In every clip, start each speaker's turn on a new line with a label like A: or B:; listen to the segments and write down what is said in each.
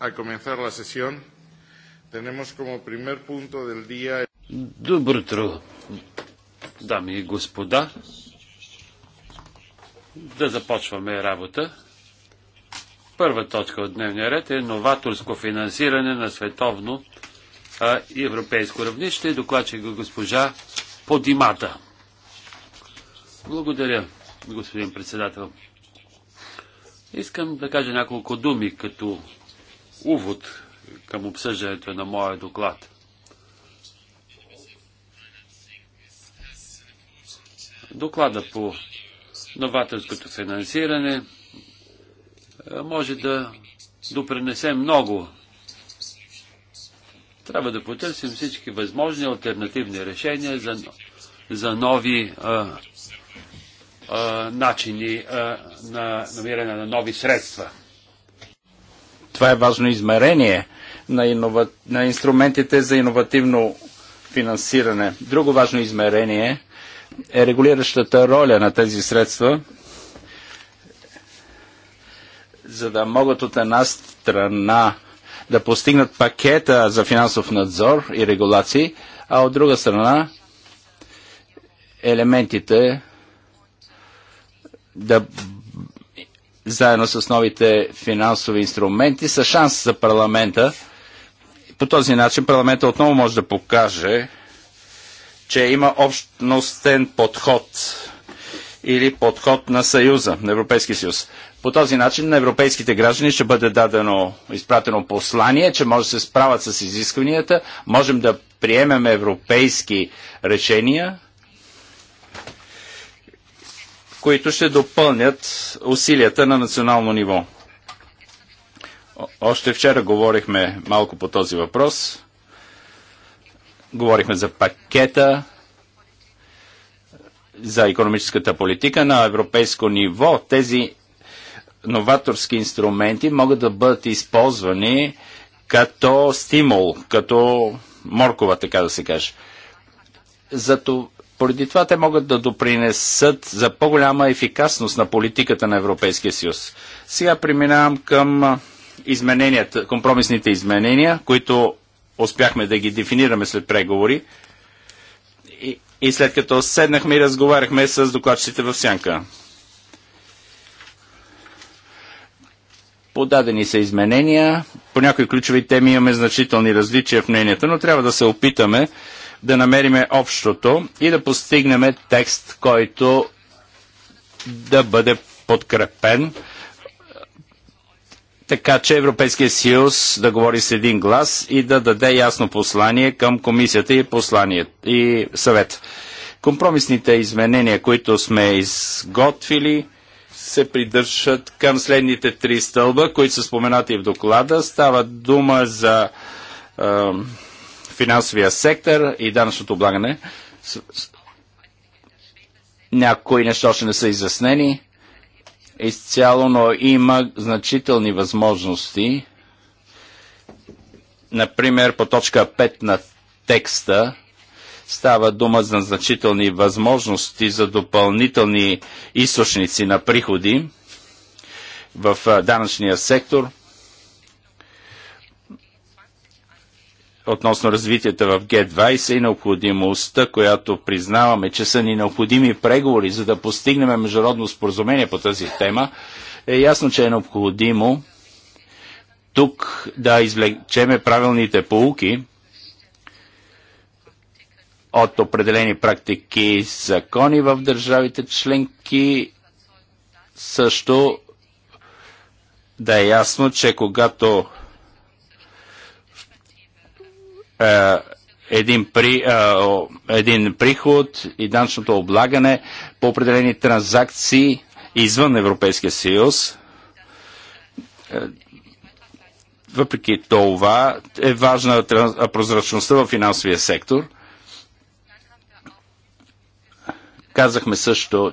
A: a comenzar la sesión. Tenemos como primer punto del día.
B: Добро утро, дами и господа. Да започваме работа. Първа точка от дневния ред е новаторско финансиране на световно а, и европейско равнище. Докладче го госпожа Подимата. Благодаря, господин председател. Искам да кажа няколко думи като увод към обсъждането на моя доклад. Доклада по новаторското финансиране е, може да допренесе много. Трябва да потърсим всички възможни альтернативни решения за, за нови а, а, начини а, на намиране на нови средства.
A: Това е важно измерение на, инова... на инструментите за иновативно финансиране. Друго важно измерение е регулиращата роля на тези средства, за да могат от една страна да постигнат пакета за финансов надзор и регулации, а от друга страна елементите да заедно с новите финансови инструменти, са шанс за парламента. По този начин парламента отново може да покаже, че има общностен подход или подход на Съюза, на Европейския съюз. По този начин на европейските граждани ще бъде дадено, изпратено послание, че може да се справят с изискванията, можем да приемем европейски решения, които ще допълнят усилията на национално ниво. Още вчера говорихме малко по този въпрос. Говорихме за пакета за економическата политика на европейско ниво. Тези новаторски инструменти могат да бъдат използвани като стимул, като моркова, така да се каже. Зато поради това те могат да допринесат за по-голяма ефикасност на политиката на Европейския съюз. Сега преминавам към измененията, компромисните изменения, които успяхме да ги дефинираме след преговори. И, и след като седнахме и разговаряхме с докладчите в сянка. Подадени са изменения. По някои ключови теми имаме значителни различия в мненията, но трябва да се опитаме да намериме общото и да постигнем текст, който да бъде подкрепен, така че Европейския съюз да говори с един глас и да даде ясно послание към комисията и, послание, и съвет. Компромисните изменения, които сме изготвили, се придържат към следните три стълба, които са споменати в доклада. Става дума за е, финансовия сектор и данъчното облагане. Някои неща още не са изяснени изцяло, но има значителни възможности. Например, по точка 5 на текста става дума за значителни възможности за допълнителни източници на приходи в данъчния сектор – относно развитията в Г20 и необходимостта, която признаваме, че са ни необходими преговори, за да постигнем международно споразумение по тази тема, е ясно, че е необходимо тук да извлечеме правилните полуки от определени практики и закони в държавите членки, също да е ясно, че когато е, един, при, е, един приход и данчното облагане по определени транзакции извън Европейския съюз. Е, въпреки това е важна прозрачността в финансовия сектор. Казахме също,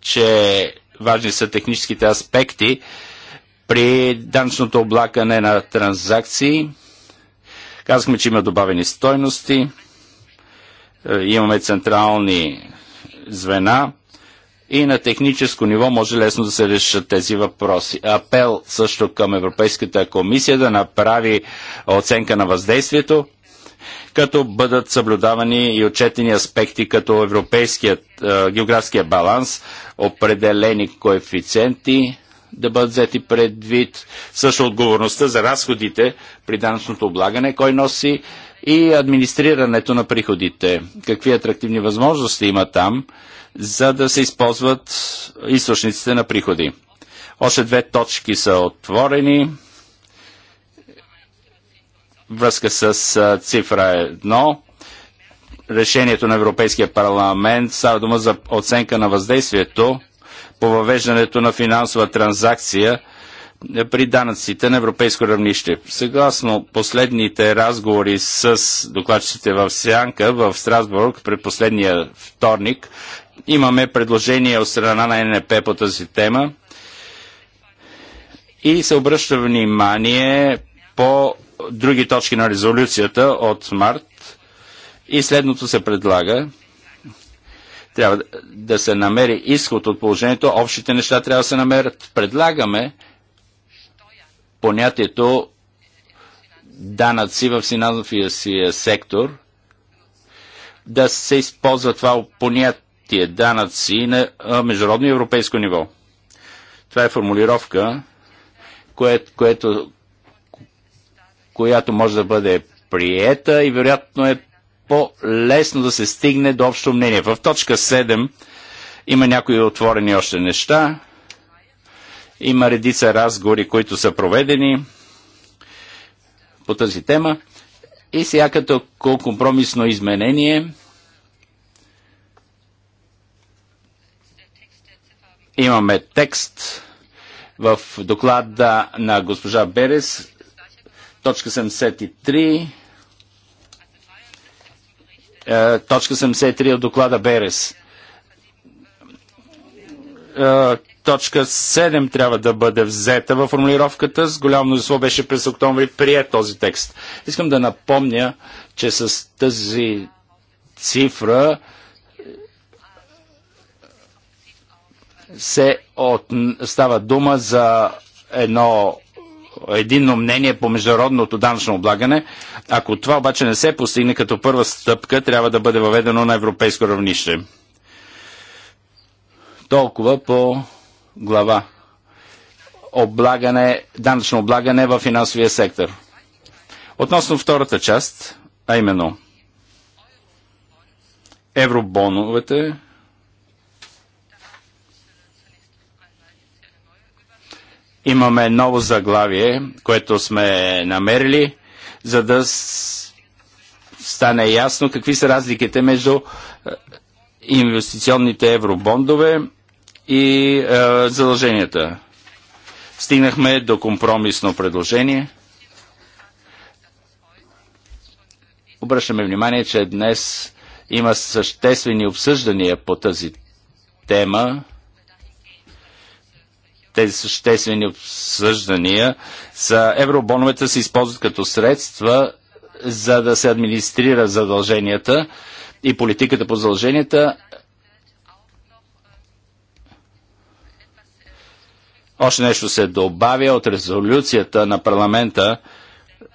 A: че важни са техническите аспекти при данчното облакане на транзакции. Казахме, че има добавени стойности, е, имаме централни звена и на техническо ниво може лесно да се решат тези въпроси. Апел също към Европейската комисия да направи оценка на въздействието, като бъдат съблюдавани и отчетени аспекти като европейският е, географския баланс, определени коефициенти, да бъдат взети предвид също отговорността за разходите при данъчното облагане, кой носи и администрирането на приходите. Какви атрактивни възможности има там, за да се използват източниците на приходи. Още две точки са отворени. Връзка с цифра 1 решението на Европейския парламент. Става дума за оценка на въздействието по въвеждането на финансова транзакция е, при данъците на европейско равнище. Съгласно последните разговори с докладчиците в Сянка в Страсбург пред последния вторник, имаме предложение от страна на НП по тази тема и се обръща внимание по други точки на резолюцията от март и следното се предлага – трябва да се намери изход от положението, общите неща трябва да се намерят. Предлагаме понятието данъци в синазовия си сектор, да се използва това понятие данъци на международно и европейско ниво. Това е формулировка, кое, което, която може да бъде приета и вероятно е по-лесно да се стигне до общо мнение. В точка 7 има някои отворени още неща. Има редица разговори, които са проведени по тази тема. И сега като компромисно изменение имаме текст в доклада на госпожа Берес, точка 73 е, точка 73 от доклада Берес. Е, точка 7 трябва да бъде взета във формулировката. С голямо мнозинство беше през октомври прият този текст. Искам да напомня, че с тази цифра се от... става дума за едно единно мнение по международното данъчно облагане. Ако това обаче не се постигне като първа стъпка, трябва да бъде въведено на европейско равнище. Толкова по глава. Облагане, данъчно облагане в финансовия сектор. Относно втората част, а именно евробоновете, Имаме ново заглавие, което сме намерили, за да стане ясно какви са разликите между е, инвестиционните евробондове и е, задълженията. Стигнахме до компромисно предложение. Обръщаме внимание, че днес има съществени обсъждания по тази тема тези съществени обсъждания са евробоновете се използват като средства за да се администрира задълженията и политиката по задълженията. Още нещо се добавя от резолюцията на парламента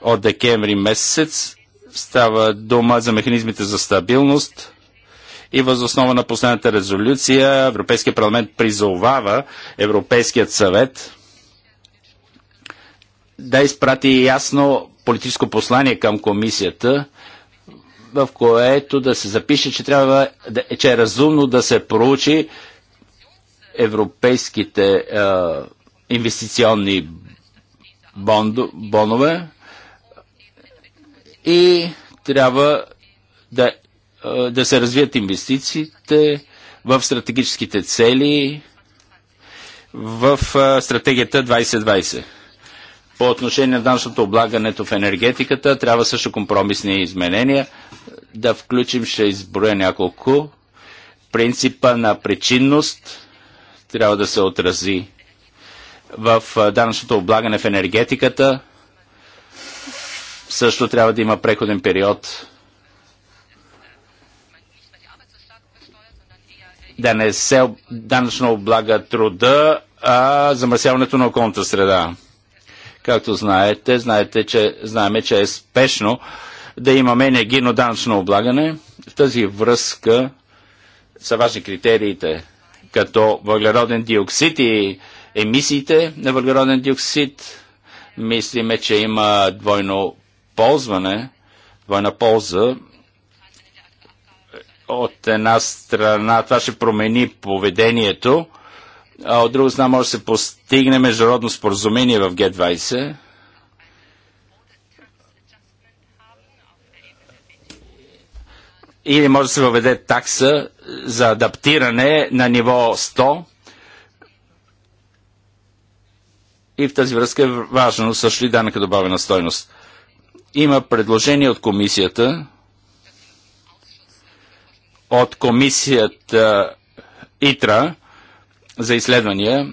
A: от декември месец. Става дума за механизмите за стабилност – и възоснова на последната резолюция Европейския парламент призовава Европейският съвет да изпрати ясно политическо послание към комисията, в което да се запише, че, трябва, че е разумно да се проучи европейските е, инвестиционни бондо, бонове и трябва да да се развият инвестициите в стратегическите цели в стратегията 2020. По отношение на данъчното облагането в енергетиката, трябва също компромисни изменения. Да включим, ще изброя няколко. Принципа на причинност трябва да се отрази в данъчното облагане в енергетиката. Също трябва да има преходен период да не се данъчно облага труда, а замърсяването на околната среда. Както знаете, знаете че, знаеме, че е спешно да имаме енергийно данъчно облагане. В тази връзка са важни критериите, като въглероден диоксид и емисиите на въглероден диоксид. Мислиме, че има двойно ползване, двойна полза от една страна това ще промени поведението, а от друга страна може да се постигне международно споразумение в Г-20. Или може да се въведе такса за адаптиране на ниво 100. И в тази връзка е важно също и данъка добавена стойност. Има предложение от комисията – от комисията ИТРА за изследвания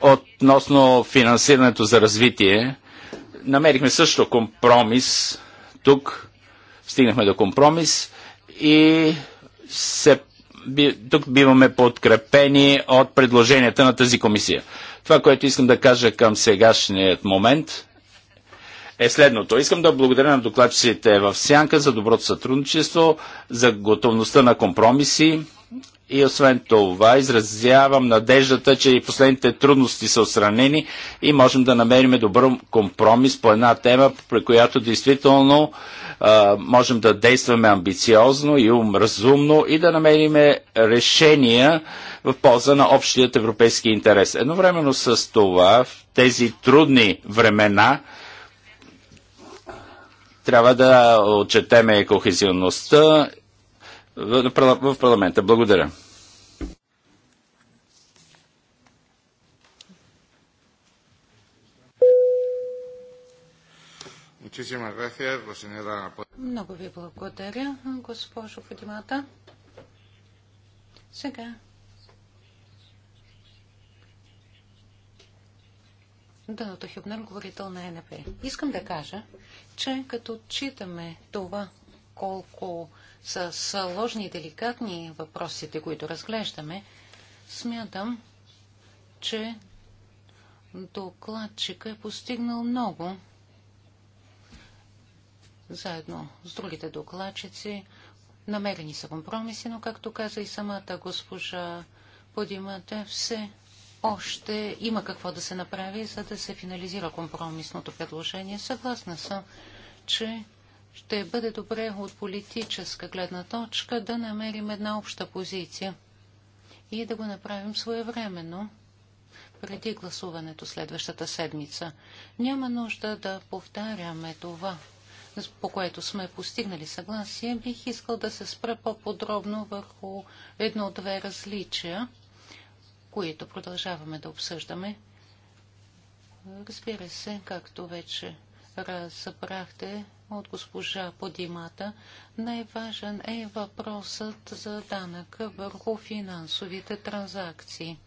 A: относно финансирането за развитие. Намерихме също компромис. Тук стигнахме до компромис и се, би, тук биваме подкрепени от предложенията на тази комисия. Това, което искам да кажа към сегашният момент, е следното. Искам да благодаря на докладчиците в Сянка за доброто сътрудничество, за готовността на компромиси и освен това изразявам надеждата, че и последните трудности са отстранени и можем да намерим добър компромис по една тема, при която действително а, можем да действаме амбициозно и умразумно и да намерим решения в полза на общият европейски интерес. Едновременно с това в тези трудни времена трябва да отчетеме кохезионността в парламента. Благодаря.
C: Много ви благодаря, госпожо Подимата. Сега Даното Хюбнер, е говорител на НП. Искам да кажа, че като читаме това, колко са сложни и деликатни въпросите, които разглеждаме, смятам, че докладчика е постигнал много. Заедно с другите докладчици намерени са компромиси, но както каза и самата госпожа Подимата, все още има какво да се направи, за да се финализира компромисното предложение. Съгласна съм, че ще бъде добре от политическа гледна точка да намерим една обща позиция и да го направим своевременно преди гласуването следващата седмица. Няма нужда да повтаряме това, по което сме постигнали съгласие. Бих искал да се спра по-подробно върху едно-две различия които продължаваме да обсъждаме. Разбира се, както вече разбрахте от госпожа Подимата, най-важен е въпросът за данък върху финансовите транзакции.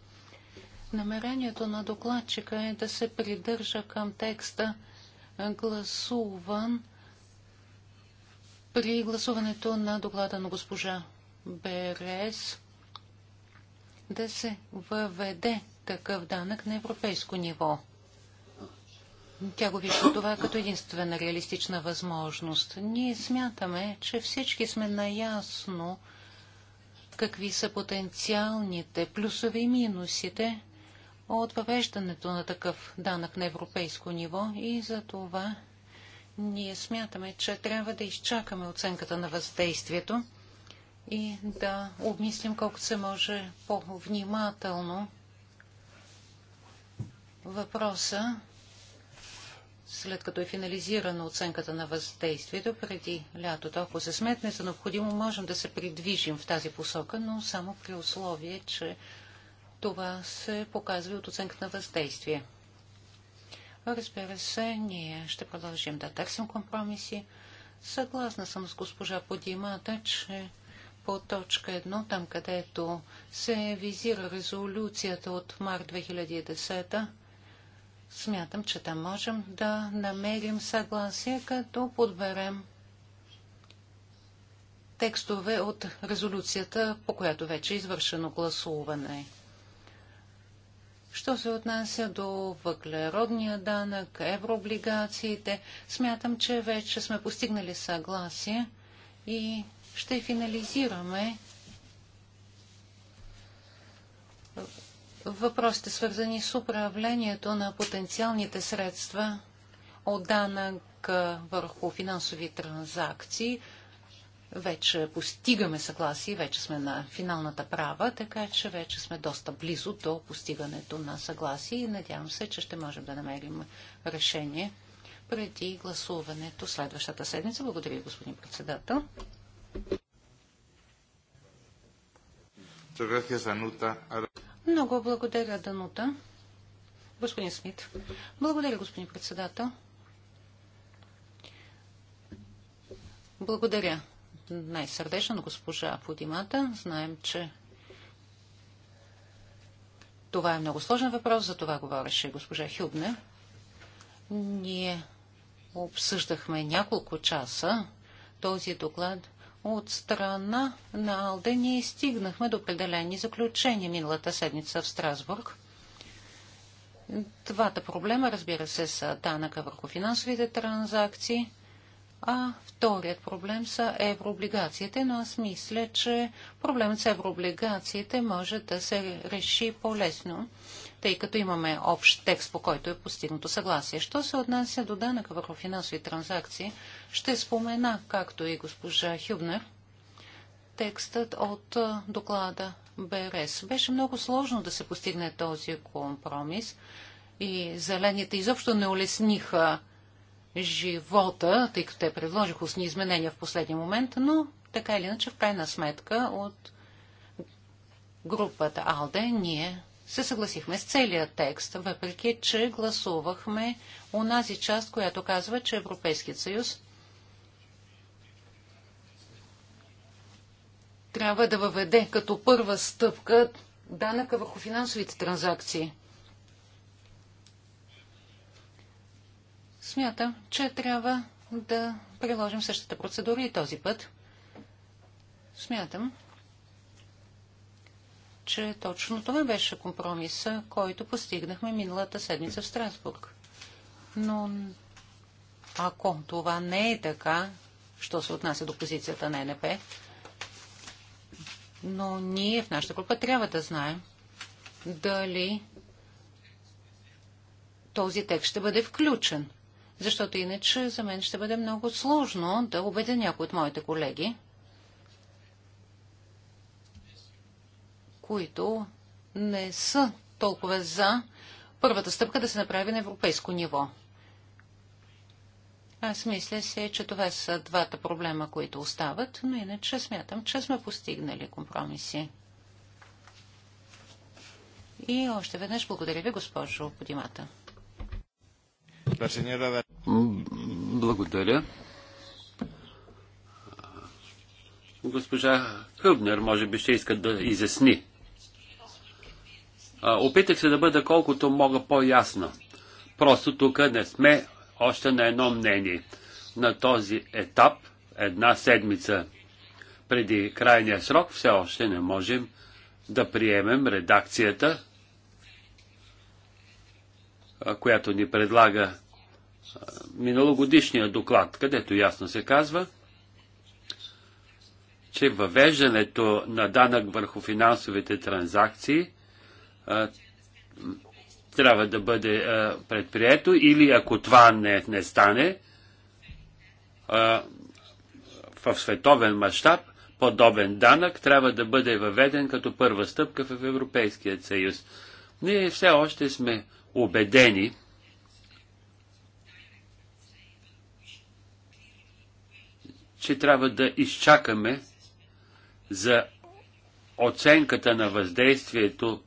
C: Намерението на докладчика е да се придържа към текста гласуван при гласуването на доклада на госпожа Берес да се въведе такъв данък на европейско ниво. Тя го вижда това като единствена реалистична възможност. Ние смятаме, че всички сме наясно какви са потенциалните плюсове и минусите от въвеждането на такъв данък на европейско ниво и за това ние смятаме, че трябва да изчакаме оценката на въздействието и да обмислим колкото се може по-внимателно въпроса, след като е финализирана оценката на въздействието преди лятото. Ако се сметне за необходимо, можем да се придвижим в тази посока, но само при условие, че това се показва от оценката на въздействие. Разбира се, ние ще продължим да търсим компромиси. Съгласна съм с госпожа Подимата, че по точка 1, там където се визира резолюцията от март 2010, смятам, че там можем да намерим съгласие, като подберем текстове от резолюцията, по която вече е извършено гласуване. Що се отнася до въглеродния данък, еврооблигациите, смятам, че вече сме постигнали съгласие и ще финализираме въпросите, свързани с управлението на потенциалните средства от данък върху финансови транзакции. Вече постигаме съгласие, вече сме на финалната права, така че вече сме доста близо до постигането на съгласие и надявам се, че ще можем да намерим решение преди гласуването следващата седмица. Благодаря, господин председател. Много благодаря, Данута. Господин Смит. Благодаря, господин председател. Благодаря най-сърдечно на госпожа Подимата. Знаем, че това е много сложен въпрос, за това говореше госпожа Хюбне. Ние обсъждахме няколко часа този доклад от страна на Алде ние стигнахме до определени заключения миналата седмица в Страсбург. Двата проблема, разбира се, са данъка върху финансовите транзакции, а вторият проблем са еврооблигациите, но аз мисля, че проблемът с еврооблигациите може да се реши по-лесно, тъй като имаме общ текст, по който е постигнато съгласие. Що се отнася до данъка върху финансови транзакции, ще спомена, както и госпожа Хюбнер, текстът от доклада БРС. Беше много сложно да се постигне този компромис и зелените изобщо не улесниха живота, тъй като те предложиха устни изменения в последния момент, но така или иначе в крайна сметка от групата АЛДЕ ние се съгласихме с целият текст, въпреки че гласувахме унази част, която казва, че Европейският съюз трябва да въведе като първа стъпка данъка върху финансовите транзакции. Смятам, че трябва да приложим същата процедура и този път. Смятам, че точно това беше компромиса, който постигнахме миналата седмица в Страсбург. Но ако това не е така, що се отнася до позицията на НП, но ние в нашата група трябва да знаем дали този текст ще бъде включен. Защото иначе за мен ще бъде много сложно да убедя някои от моите колеги, които не са толкова за първата стъпка да се направи на европейско ниво. Аз мисля се, че това са двата проблема, които остават, но иначе смятам, че сме постигнали компромиси. И още веднъж благодаря ви, госпожо Подимата.
B: Благодаря. Госпожа Хъбнер, може би ще иска да изясни. Опитах се да бъда колкото мога по-ясна. Просто тук не сме още на едно мнение. На този етап, една седмица преди крайния срок, все още не можем да приемем редакцията, която ни предлага миналогодишния доклад, където ясно се казва, че въвеждането на данък върху финансовите транзакции трябва да бъде а, предприето или ако това не, не стане а, в световен мащаб, подобен данък трябва да бъде въведен като първа стъпка в Европейския съюз. Ние все още сме убедени, че трябва да изчакаме за оценката на въздействието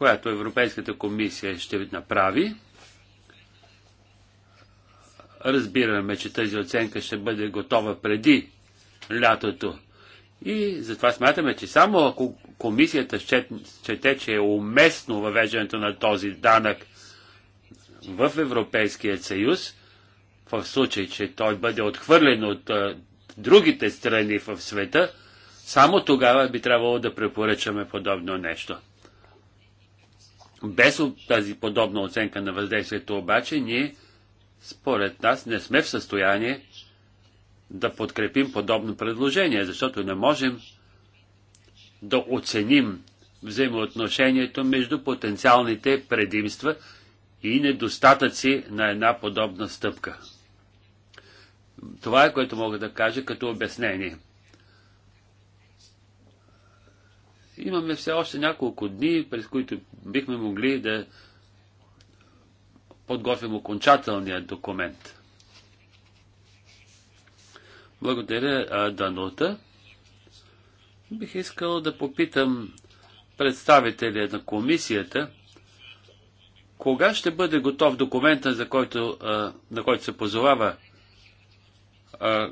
B: която Европейската комисия ще направи. Разбираме, че тази оценка ще бъде готова преди лятото. И затова смятаме, че само ако комисията чете, че е уместно въвеждането на този данък в Европейския съюз, в случай, че той бъде отхвърлен от а, другите страни в света, само тогава би трябвало да препоръчаме подобно нещо. Без тази подобна оценка на въздействието обаче, ние според нас не сме в състояние да подкрепим подобно предложение, защото не можем да оценим взаимоотношението между потенциалните предимства и недостатъци на една подобна стъпка. Това е което мога да кажа като обяснение. имаме все още няколко дни, през които бихме могли да подготвим окончателния документ. Благодаря, Данута. Бих искал да попитам представителя на комисията, кога ще бъде готов документа, за който, на който се позовава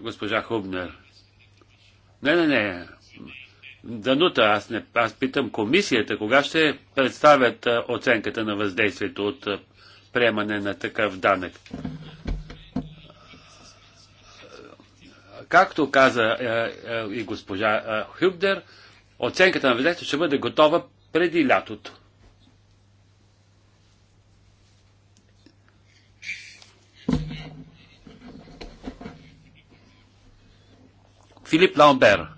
B: госпожа Хубнер? Не, не, не. Данута, аз, не, аз питам комисията, кога ще представят оценката на въздействието от приемане на такъв данък? Както каза и госпожа Хюбдер, оценката на въздействието ще бъде готова преди лятото. Филип Ламбер.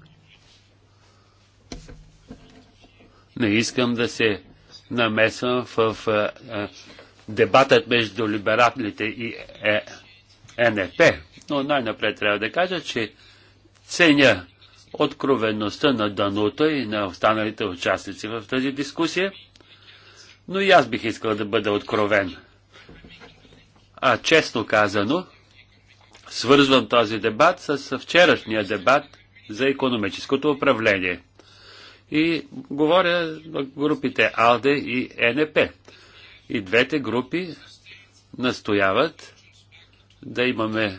B: Не искам да се намесвам в а, а, дебатът между либералите и е, е НП, но най-напред трябва да кажа, че ценя откровеността на Данута и на останалите участници в тази дискусия, но и аз бих искал да бъда откровен. А честно казано, свързвам този дебат с вчерашния дебат за економическото управление. И говоря групите АЛДЕ и НП. И двете групи настояват да имаме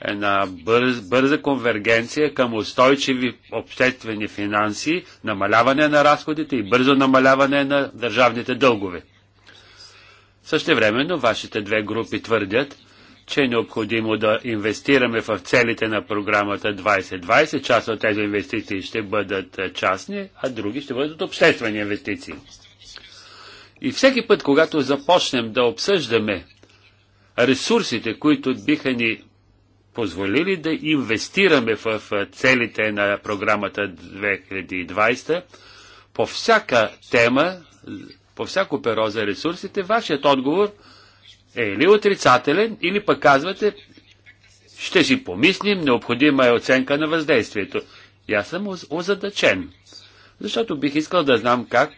B: една бърз, бърза конвергенция към устойчиви обществени финанси, намаляване на разходите и бързо намаляване на държавните дългове. Същевременно вашите две групи твърдят, че е необходимо да инвестираме в целите на програмата 2020. Част от тези инвестиции ще бъдат частни, а други ще бъдат обществени инвестиции. И всеки път, когато започнем да обсъждаме ресурсите, които биха ни позволили да инвестираме в целите на програмата 2020, по всяка тема, по всяко перо за ресурсите, вашият отговор – е или отрицателен, или пък казвате, ще си помислим, необходима е оценка на въздействието. И аз съм озадачен, защото бих искал да знам как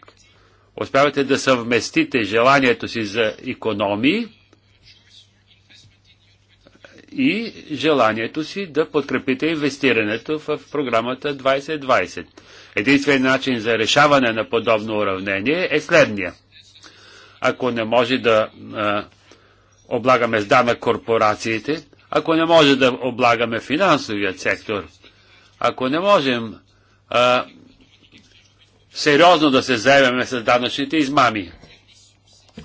B: успявате да съвместите желанието си за економии и желанието си да подкрепите инвестирането в програмата 2020. Единствен начин за решаване на подобно уравнение е следния. Ако не може да а, облагаме с данък корпорациите, ако не може да облагаме финансовият сектор, ако не можем а, сериозно да се заемеме с данъчните измами,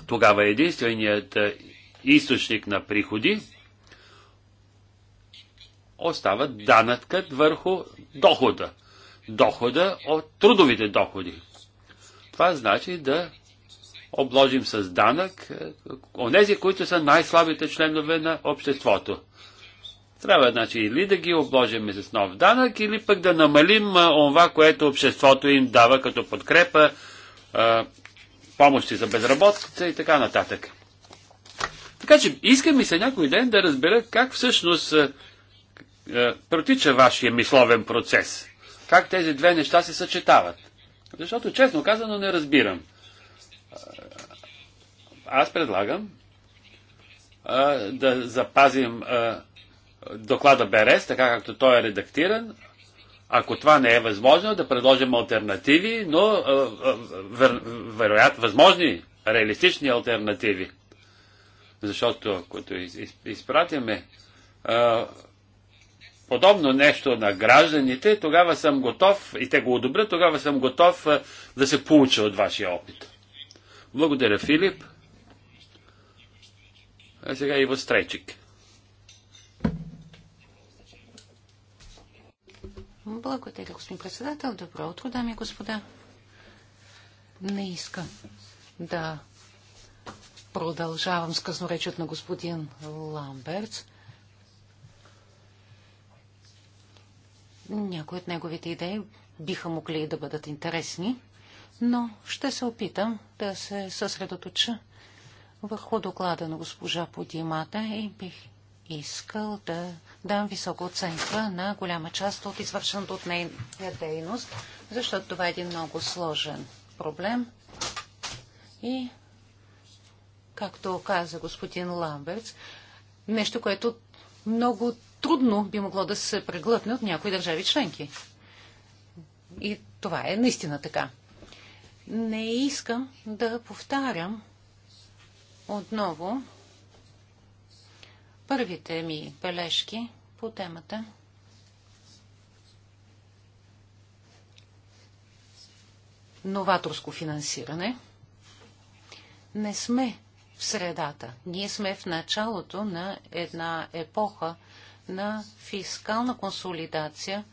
B: тогава единственият източник на приходи остава данъкът върху дохода. Дохода от трудовите доходи. Това значи да обложим с данък е, онези, които са най-слабите членове на обществото. Трябва, значи, или да ги обложим с нов данък, или пък да намалим това, е, което обществото им дава като подкрепа, е, помощи за безработица и така нататък. Така че иска ми се някой ден да разбера как всъщност протича вашия мисловен процес. Как тези две неща се съчетават. Защото, честно казано, не разбирам. Аз предлагам а, да запазим а, доклада БРС, така както той е редактиран. Ако това не е възможно, да предложим альтернативи, но а, вер, вероятно възможни, реалистични альтернативи. Защото ако из, из, изпратиме подобно нещо на гражданите, тогава съм готов, и те го одобрят, тогава съм готов да се получа от вашия опит. Благодаря, Филип. А сега и възстрайчик.
C: Благодаря, господин председател. Добро утро, дами и господа. Не искам да продължавам с късноречът на господин Ламберт. Някои от неговите идеи биха могли да бъдат интересни, но ще се опитам да се съсредоточа върху доклада на госпожа Подимата и бих искал да дам висока оценка на голяма част от извършената от нейната дейност, защото това е един много сложен проблем. И, както каза господин Ламберц, нещо, което много трудно би могло да се преглътне от някои държави членки. И това е наистина така. Не искам да повтарям отново първите ми бележки по темата. Новаторско финансиране. Не сме в средата. Ние сме в началото на една епоха на фискална консолидация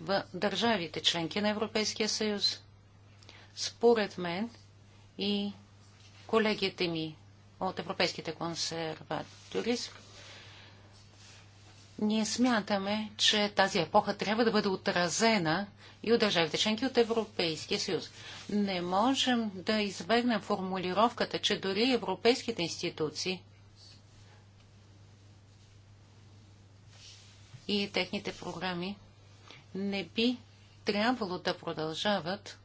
C: в държавите членки на Европейския съюз. Според мен и колегите ми от европейските консерватори, ние смятаме, че тази епоха трябва да бъде отразена и от държавите членки от Европейския съюз. Не можем да избегнем формулировката, че дори европейските институции и техните програми не би трябвало да продължават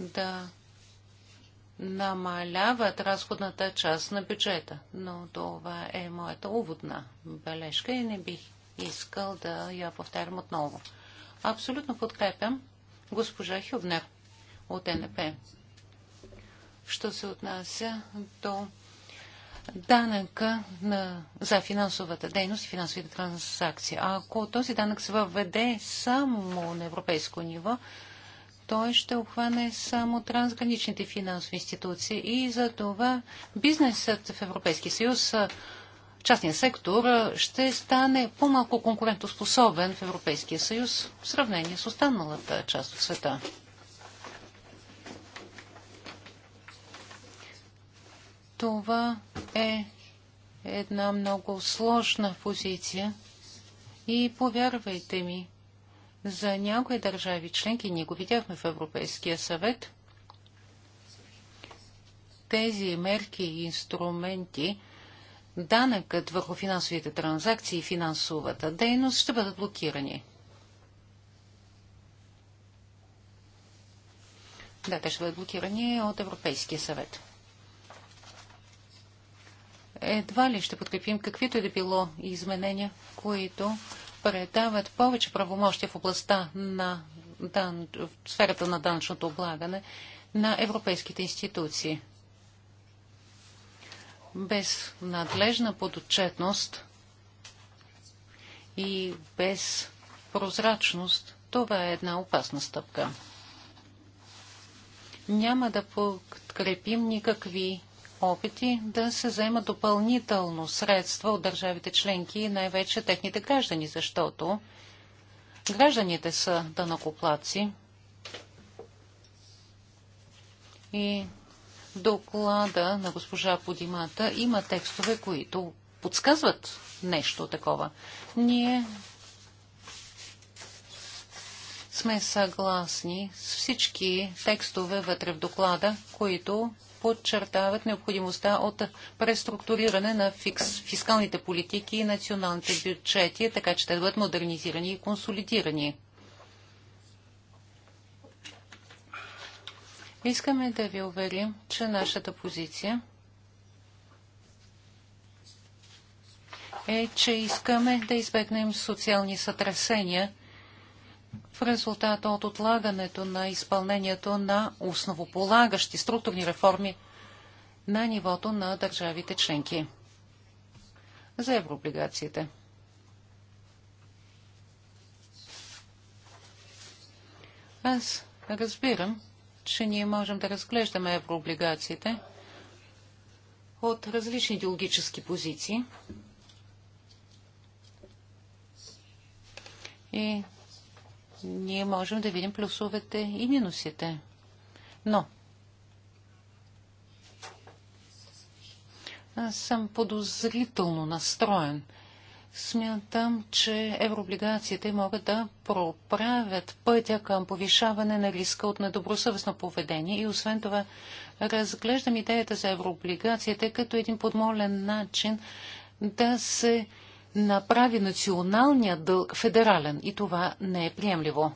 C: да намаляват разходната част на бюджета. Но това е моята уводна бележка и не бих искал да я повтарям отново. Абсолютно подкрепям госпожа Хюбнер от НП. Що се отнася до данъка на, за финансовата дейност и финансовите транзакции. Ако този данък се въведе само на европейско ниво, той ще обхване само трансграничните финансови институции и за това бизнесът в Европейския съюз, частния сектор, ще стане по-малко конкурентоспособен в Европейския съюз в сравнение с останалата част от света. Това е една много сложна позиция и повярвайте ми, за някои държави членки, ние го видяхме в Европейския съвет, тези мерки и инструменти, данъкът върху финансовите транзакции и финансовата дейност ще бъдат блокирани. Да, те ще бъдат блокирани от Европейския съвет. Едва ли ще подкрепим каквито и е да било изменения, които предават повече правомощи в областта на дан... в сферата на данъчното облагане на европейските институции. Без надлежна подотчетност и без прозрачност това е една опасна стъпка. Няма да подкрепим никакви опити да се вземат допълнително средства от държавите членки и най-вече техните граждани, защото гражданите са дънакоплаци. И доклада на госпожа Подимата има текстове, които подсказват нещо такова. Ние сме съгласни с всички текстове вътре в доклада, които подчертават необходимостта от преструктуриране на фикс, фискалните политики и националните бюджети, така че те да бъдат модернизирани и консолидирани. Искаме да ви уверим, че нашата позиция е, че искаме да избегнем социални сътресения в резултат от отлагането на изпълнението на основополагащи структурни реформи на нивото на държавите членки. За еврооблигациите. Аз разбирам, че ние можем да разглеждаме еврооблигациите от различни идеологически позиции. И ние можем да видим плюсовете и минусите. Но аз съм подозрително настроен. Смятам, че еврооблигациите могат да проправят пътя към повишаване на риска от недобросъвестно поведение и освен това разглеждам идеята за еврооблигациите като един подмолен начин да се направи националния дълг федерален и това не е приемливо.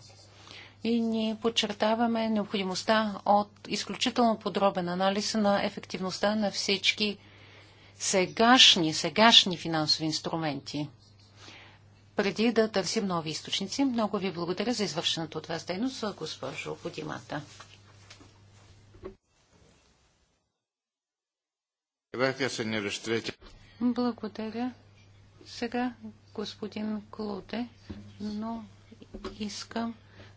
C: И ние подчертаваме необходимостта от изключително подробен анализ на ефективността на всички сегашни, сегашни финансови инструменти. Преди да търсим нови източници, много ви благодаря за извършената от вас дейност, госпожо Подимата. Благодаря сега господин Клуте, но искам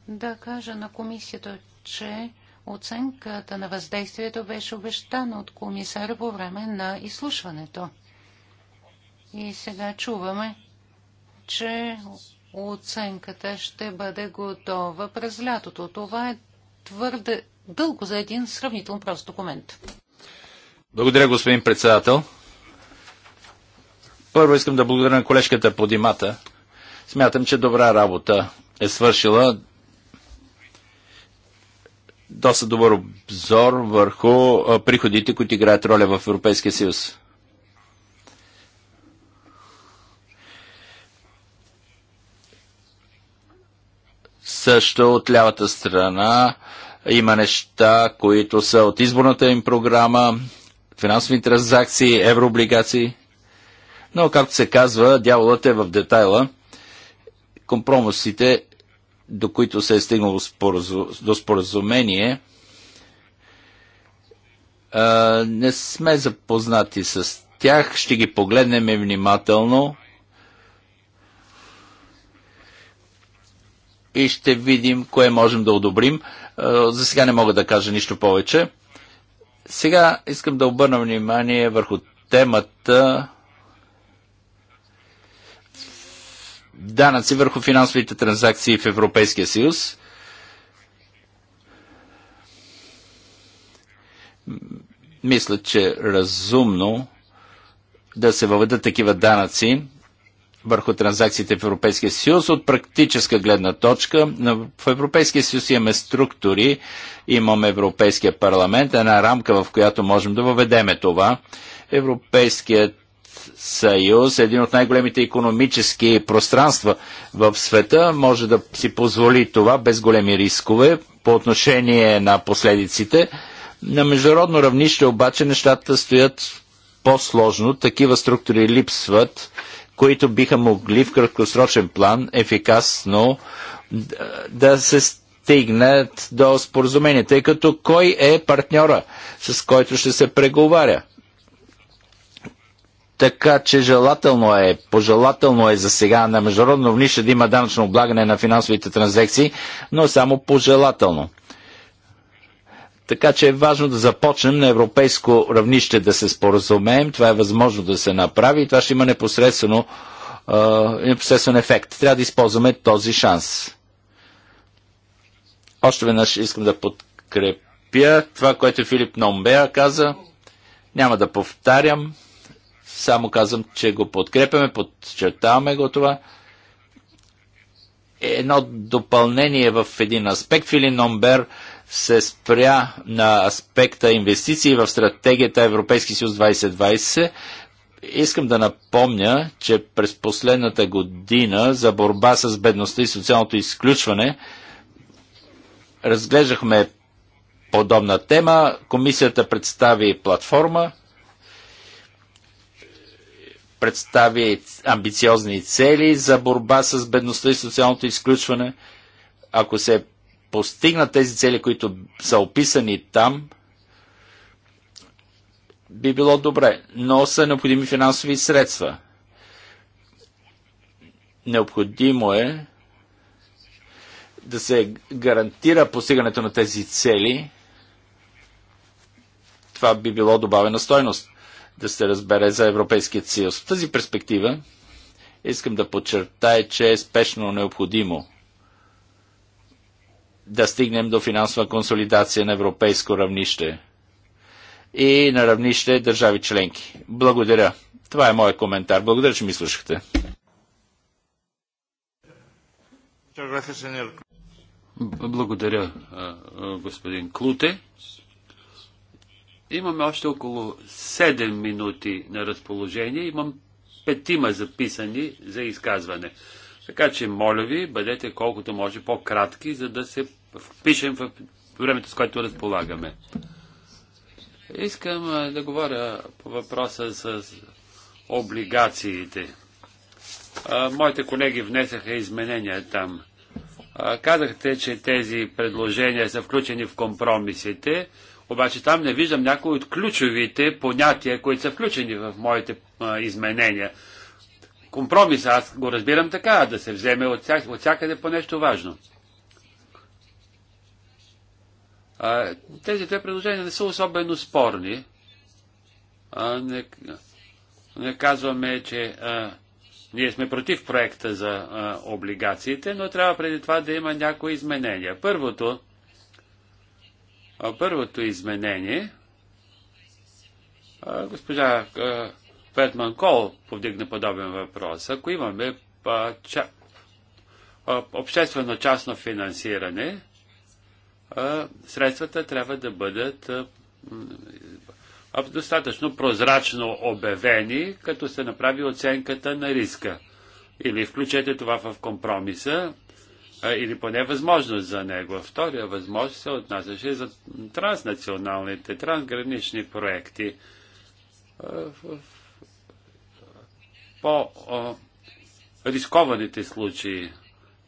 C: да кажа на комисията, че оценката на въздействието беше обещана от комисаря по време на изслушването. И сега чуваме, че оценката ще бъде готова през лятото. Това е твърде дълго за един сравнително прост документ.
A: Благодаря, господин председател. Първо искам да благодаря на колежката по Димата. Смятам, че добра работа е свършила. Доста добър обзор върху приходите, които играят роля в Европейския съюз. Също от лявата страна има неща, които са от изборната им програма, финансови транзакции, еврооблигации – но, както се казва, дяволът е в детайла. Компромисите, до които се е стигнало споразу... до споразумение, не сме запознати с тях. Ще ги погледнем внимателно. и ще видим кое можем да одобрим. За сега не мога да кажа нищо повече. Сега искам да обърна внимание върху темата данъци върху финансовите транзакции в Европейския съюз. Мисля, че разумно да се въведат такива данъци върху транзакциите в Европейския съюз от практическа гледна точка. В Европейския съюз имаме структури, имаме Европейския парламент, една рамка, в която можем да въведеме това. Европейският съюз, един от най-големите економически пространства в света, може да си позволи това без големи рискове по отношение на последиците. На международно равнище обаче нещата стоят по-сложно. Такива структури липсват, които биха могли в краткосрочен план ефикасно да се стигнат до споразумение, тъй като кой е партньора, с който ще се преговаря така че желателно е, пожелателно е за сега на международно внише да има данъчно облагане на финансовите транзакции, но само пожелателно. Така че е важно да започнем на европейско равнище да се споразумеем. Това е възможно да се направи и това ще има непосредствено, е, непосредствен ефект. Трябва да използваме този шанс. Още веднъж искам да подкрепя това, което Филип Номбея каза. Няма да повтарям. Само казвам, че го подкрепяме, подчертаваме го това. Едно допълнение в един аспект. Филин Номбер се спря на аспекта инвестиции в стратегията Европейски съюз 2020. Искам да напомня, че през последната година за борба с бедността и социалното изключване разглеждахме подобна тема. Комисията представи платформа, представи амбициозни цели за борба с бедността и социалното изключване. Ако се постигнат тези цели, които са описани там, би било добре, но са необходими финансови средства. Необходимо е да се гарантира постигането на тези цели. Това би било добавена стойност да се разбере за Европейският съюз. В тази перспектива искам да подчертая, че е спешно необходимо да стигнем до финансова консолидация на европейско равнище и на равнище държави членки. Благодаря. Това е моят коментар. Благодаря, че ми слушахте.
B: Благодаря, господин Клуте. Имаме още около 7 минути на разположение. Имам петима записани за изказване. Така че, моля ви, бъдете колкото може по-кратки, за да се впишем в времето, с което разполагаме. Искам да говоря по въпроса с облигациите. Моите колеги внесаха изменения там. Казахте, че тези предложения са включени в компромисите. Обаче там не виждам някои от ключовите понятия, които са включени в моите а, изменения. Компромис, аз го разбирам така, да се вземе от, всяк, от всякъде по нещо важно. А, тези две предложения не са особено спорни. А, не, не казваме, че а, ние сме против проекта за а, облигациите, но трябва преди това да има някои изменения. Първото, Първото изменение, госпожа Петман Кол повдигна подобен въпрос. Ако имаме ча... обществено-частно финансиране, средствата трябва да бъдат достатъчно прозрачно обявени, като се направи оценката на риска. Или включете това в компромиса, или поне възможност за него. Втория възможност се отнасяше за транснационалните, трансгранични проекти. По рискованите случаи.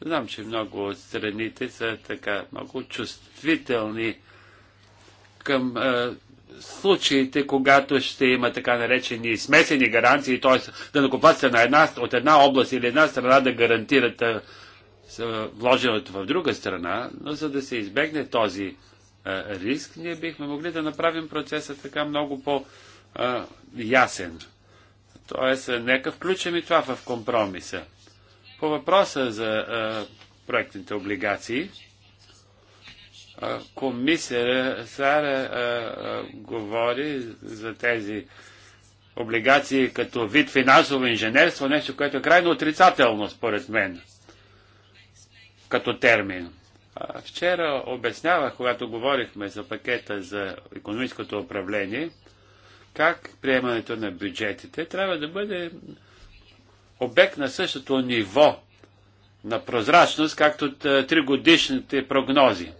B: Знам, че много от страните са така много чувствителни към случаите, когато ще има така наречени смесени гаранции, т.е. да се на една, от една област или една страна да гарантират е, вложеното в друга страна, но за да се избегне този е, риск, ние бихме могли да направим процеса така много по-ясен. Тоест, нека включим и това в компромиса. По въпроса за е, проектните облигации, комисия Сара говори за тези облигации като вид финансово инженерство, нещо, което е крайно отрицателно, според мен като термин. Вчера обяснявах, когато говорихме за пакета за економическото управление, как приемането на бюджетите трябва да бъде обект на същото ниво на прозрачност, както тригодишните прогнози.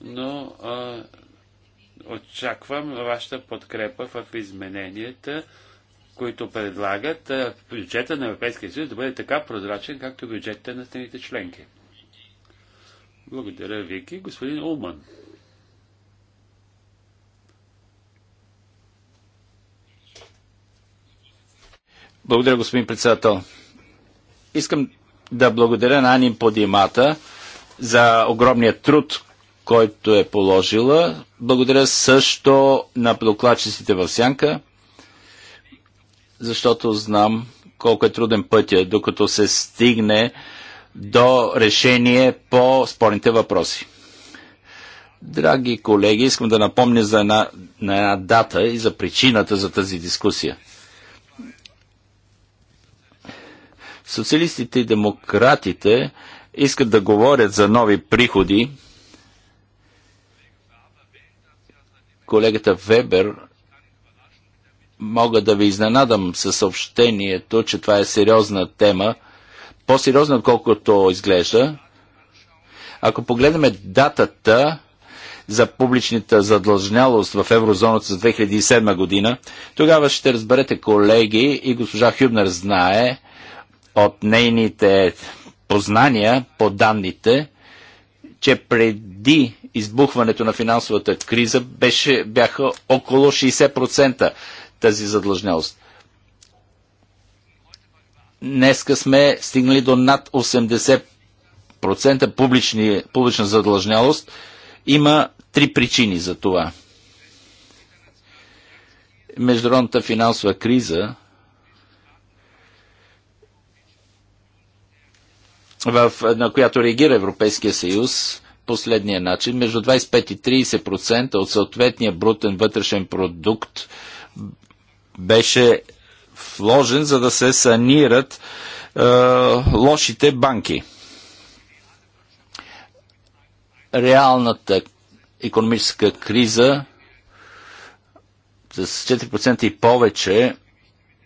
B: Но очаквам вашата подкрепа в измененията които предлагат бюджета на Европейския съюз да бъде така прозрачен, както бюджетите на страните членки. Благодаря, Вики. Господин Улман.
A: Благодаря, господин председател. Искам да благодаря на Анин Подимата за огромния труд, който е положила. Благодаря също на докладчиците в Сянка защото знам колко е труден пътя, докато се стигне до решение по спорните въпроси. Драги колеги, искам да напомня за една, на една дата и за причината за тази дискусия. Социалистите и демократите искат да говорят за нови приходи. Колегата Вебер мога да ви изненадам със съобщението, че това е сериозна тема, по-сериозна, отколкото изглежда. Ако погледнем датата за публичната задължнялост в еврозоната за 2007 година, тогава ще разберете, колеги, и госпожа Хюбнер знае от нейните познания по данните, че преди избухването на финансовата криза беше, бяха около 60% тази задлъжнялост. Днеска сме стигнали до над 80% публични, публична задлъжнялост. Има три причини за това. Международната финансова криза в, на която реагира Европейския съюз последния начин. Между 25 и 30% от съответния брутен вътрешен продукт беше вложен, за да се санират е, лошите банки. Реалната економическа криза с 4% и повече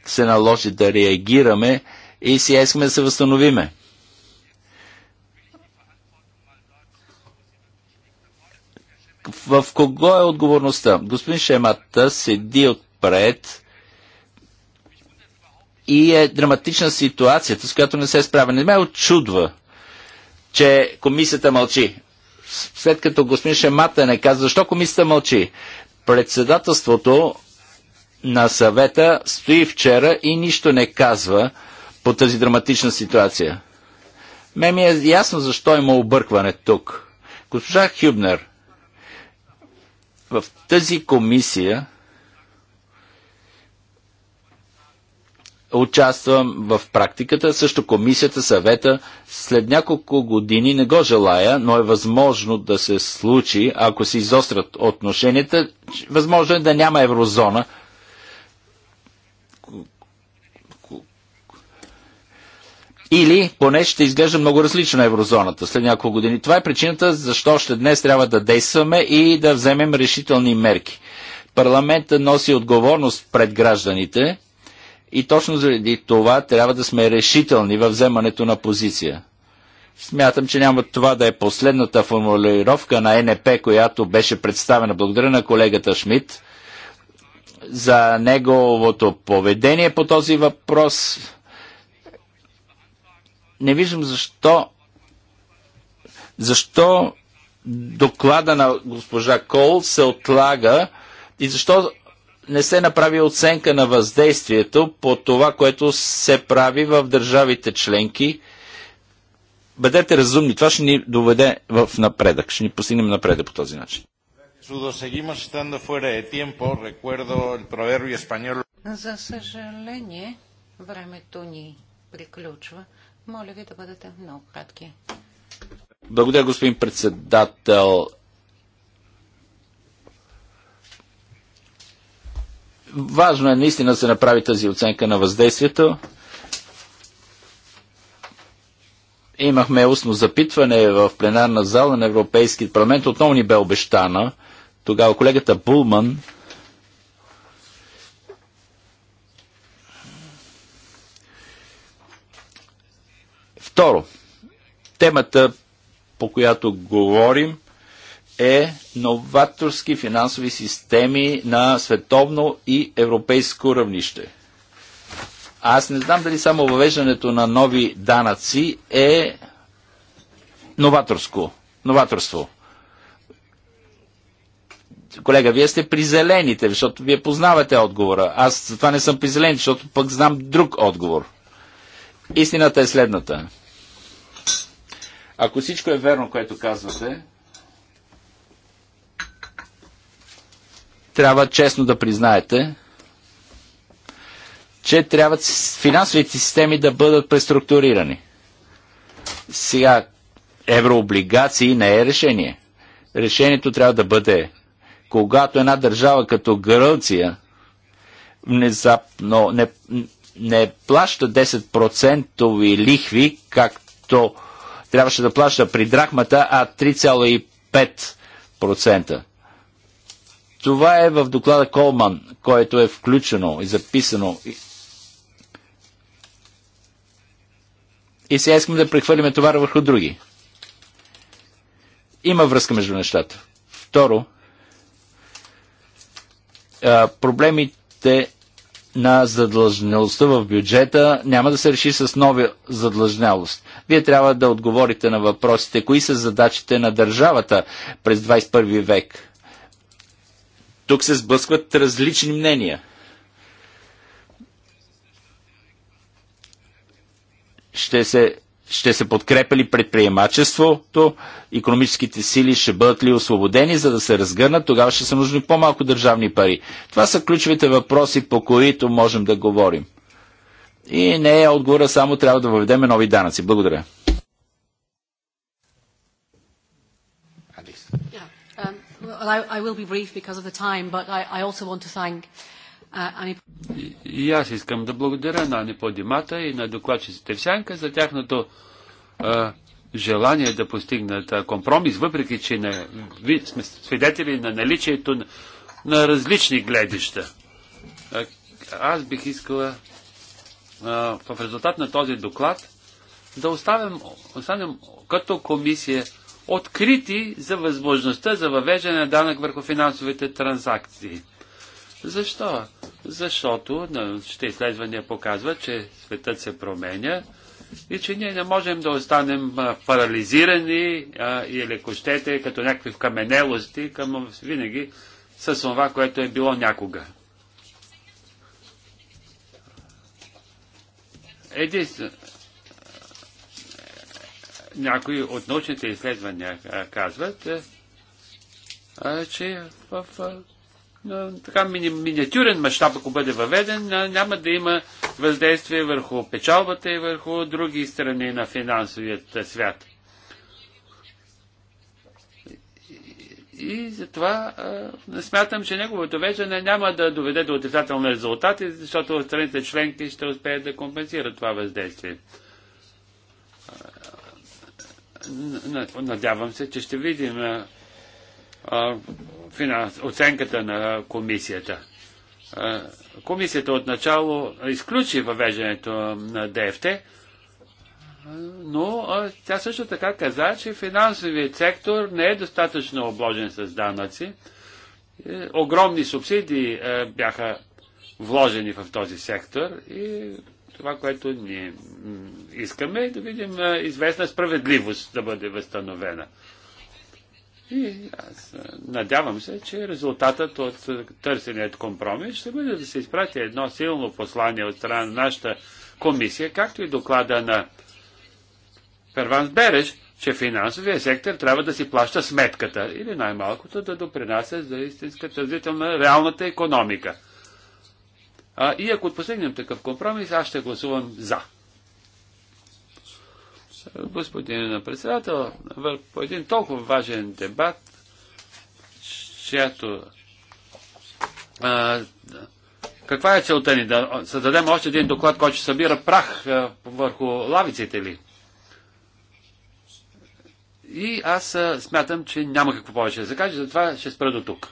A: се наложи да реагираме и си искаме да се възстановиме. В кого е отговорността? Господин Шемата седи отпред и е драматична ситуацията, с която не се справя. Не ме очудва, че комисията мълчи. След като господин Шемата не каза, защо комисията мълчи? Председателството на съвета стои вчера и нищо не казва по тази драматична ситуация. Ме ми е ясно защо има объркване тук. Госпожа Хюбнер, в тази комисия участвам в практиката, също комисията, съвета. След няколко години не го желая, но е възможно да се случи, ако се изострят отношенията, възможно е да няма еврозона. Или поне ще изглежда много различно еврозоната след няколко години. Това е причината защо още днес трябва да действаме и да вземем решителни мерки. Парламентът носи отговорност пред гражданите и точно заради това трябва да сме решителни във вземането на позиция. Смятам, че няма това да е последната формулировка на НП, която беше представена. Благодаря на колегата Шмидт за неговото поведение по този въпрос. Не виждам защо защо доклада на госпожа Кол се отлага и защо не се направи оценка на въздействието по това, което се прави в държавите членки. Бъдете разумни, това ще ни доведе в напредък, ще ни постигнем напредък по този начин.
C: За съжаление, времето ни приключва. Моля ви да бъдете много кратки.
A: Благодаря, господин председател. важно е наистина да се направи тази оценка на въздействието. Имахме устно запитване в пленарна зала на Европейския парламент. Отново ни бе обещана. Тогава колегата Булман. Второ, темата, по която говорим, е новаторски финансови системи на световно и европейско равнище. Аз не знам дали само въвеждането на нови данъци е новаторско. Новаторство. Колега, вие сте при зелените, защото вие познавате отговора. Аз затова не съм при зелените, защото пък знам друг отговор. Истината е следната. Ако всичко е верно, което казвате, трябва честно да признаете, че трябва финансовите системи да бъдат преструктурирани. Сега, еврооблигации не е решение. Решението трябва да бъде, когато една държава като Гърция внезапно не, не плаща 10% лихви, както трябваше да плаща при драхмата, а 3,5%. Това е в доклада Колман, който е включено и записано. И сега искам да прехвърлиме товара върху други. Има връзка между нещата. Второ, проблемите на задлъжнялостта в бюджета няма да се реши с нови задлъжнялост. Вие трябва да отговорите на въпросите, кои са задачите на държавата през 21 век тук се сблъскват различни мнения. Ще се, ще се подкрепя ли предприемачеството, економическите сили ще бъдат ли освободени, за да се разгърнат, тогава ще са нужни по-малко държавни пари. Това са ключовите въпроси, по които можем да говорим. И не е отговора, само трябва да въведем нови данъци. Благодаря.
C: Well, I, I will be brief because of the time, but I, I also want to thank uh,
B: и, и аз искам да благодаря на Аниподимата и на докладчиците в Сянка за тяхното а, желание да постигнат а, компромис, въпреки че не, ви, сме свидетели на наличието на, на различни гледища. А, аз бих искала а, в резултат на този доклад да оставим, останем като комисия открити за възможността за въвеждане на данък върху финансовите транзакции. Защо? Защото ще изследвания показват, че светът се променя и че ние не можем да останем парализирани а, или кощете като някакви вкаменелости към винаги с това, което е било някога. Единствено, някои от научните изследвания казват, е, че в така мини, миниатюрен мащаб, ако бъде въведен, няма да има въздействие върху печалбата и върху други страни на финансовият свят. И затова а, смятам, че неговото веждане няма да доведе до отрицателни резултати, защото страните членки ще успеят да компенсират това въздействие надявам се, че ще видим а, финанс, оценката на комисията. А, комисията отначало изключи въвеждането на ДФТ, но а, тя също така каза, че финансовият сектор не е достатъчно обложен с данъци. Огромни субсидии е, бяха вложени в този сектор и това, което ние искаме да видим известна справедливост да бъде възстановена. И аз надявам се, че резултатът от търсеният компромис ще бъде да се изпрати едно силно послание от страна на нашата комисия, както и доклада на Перванс Береш, че финансовия сектор трябва да си плаща сметката или най-малкото да допринася за истинската развител на реалната економика. А, и ако постигнем такъв компромис, аз ще гласувам за. Господин председател, по един толкова важен дебат, чиято а, каква е целта ни? Да създадем още един доклад, който ще събира прах а, върху лавиците ли? И аз а, смятам, че няма какво повече да се каже, затова ще спра до тук.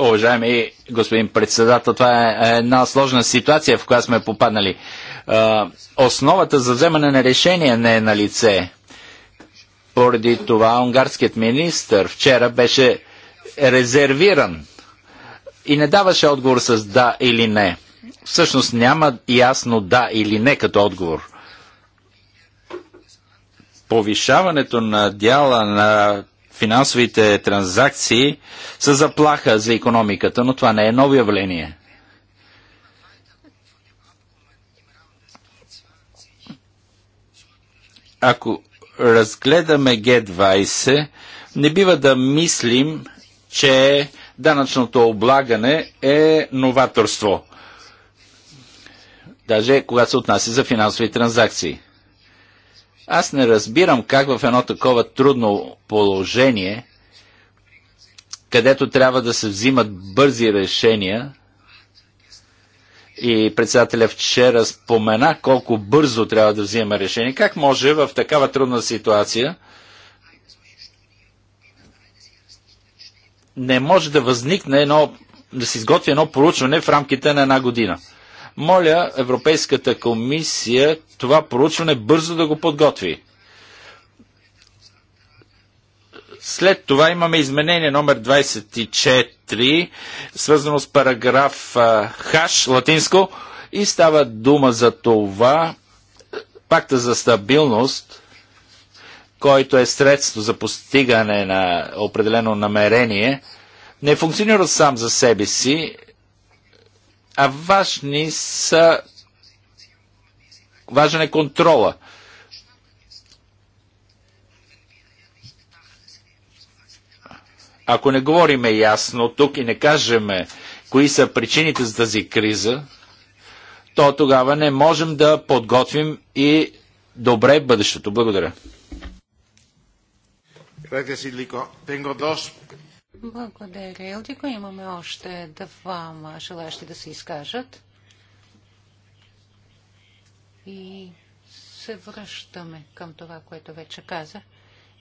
A: Уважаеми господин председател, това е една сложна ситуация, в която сме попаднали. Основата за вземане на решение не е на лице. Поради това унгарският министр вчера беше резервиран и не даваше отговор с да или не. Всъщност няма ясно да или не като отговор повишаването на дяла на финансовите транзакции са заплаха за економиката, но това не е ново явление. Ако разгледаме Г20, не бива да мислим, че данъчното облагане е новаторство. Даже когато се отнася за финансови транзакции. Аз не разбирам как в едно такова трудно положение, където трябва да се взимат бързи решения, и председателя вчера спомена колко бързо трябва да взимаме решение. Как може в такава трудна ситуация не може да възникне едно, да се изготви едно поручване в рамките на една година? Моля Европейската комисия това проучване бързо да го подготви. След това имаме изменение номер 24, свързано с параграф Хаш, латинско, и става дума за това пакта за стабилност, който е средство за постигане на определено намерение, не функционира сам за себе си а важни са важен е контрола. Ако не говориме ясно тук и не кажеме кои са причините за тази криза, то тогава не можем да подготвим и добре бъдещето. Благодаря. Gracias, Tengo dos
C: благодаря, Елдико. Имаме още двама желащи да се изкажат. И се връщаме към това, което вече казах.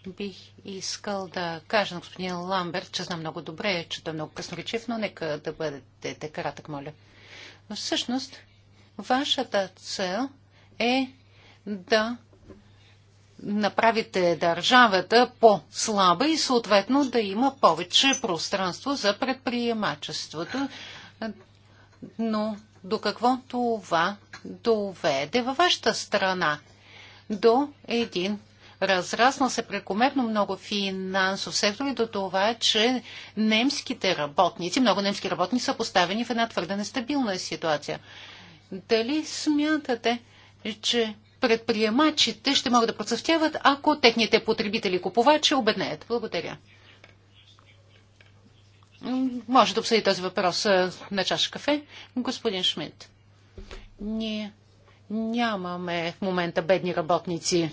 C: Бих искал да кажа на господин Ламберт, че знам много добре, че той е много красноречив, но нека да бъдете кратък, моля. Всъщност, вашата цел е да направите държавата по-слаба и съответно да има повече пространство за предприемачеството. Но до какво това доведе във вашата страна? До един разраснал се прекомерно много финансов сектор и до това, че немските работници, много немски работници са поставени в една твърде нестабилна ситуация. Дали смятате, че предприемачите ще могат да процъфтяват, ако техните потребители и купувачи обеднеят. Благодаря. Може да обсъди този въпрос на чаша кафе. Господин Шмидт, ние нямаме в момента бедни работници.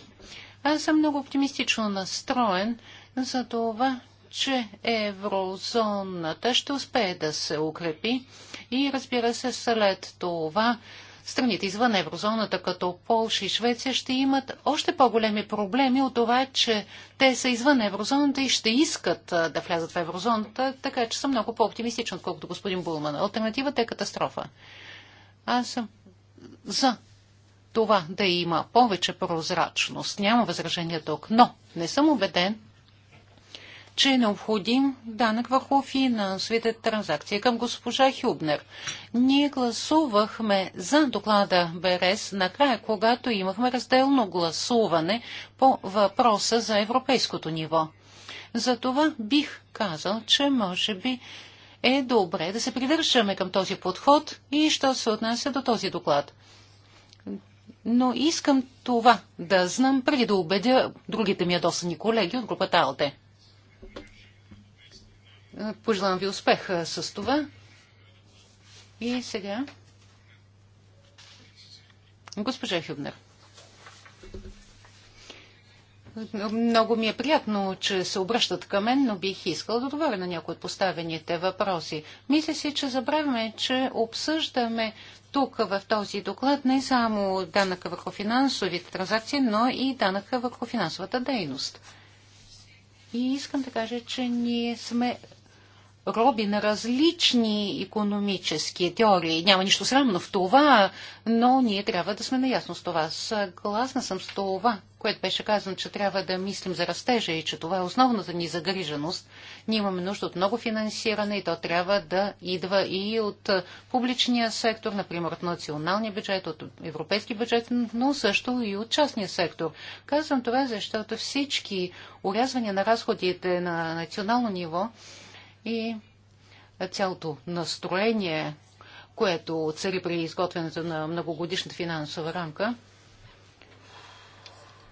C: Аз съм много оптимистично настроен за това, че еврозоната ще успее да се укрепи и разбира се след това страните извън еврозоната, като Полша и Швеция, ще имат още по-големи проблеми от това, че те са извън еврозоната и ще искат да влязат в еврозоната, така че съм много по-оптимистична, отколкото господин Булман. Альтернативата е катастрофа. Аз съм за това да има повече прозрачност. Няма възражение тук, но не съм убеден, че е необходим данък върху финансовите транзакции. Към госпожа Хюбнер. Ние гласувахме за доклада БРС накрая, когато имахме разделно гласуване по въпроса за европейското ниво. Затова бих казал, че може би е добре да се придържаме към този подход и що се отнася до този доклад. Но искам това да знам преди да убедя другите ми ядосани колеги от групата Алте. Пожелавам ви успеха с това. И сега. Госпожа Хюбнер. Много ми е приятно, че се обръщат към мен, но бих искал да отговоря на някои от поставените въпроси. Мисля си, че забравяме, че обсъждаме тук в този доклад не само данъка върху финансовите транзакции, но и данъка върху финансовата дейност. И искам да кажа, че ние сме роби на различни економически теории. Няма нищо срамно в това, но ние трябва да сме наясно с това. Съгласна съм с това, което беше казано, че трябва да мислим за растежа и че това е основната ни загриженост. Ние имаме нужда от много финансиране и то трябва да идва и от публичния сектор, например от националния бюджет, от европейски бюджет, но също и от частния сектор. Казвам това, защото всички урязвания на разходите на национално ниво и цялото настроение, което цари при изготвянето на многогодишната финансова рамка,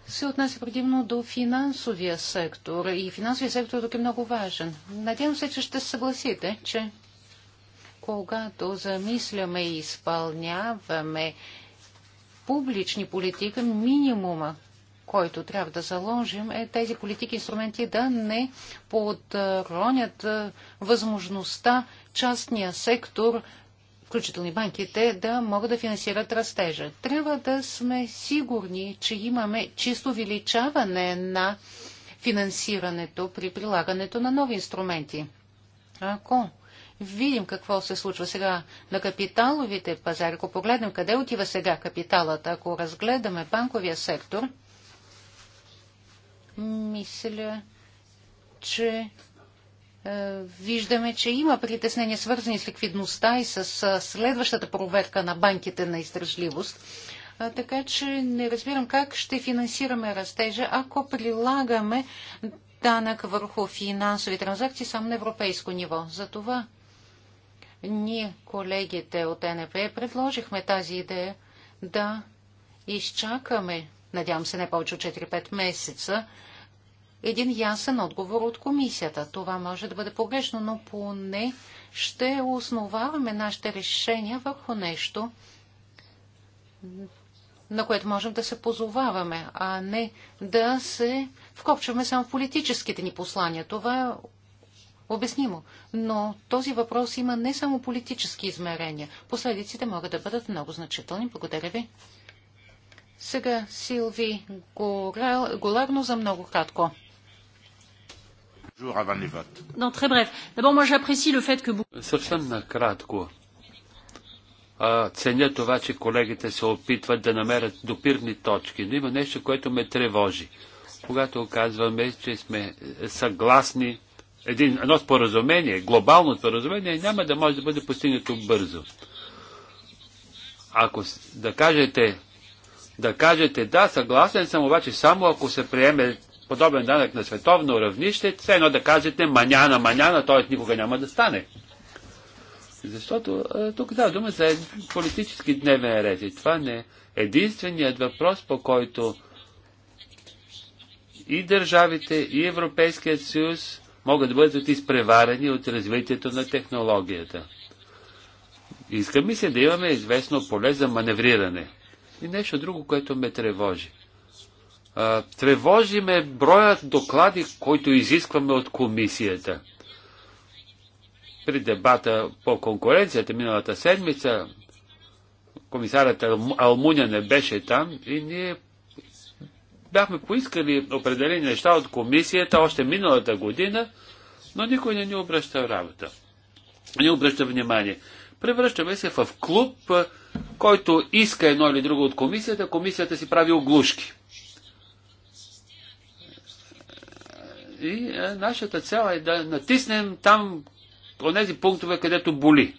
C: се отнася предимно до финансовия сектор. И финансовия сектор тук е много важен. Надявам се, че ще се съгласите, че когато замисляме и изпълняваме публични политика, минимума, който трябва да заложим, е тези политики инструменти да не подронят възможността частния сектор, включително и банките, да могат да финансират растежа. Трябва да сме сигурни, че имаме чисто увеличаване на финансирането при прилагането на нови инструменти. Ако видим какво се случва сега на капиталовите пазари, ако погледнем къде отива сега капиталът, ако разгледаме банковия сектор – мисля, че е, виждаме, че има притеснения свързани с ликвидността и с е, следващата проверка на банките на издържливост, Така че не разбирам как ще финансираме растежа, ако прилагаме данък върху финансови транзакции само на европейско ниво. Затова ние, колегите от НП, предложихме тази идея да изчакаме надявам се не повече от 4-5 месеца, един ясен отговор от комисията. Това може да бъде погрешно, но поне ще основаваме нашите решения върху нещо, на което можем да се позоваваме, а не да се вкопчваме само в политическите ни послания. Това е обяснимо. Но този въпрос има не само политически измерения. Последиците могат да бъдат много значителни. Благодаря ви. Сега Силви Голарно за много кратко.
B: Съвсем накратко. А, ценя това, че колегите се опитват да намерят допирни точки, но има нещо, което ме тревожи. Когато казваме, че сме съгласни, един, едно споразумение, глобално споразумение, няма да може да бъде постигнато бързо. Ако да кажете, да кажете да, съгласен съм, обаче само ако се приеме подобен данък на световно равнище, все едно да кажете маняна, маняна, т.е. никога няма да стане. Защото тук да, дума за политически дневен ред и това не е единственият въпрос, по който и държавите, и Европейският съюз могат да бъдат изпреварени от развитието на технологията. Искам ми се да имаме известно поле за маневриране. И нещо друго, което ме тревожи. А, тревожи ме броят доклади, който изискваме от комисията. При дебата по конкуренцията миналата седмица комисарът Алмуня не беше там и ние бяхме поискали определени неща от комисията още миналата година, но никой не ни обръща работа. Не обръща внимание. Превръщаме се в клуб, който иска едно или друго от комисията, комисията си прави оглушки. И е, нашата цел е да натиснем там тези пунктове, където боли.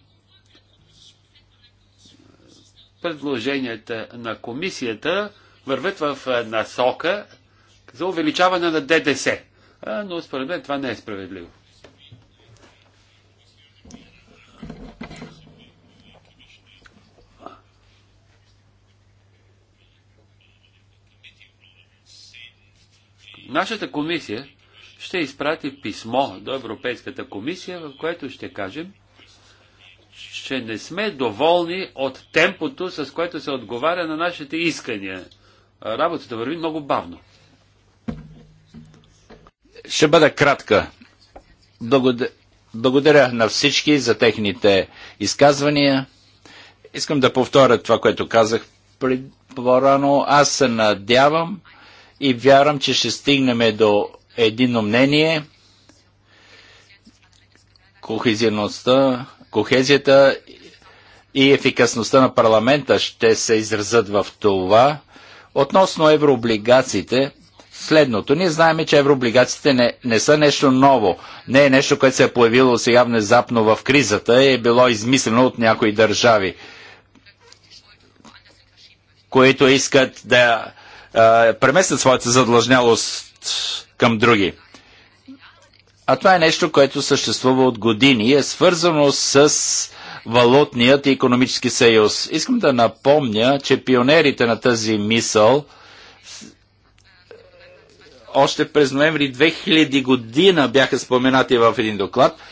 B: Предложенията на комисията вървят в е, насока за увеличаване на ДДС. но според мен това не е справедливо. нашата комисия ще изпрати писмо до Европейската комисия, в което ще кажем, че не сме доволни от темпото, с което се отговаря на нашите искания. Работата върви много бавно.
A: Ще бъда кратка. Благодаря, на всички за техните изказвания. Искам да повторя това, което казах по-рано. Аз се надявам, и вярвам, че ще стигнем до едино мнение. Кохезионността, кохезията и ефикасността на парламента ще се изразят в това. Относно еврооблигациите, следното. Ние знаем, че еврооблигациите не, не са нещо ново. Не е нещо, което се е появило сега внезапно в кризата и е било измислено от някои държави, които искат да а, преместят своята задлъжнялост към други. А това е нещо, което съществува от години и е свързано с валутният и економически съюз. Искам да напомня, че пионерите на тази мисъл още през ноември 2000 година бяха споменати в един доклад –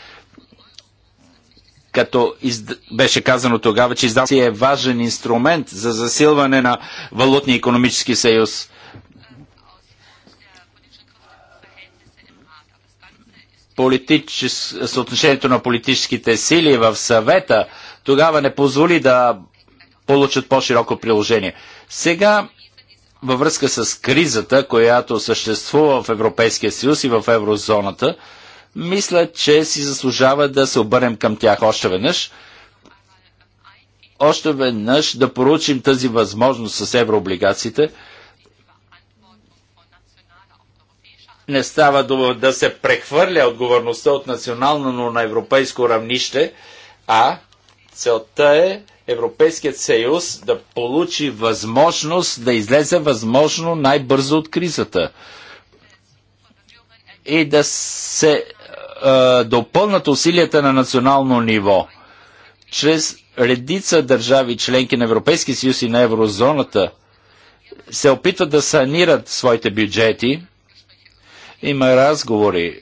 A: като из... беше казано тогава, че издаването е важен инструмент за засилване на валутния економически съюз. Политичес... Съотношението на политическите сили в съвета тогава не позволи да получат по-широко приложение. Сега във връзка с кризата, която съществува в Европейския съюз и в еврозоната, мисля, че си заслужава да се обърнем към тях още веднъж. Още веднъж да поручим тази възможност с еврооблигациите. Не става дума да се прехвърля отговорността от национално, но на европейско равнище, а целта е Европейският съюз да получи възможност да излезе възможно най-бързо от кризата и да се е, допълнат усилията на национално ниво чрез редица държави, членки на Европейския съюз и на еврозоната, се опитват да санират своите бюджети. Има разговори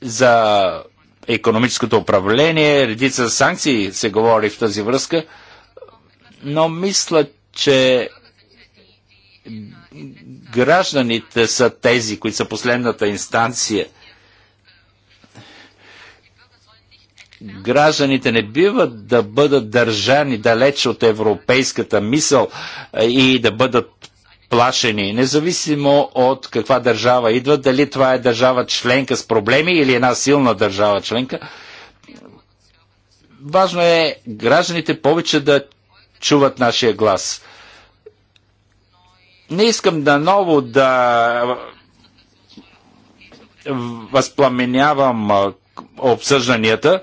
A: за економическото управление, редица санкции се говори в тази връзка, но мисля, че гражданите са тези, които са последната инстанция – гражданите не биват да бъдат държани далеч от европейската мисъл и да бъдат плашени, независимо от каква държава идват, дали това е държава членка с проблеми или една силна държава членка. Важно е гражданите повече да чуват нашия глас. Не искам да ново да възпламенявам обсъжданията,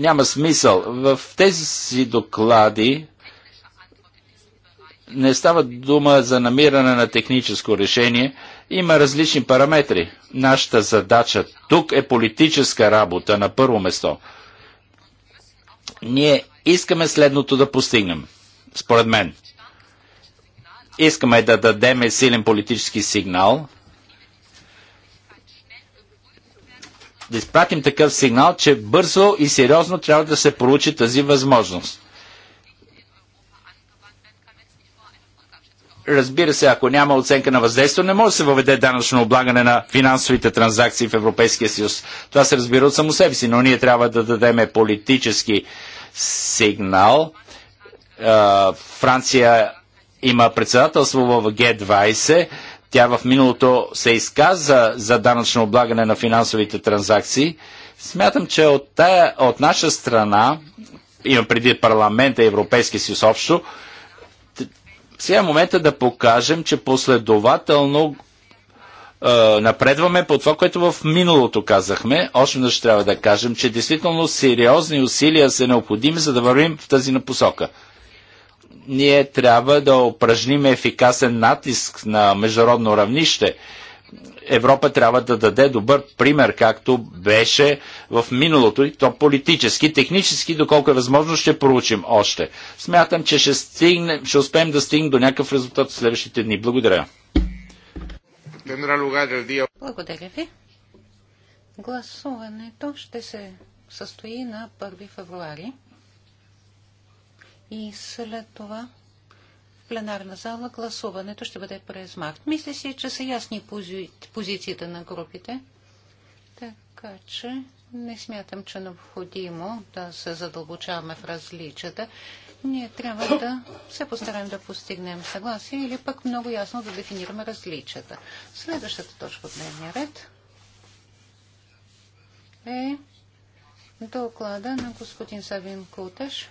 A: няма смисъл. В тези доклади не става дума за намиране на техническо решение. Има различни параметри. Нашата задача тук е политическа работа на първо место. Ние искаме следното да постигнем, според мен. Искаме да дадем силен политически сигнал – да изпратим такъв сигнал, че бързо и сериозно трябва да се проучи тази възможност. Разбира се, ако няма оценка на въздействие, не може да се въведе данъчно облагане на финансовите транзакции в Европейския съюз. Това се разбира от само себе си, но ние трябва да дадем политически сигнал. Франция има председателство в Г20 тя в миналото се изказа за данъчно облагане на финансовите транзакции. Смятам, че от, тая, от наша страна, има преди парламента и Европейски съюз общо, сега е момента да покажем, че последователно е, напредваме по това, което в миналото казахме. Още веднъж трябва да кажем, че действително сериозни усилия са необходими, за да вървим в тази напосока ние трябва да упражним ефикасен натиск на международно равнище. Европа трябва да даде добър пример, както беше в миналото, и то политически, технически, доколко е възможно, ще проучим още. Смятам, че ще, стигне, ще успеем да стигнем до някакъв резултат в следващите дни. Благодаря.
C: Благодаря ви. Гласуването ще се състои на 1 февруари и след това в пленарна зала гласуването ще бъде през март. Мисля си, че са ясни пози... позициите на групите, така че не смятам, че е необходимо да се задълбочаваме в различията. Ние трябва да се постараем да постигнем съгласие или пък много ясно да дефинираме различията. Следващата точка от дневния ред е доклада на господин Савин Кутеш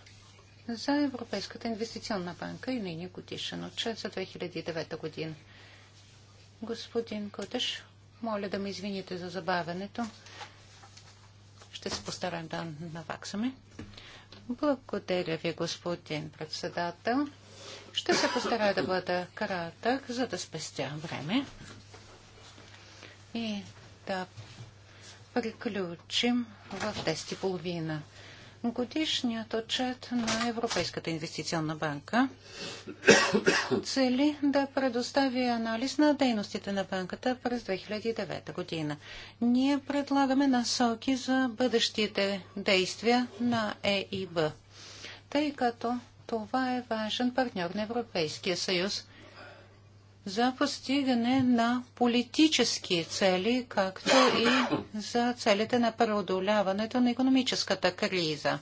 C: за Европейската инвестиционна банка и нейния годишен отчет за 2009 година. Господин Кутеш, моля да ме извините за забавянето. Ще се постараем да наваксаме. Благодаря ви, господин председател. Ще се постарая да бъда кратък, за да спестя време и да приключим в 10.30. Годишният отчет на Европейската инвестиционна банка цели да предостави анализ на дейностите на банката през 2009 година. Ние предлагаме насоки за бъдещите действия на ЕИБ, тъй като това е важен партньор на Европейския съюз – за постигане на политически цели, както и за целите на преодоляването на економическата криза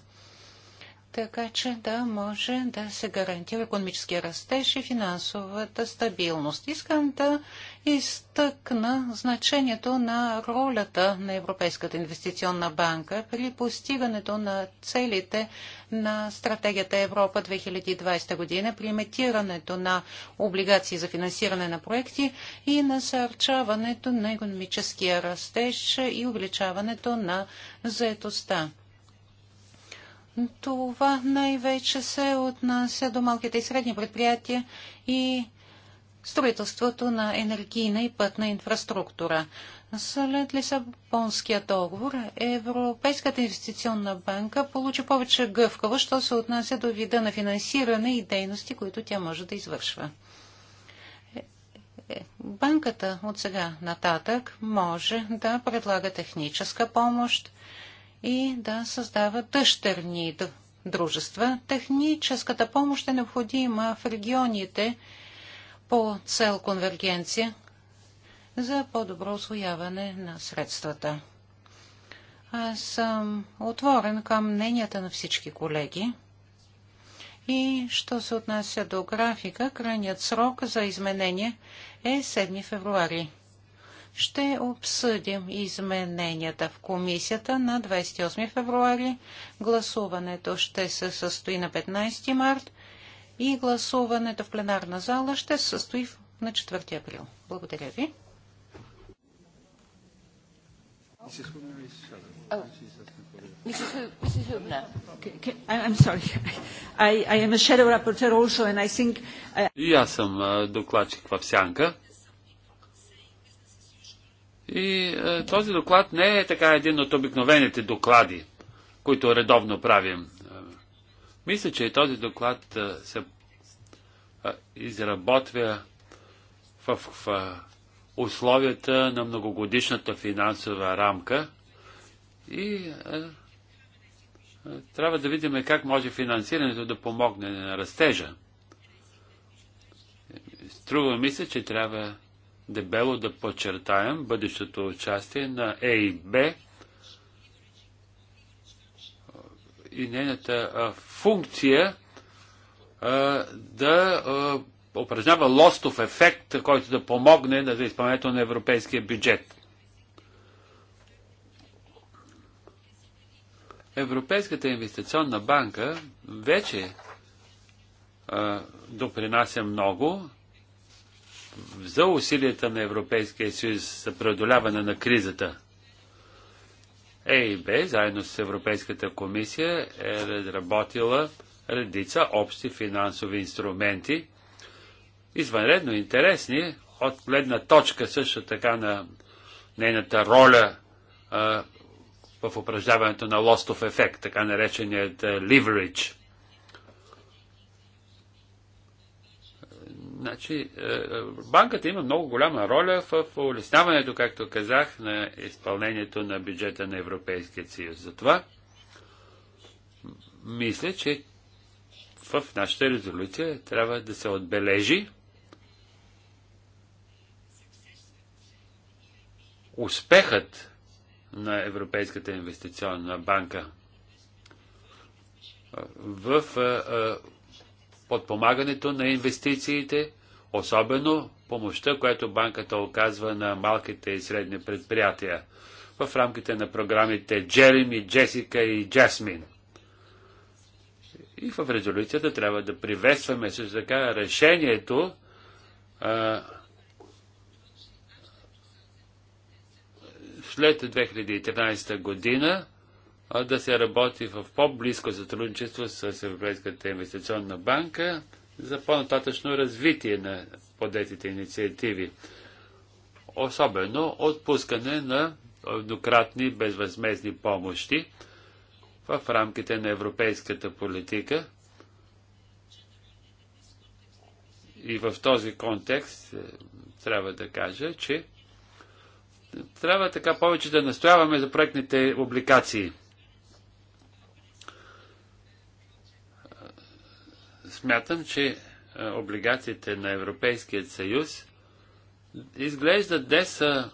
C: така че да може да се гарантира економическия растеж и финансовата стабилност. Искам да изтъкна значението на ролята на Европейската инвестиционна банка при постигането на целите на стратегията Европа 2020 година, при имитирането на облигации за финансиране на проекти и насърчаването на економическия растеж и увеличаването на заетостта. Това най-вече се отнася до малките и средни предприятия и строителството на енергийна и пътна инфраструктура. След Лисабонския договор Европейската инвестиционна банка получи повече гъвкаво, що се отнася до вида на финансиране и дейности, които тя може да извършва. Е, е, банката от сега нататък може да предлага техническа помощ, и да създават дъщерни дружества. Техническата помощ е необходима в регионите по цел конвергенция за по-добро освояване на средствата. Аз съм отворен към мненията на всички колеги. И що се отнася до графика, крайният срок за изменение е 7 февруари ще обсъдим измененията в комисията на 28 февруари. Гласуването ще се състои на 15 март и гласуването в пленарна зала ще се състои на 4 април. Благодаря ви. Uh,
B: и аз съм докладчик в сянка. И е, този доклад не е така един от обикновените доклади, които редовно правим. Е, мисля, че този доклад е, се е, изработва в, в в е, условията на многогодишната финансова рамка и е, е, трябва да видим как може финансирането да помогне на растежа. Е, струва мисля, че трябва дебело да подчертаем бъдещото участие на А и нейната функция да упражнява лостов ефект, който да помогне за изпълнението на европейския бюджет. Европейската инвестиционна банка вече а, допринася много за усилията на Европейския съюз за преодоляване на кризата. ЕИБ, заедно с Европейската комисия, е разработила редица общи финансови инструменти, извънредно интересни, от гледна точка също така на нейната роля а, в упражняването на лостов ефект, така нареченият leverage – Значи, е, е, банката има много голяма роля в улесняването, както казах, на изпълнението на бюджета на Европейския съюз. Затова мисля, че в нашата резолюция трябва да се отбележи успехът на Европейската инвестиционна банка в е, подпомагането на инвестициите Особено помощта, която банката оказва на малките и средни предприятия в рамките на програмите Джереми, Джесика и Джасмин. И в резолюцията трябва да приветстваме също така решението а, след 2013 година а, да се работи в по-близко сътрудничество с Европейската инвестиционна банка за по-нататъчно развитие на подетите инициативи. Особено отпускане на еднократни безвъзмезни помощи в рамките на европейската политика. И в този контекст е, трябва да кажа, че трябва така повече да настояваме за проектните обликации – смятам, че е, облигациите на Европейския съюз изглеждат де са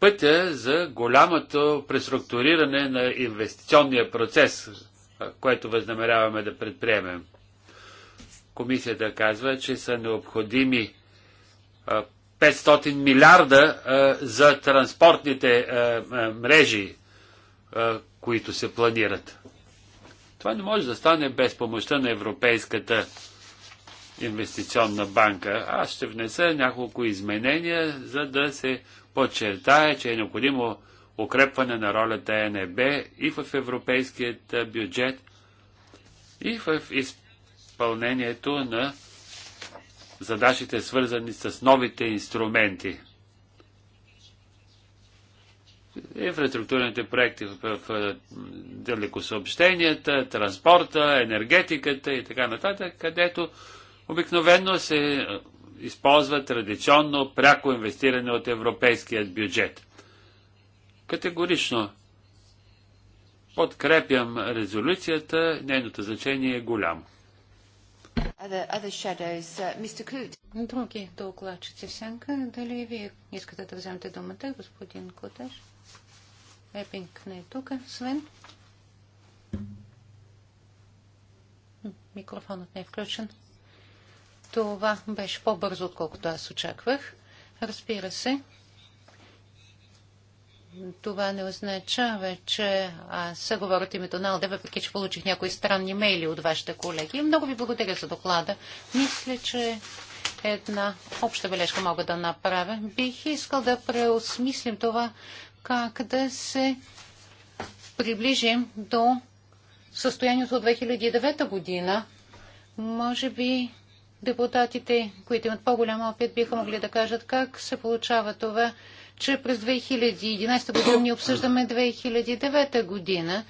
B: пътя за голямото преструктуриране на инвестиционния процес, е, което възнамеряваме да предприемем. Комисията казва, че са необходими 500 е, милиарда за транспортните мрежи, които се планират. Това не може да стане без помощта на Европейската инвестиционна банка. Аз ще внеса няколко изменения, за да се подчертая, че е необходимо укрепване на ролята ЕНБ и в европейският бюджет, и в изпълнението на задачите, свързани с новите инструменти – инфраструктурните проекти в, в далекосъобщенията, транспорта, енергетиката и така нататък, където обикновено се е, използва традиционно пряко инвестиране от европейският бюджет. Категорично подкрепям резолюцията, нейното значение е голямо.
C: Uh, Други докладчици в сянка, дали вие искате да вземете думата, господин Кутеш? Епинг не е тук. Свен? Микрофонът не е включен. Това беше по-бързо, отколкото аз очаквах. Разбира се, това не означава, че аз говоря от името на Алде, въпреки че получих някои странни мейли от вашите колеги. Много ви благодаря за доклада. Мисля, че една обща бележка мога да направя. Бих искал да преосмислим това, как да се приближим до състоянието от 2009 година. Може би депутатите, които имат по-голям опит, биха могли да кажат как се получава това, че през 2011 година ние обсъждаме 2009 година.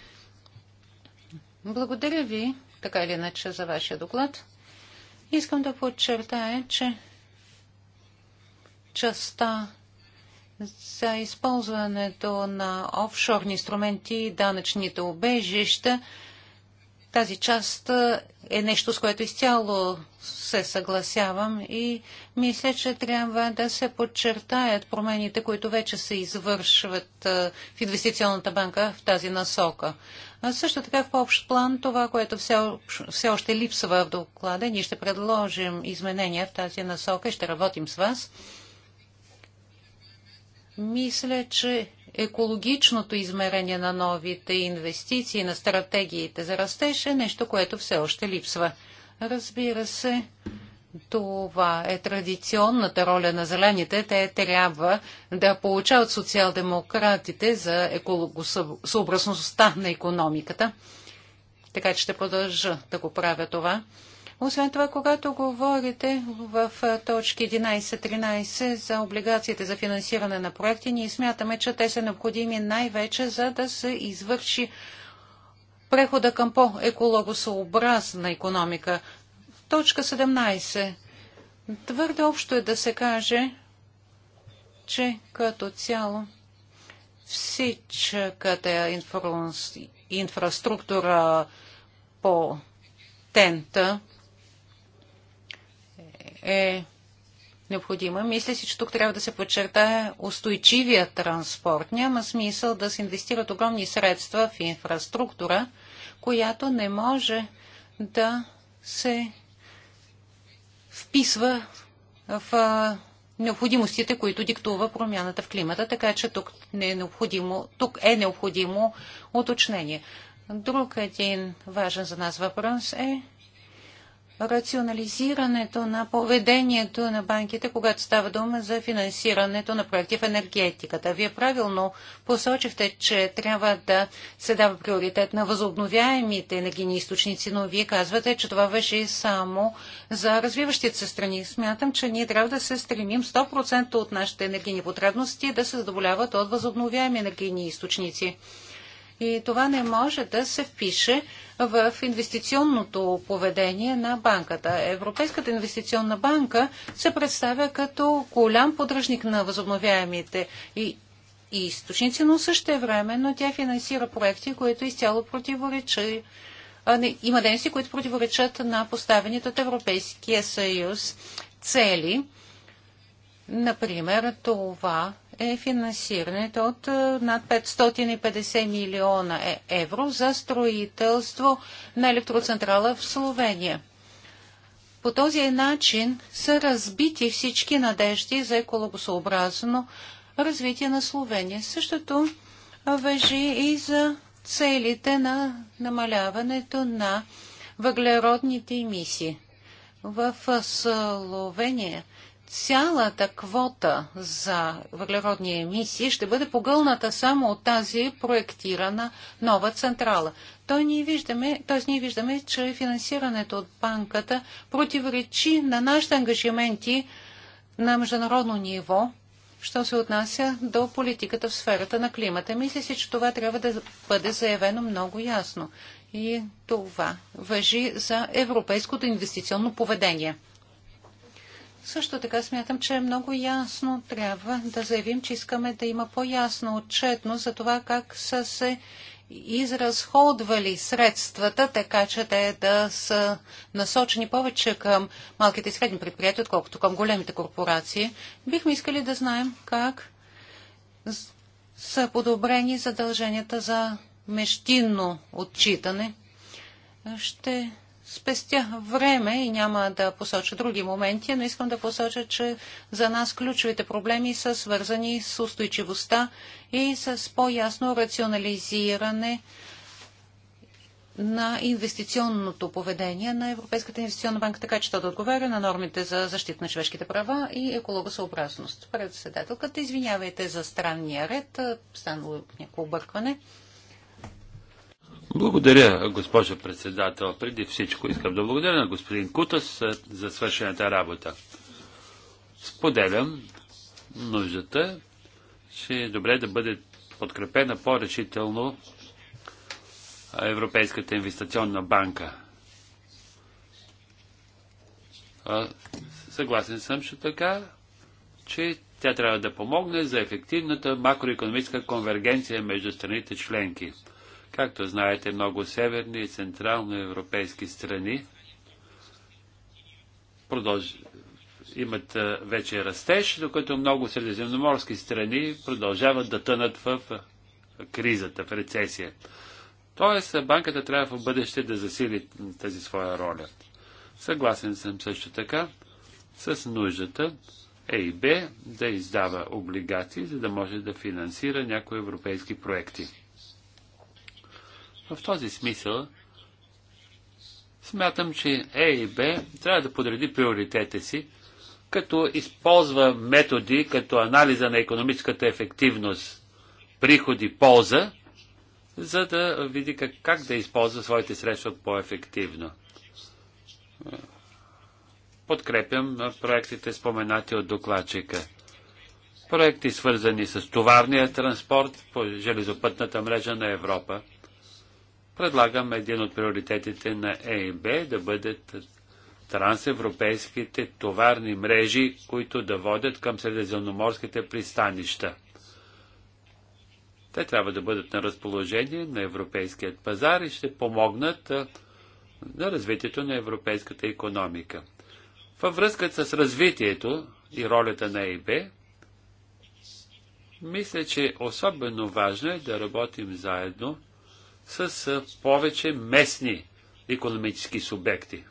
C: Благодаря ви, така или иначе, за вашия доклад. Искам да подчертая, че частта за използването на офшорни инструменти и данъчните обежища. Тази част е нещо, с което изцяло се съгласявам и мисля, че трябва да се подчертаят промените, които вече се извършват в инвестиционната банка в тази насока. А също така в общ план това, което все, все още липсва в доклада, ние ще предложим изменения в тази насока и ще работим с вас. Мисля, че екологичното измерение на новите инвестиции, на стратегиите за растеж е нещо, което все още липсва. Разбира се, това е традиционната роля на зелените. Те трябва да получават социал-демократите за екологосъобразността на економиката. Така че ще продължа да го правя това. Освен това, когато говорите в точки 11-13 за облигациите за финансиране на проекти, ние смятаме, че те са необходими най-вече за да се извърши прехода към по екологосообразна економика. Точка 17. Твърде общо е да се каже, че като цяло всичката инфра... инфраструктура по тента е необходима. Мисля си, че тук трябва да се подчертае устойчивия транспорт. Няма смисъл да се инвестират огромни средства в инфраструктура, която не може да се вписва в необходимостите, които диктува промяната в климата, така че тук, не е, необходимо, тук е необходимо уточнение. Друг един важен за нас въпрос е рационализирането на поведението на банките, когато става дума за финансирането на проекти в енергетиката. Вие правилно посочихте, че трябва да се дава приоритет на възобновяемите енергийни източници, но вие казвате, че това въжи само за развиващите се страни. Смятам, че ние трябва да се стремим 100% от нашите енергийни потребности да се задоволяват от възобновяеми енергийни източници. И това не може да се впише в инвестиционното поведение на банката. Европейската инвестиционна банка се представя като голям подръжник на възобновяемите и източници, но също време, но тя финансира проекти, които изцяло противоречат има дейности, които противоречат на поставените от Европейския съюз цели. Например, това е финансирането от е, над 550 милиона е, евро за строителство на електроцентрала в Словения. По този начин са разбити всички надежди за екологосообразно развитие на Словения. Същото въжи и за целите на намаляването на въглеродните емисии. В Словения цялата квота за въглеродни емисии ще бъде погълната само от тази проектирана нова централа. Той ние виждаме, т.е. ние виждаме, че финансирането от банката противоречи на нашите ангажименти на международно ниво, що се отнася до политиката в сферата на климата. Мисля си, че това трябва да бъде заявено много ясно. И това въжи за европейското инвестиционно поведение. Също така смятам, че е много ясно трябва да заявим, че искаме да има по-ясна отчетност за това как са се изразходвали средствата, така че те да са насочени повече към малките и средни предприятия, отколкото към големите корпорации. Бихме искали да знаем как са подобрени задълженията за мещинно отчитане. Ще спестя време и няма да посоча други моменти, но искам да посоча, че за нас ключовите проблеми са свързани с устойчивостта и с по-ясно рационализиране на инвестиционното поведение на Европейската инвестиционна банка, така че то да отговаря на нормите за защита на човешките права и екологосъобразност. Председателката, извинявайте за странния ред, станало някакво объркване.
B: Благодаря, госпожо председател. Преди всичко искам да благодаря на господин Кутас е, за свършената работа. Споделям нуждата, че е добре да бъде подкрепена по-решително Европейската инвестиционна банка. Съгласен съм, че така, че тя трябва да помогне за ефективната макроекономическа конвергенция между страните членки – Както знаете, много северни и централно европейски страни продълж... имат вече растеж, докато много средиземноморски страни продължават да тънат в кризата, в рецесия. Тоест, банката трябва в бъдеще да засили тази своя роля. Съгласен съм също така с нуждата е и Б да издава облигации, за да може да финансира някои европейски проекти. В този смисъл смятам, че Е и Б трябва да подреди приоритетите си, като използва методи като анализа на економическата ефективност, приходи, полза, за да види как, как да използва своите средства по-ефективно. Подкрепям проектите, споменати от докладчика. Проекти свързани с товарния транспорт по железопътната мрежа на Европа – предлагам един от приоритетите на ЕИБ да бъдат трансевропейските товарни мрежи, които да водят към средиземноморските пристанища. Те трябва да бъдат на разположение на европейският пазар и ще помогнат на развитието на европейската економика. Във връзка с развитието и ролята на ЕИБ, мисля, че особено важно е да работим заедно – с повече местни економически субекти.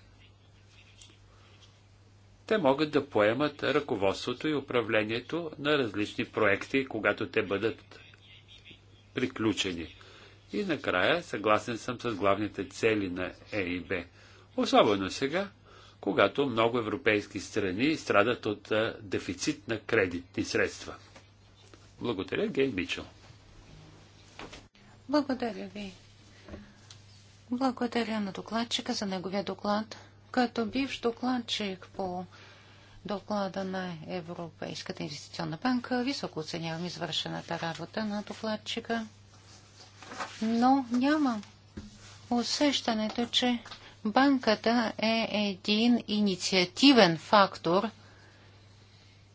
B: Те могат да поемат ръководството и управлението на различни проекти, когато те бъдат приключени. И накрая съгласен съм с главните цели на ЕИБ. Особено сега, когато много европейски страни страдат от дефицит на кредитни средства. Благодаря, Гей Мичел.
C: Благодаря ви, благодаря на докладчика за неговия доклад. Като бивш докладчик по доклада на Европейската инвестиционна банка, високо оценявам извършената работа на докладчика, но нямам усещането, че банката е един инициативен фактор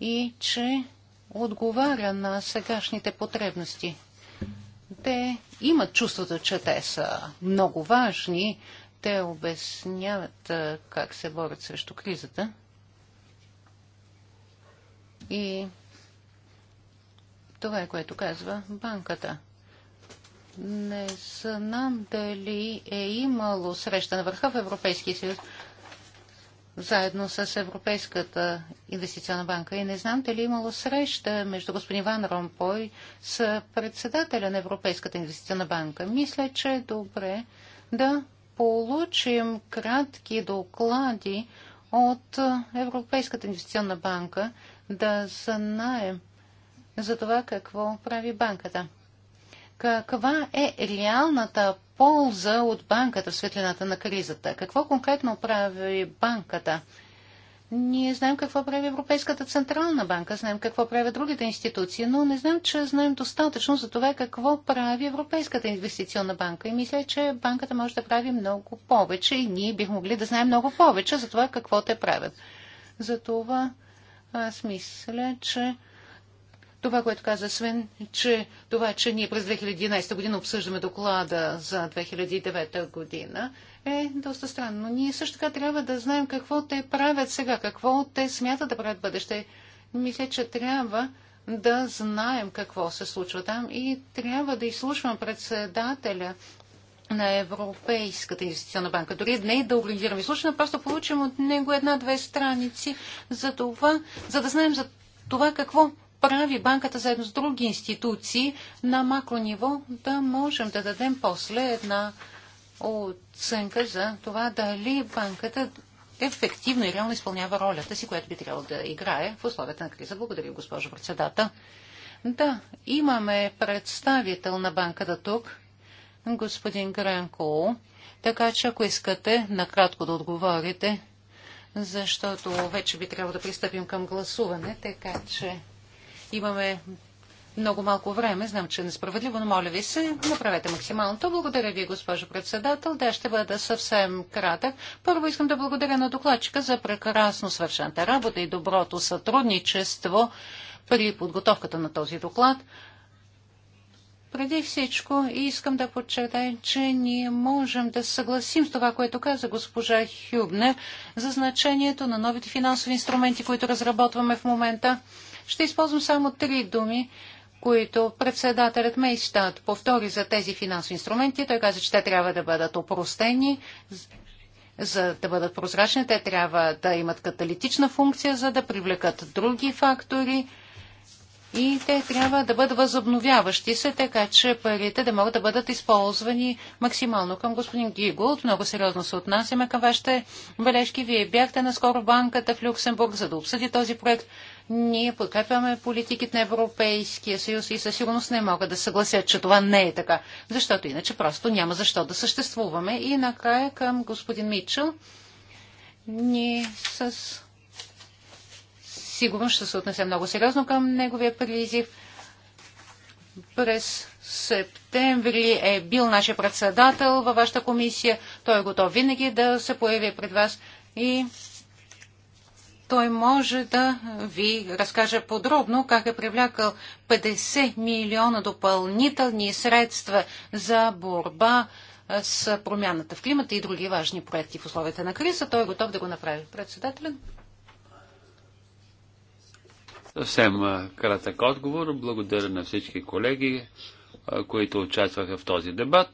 C: и че отговаря на сегашните потребности – те имат чувството, че те са много важни. Те обясняват как се борят срещу кризата. И това е което казва банката. Не знам дали е имало среща на върха в Европейския съюз, заедно с Европейската инвестиционна банка. И не знам дали е имало среща между господин Ван Ромпой с председателя на Европейската инвестиционна банка. Мисля, че е добре да получим кратки доклади от Европейската инвестиционна банка, да знаем за това какво прави банката. Каква е реалната полза от банката в светлината на кризата. Какво конкретно прави банката? Ние знаем какво прави Европейската централна банка, знаем какво правят другите институции, но не знам, че знаем достатъчно за това какво прави Европейската инвестиционна банка. И мисля, че банката може да прави много повече и ние бихме могли да знаем много повече за това какво те правят. За това аз мисля, че това, което каза Свен, че това, че ние през 2011 година обсъждаме доклада за 2009 година, е доста странно. Ние също така трябва да знаем какво те правят сега, какво те смятат да правят бъдеще. Мисля, че трябва да знаем какво се случва там и трябва да изслушвам председателя на Европейската инвестиционна банка. Дори не е да организираме изслушване, просто получим от него една-две страници за това, за да знаем за това какво прави банката заедно с други институции на макро ниво да можем да дадем после една оценка за това дали банката ефективно и реално изпълнява ролята си, която би трябвало да играе в условията на криза. Благодаря, госпожо председател. Да, имаме представител на банката тук, господин Гранко, така че ако искате, накратко да отговорите, защото вече би трябвало да пристъпим към гласуване, така че Имаме много малко време. Знам, че е несправедливо, но моля ви се, направете максималното. Благодаря ви, госпожо председател. Да, ще бъда съвсем кратък. Първо искам да благодаря на докладчика за прекрасно свършената работа и доброто сътрудничество при подготовката на този доклад. Преди всичко искам да подчертая, че ние можем да съгласим с това, което каза госпожа Хюбнер за значението на новите финансови инструменти, които разработваме в момента ще използвам само три думи, които председателят Мейстат повтори за тези финансови инструменти. Той каза, че те трябва да бъдат опростени, за да бъдат прозрачни. Те трябва да имат каталитична функция, за да привлекат други фактори. И те трябва да бъдат възобновяващи се, така че парите да могат да бъдат използвани максимално. Към господин Гигулт много сериозно се отнасяме към вашите бележки. Вие бяхте наскоро банката в Люксембург, за да обсъди този проект. Ние подкрепяме политиките на Европейския съюз и със сигурност не мога да съгласят, че това не е така, защото иначе просто няма защо да съществуваме. И накрая към господин Мичел. Ние с сигурно ще се отнесе много сериозно към неговия призив. През септември е бил нашия председател във вашата комисия. Той е готов винаги да се появи пред вас и той може да ви разкаже подробно как е привлякал 50 милиона допълнителни средства за борба с промяната в климата и други важни проекти в условията на криза. Той е готов да го направи. Председателя.
B: Съвсем кратък отговор. Благодаря на всички колеги, които участваха в този дебат.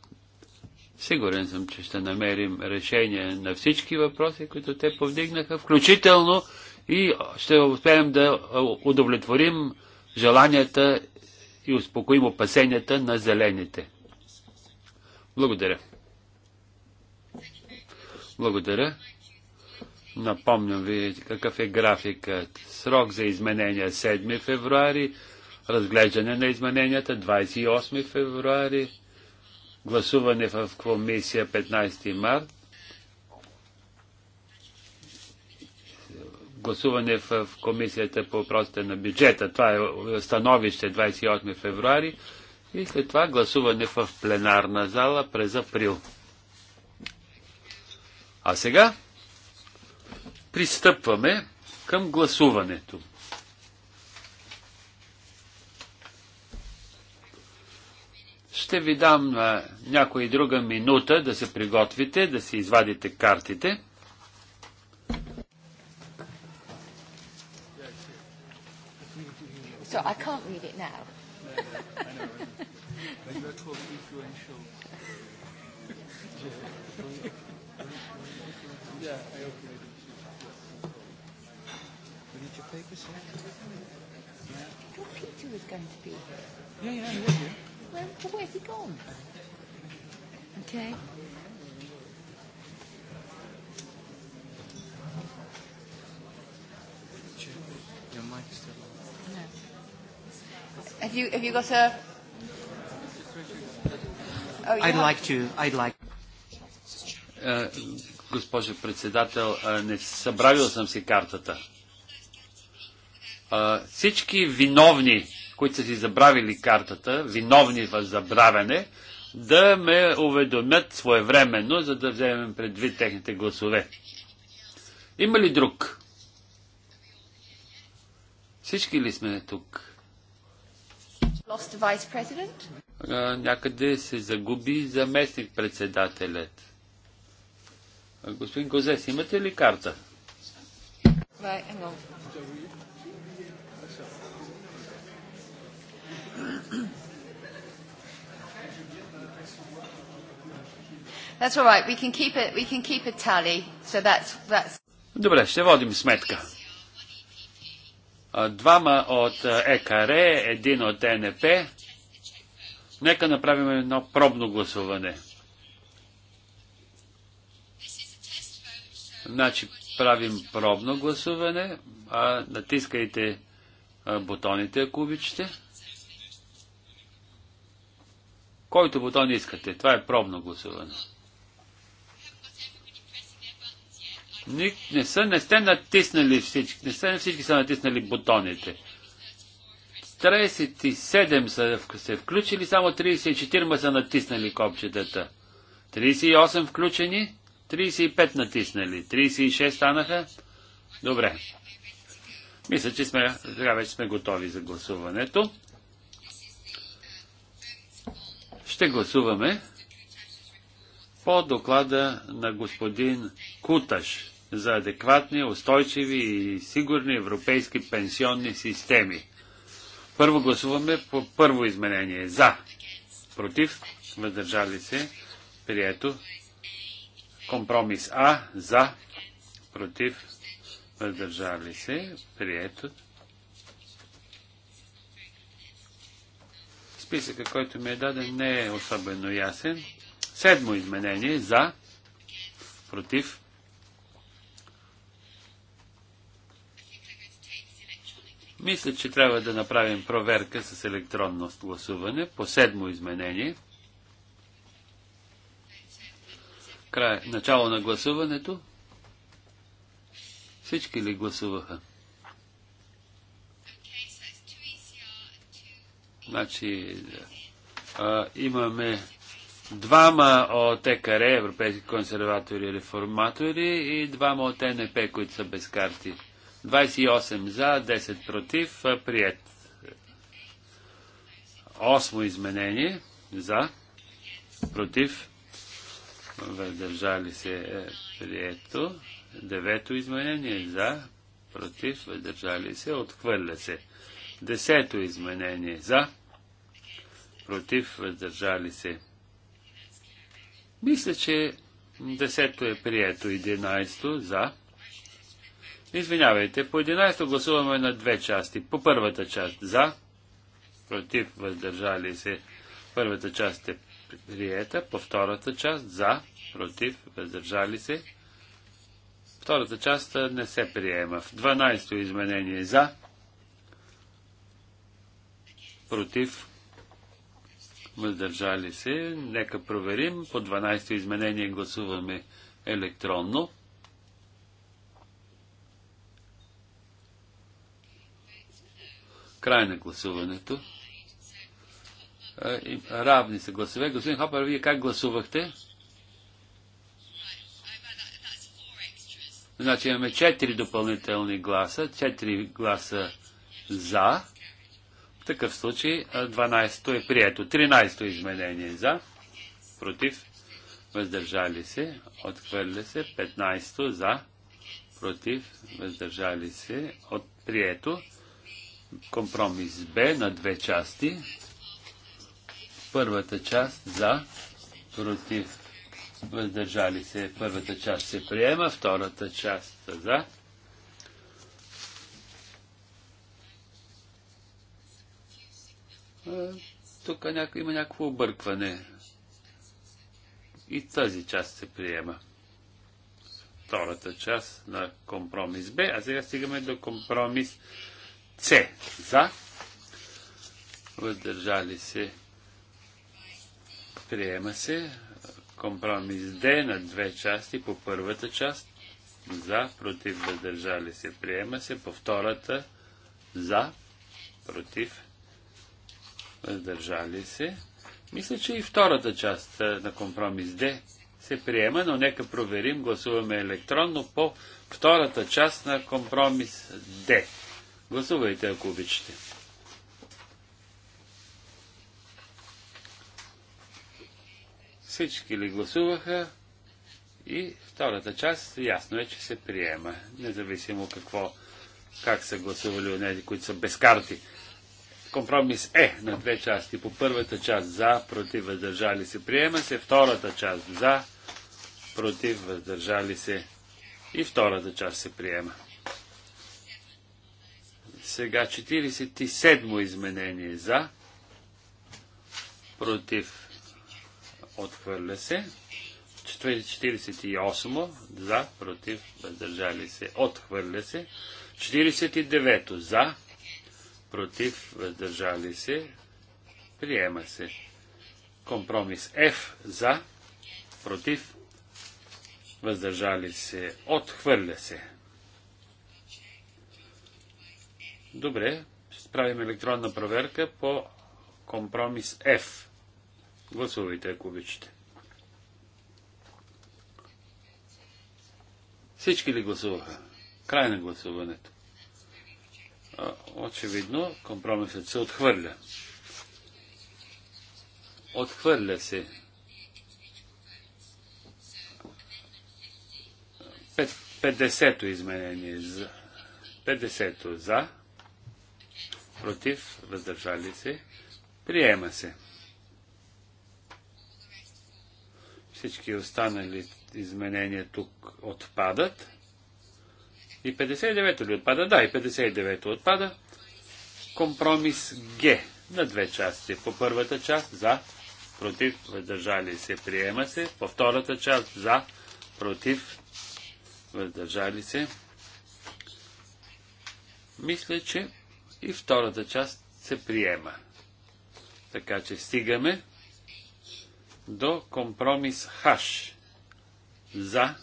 B: Сигурен съм, че ще намерим решение на всички въпроси, които те повдигнаха, включително и ще успеем да удовлетворим желанията и успокоим опасенията на зелените. Благодаря. Благодаря. Напомням ви какъв е графикът. Срок за изменения 7 февруари, разглеждане на измененията 28 февруари, гласуване в комисия 15 март, гласуване в комисията по въпросите на бюджета, това е становище 28 февруари, и след това гласуване в пленарна зала през април. А сега пристъпваме към гласуването. Ще ви дам а, някоя друга минута да се приготвите, да си извадите картите.
C: So I can't read it now.
B: Yeah, I open it.
C: Your Peter was going to be here. Yeah, yeah, he was here. Where, where's he gone? Okay. Your mic is still on.
A: No. Have you, have you got a...
C: Oh, I'd like to. I'd like.
B: Госпожо председател, не събравил съм си картата. Всички виновни които са си забравили картата, виновни в забравяне, да ме уведомят своевременно, за да вземем предвид техните гласове. Има ли друг? Всички ли сме тук? А, някъде се загуби заместник-председателят. Господин Козес, имате ли карта?
C: Right, That's all right. We can keep it. We can keep a tally. So that's that's.
B: Добре, ще водим сметка. Двама от ЕКР, един от ЕНП. Нека направим едно пробно гласуване. Значи правим пробно гласуване. А натискайте бутоните, ако обичате. Който бутон искате? Това е пробно гласуване. Не, не, са, не сте натиснали всички, не са, всички са натиснали бутоните. 37 са се включили, само 34 са натиснали копчетата. 38 включени, 35 натиснали, 36 станаха. Добре. Мисля, че сме, сега вече сме готови за гласуването ще гласуваме по доклада на господин Куташ за адекватни, устойчиви и сигурни европейски пенсионни системи. Първо гласуваме по първо изменение. За. Против. Въздържали се. Прието. Компромис А. За. Против. Въздържали се. Прието. Списъка, който ми е даден, не е особено ясен. Седмо изменение за, против. Мисля, че трябва да направим проверка с електронно гласуване по седмо изменение. Край, начало на гласуването. Всички ли гласуваха? Значи, а, имаме двама от ЕКР, европейски консерватори и реформатори, и двама от НП, които са без карти. 28 за, 10 против, прият. Осмо изменение за, против, въздържали се е, прието. Девето изменение за, против, въздържали се, отхвърля се. Десето изменение за, против, въздържали се. Мисля, че десето е прието, 11 за. Извинявайте, по 11 гласуваме на две части. По първата част за, против, въздържали се. Първата част е приета, по втората част за, против, въздържали се. Втората част не се приема. В 12-то изменение за, против, въздържали се. Нека проверим. По 12-то изменение гласуваме електронно. Край на гласуването. Равни са гласове. Господин Хопър, вие как гласувахте? Значи имаме 4 допълнителни гласа, 4 гласа за, в такъв случай 12-то е прието. 13-то изменение за, против, въздържали се, отхвърля се. 15-то за, против, въздържали се, от прието. Компромис Б на две части. Първата част за, против, въздържали се. Първата част се приема, втората част за, тук няко, има някакво объркване. И тази част се приема. Втората част на компромис Б. А сега стигаме до компромис С. За. Въздържали се. Приема се. Компромис Д на две части. По първата част. За. Против. Въздържали се. Приема се. По втората. За. Против въздържали се. Мисля, че и втората част е, на компромис Д се приема, но нека проверим. Гласуваме електронно по втората част на компромис Д. Гласувайте, ако обичате. Всички ли гласуваха? И втората част ясно е, че се приема, независимо какво, как са гласували от тези, които са без карти. Компромис Е на две части. По първата част за, против, въздържали се. Приема се втората част за, против, въздържали се. И втората част се приема. Сега 47-мо изменение за, против, отхвърля се. 48 за, против, въздържали се, отхвърля се. 49 за, против, въздържали се, приема се. Компромис F за, против, въздържали се, отхвърля се. Добре, ще правим електронна проверка по компромис F. Гласувайте, ако обичате. Всички ли гласуваха? Край на гласуването очевидно компромисът се отхвърля. Отхвърля се. 50 изменение. за. Петдесето за, против, въздържали се, приема се. Всички останали изменения тук отпадат. И 59-то ли отпада? Да, и 59-то отпада. Компромис Г на две части. По първата част за, против, въздържали се, приема се. По втората част за, против, въздържали се. Мисля, че и втората част се приема. Така че стигаме до компромис Х. За,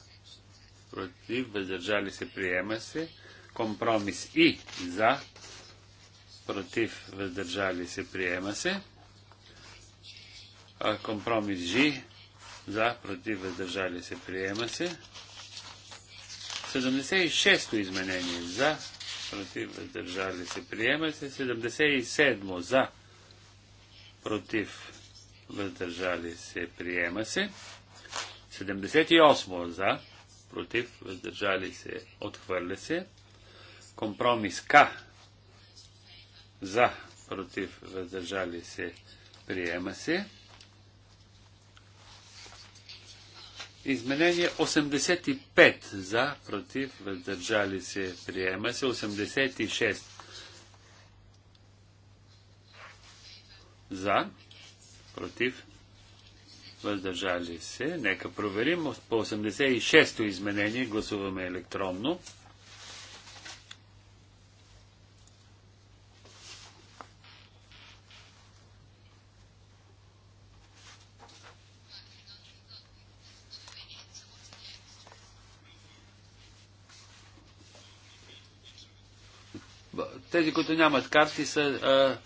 B: против, въздържали се, приема се. Компромис И за, против, въздържали се, приема се. Компромис Ж за, против, въздържали се, приема се. 76-то изменение за, против, въздържали се, приема се. 77-мо за, против, въздържали се, приема се. 78 за, против, въздържали се, отхвърля се. Компромис К за, против, въздържали се, приема се. Изменение 85 за, против, въздържали се, приема се. 86 за, против, въздържали се. Нека проверим. По 86-то изменение гласуваме електронно. Тези, които нямат карти, са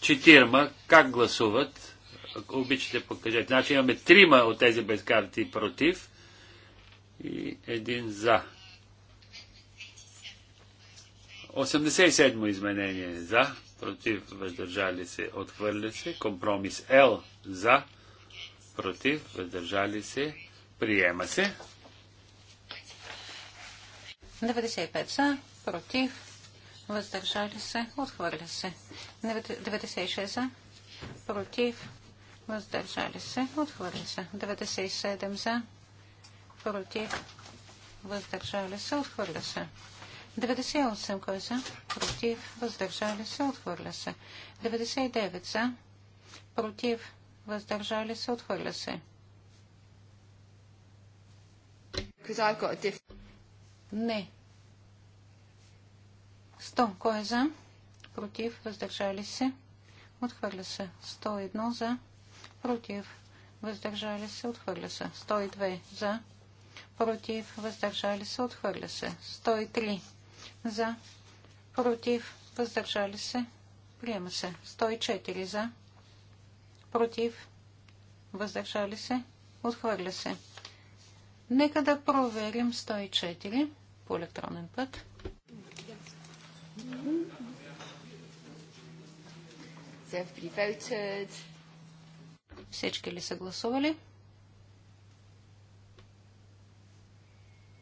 B: четирма. Как гласуват? ако обичате, покажете. Значи имаме трима от тези без карти против и един за. 87 изменение е за, против, въздържали се, отхвърля се. Компромис Л за, против, въздържали се, приема се.
C: 95 за, против, въздържали се, отхвърля се. 96 за, против, въздържали се, Отхвърли се. 97 за, против, въздържали се, отхвърля се. 98 кой за, против, въздържали се, отхвърля се. 99 за, против, въздържали се, отхвърля се. Не. 100 кой е за, против, въздържали се, отхвърля се. 101 за, против, въздържали се, отхвърля се. 102 за, против, въздържали се, отхвърля се. 103 за, против, въздържали се, приема се. 104 за, против, въздържали се, отхвърля се. Нека да проверим 104 по електронен път. viel voted. Всички ли са гласували?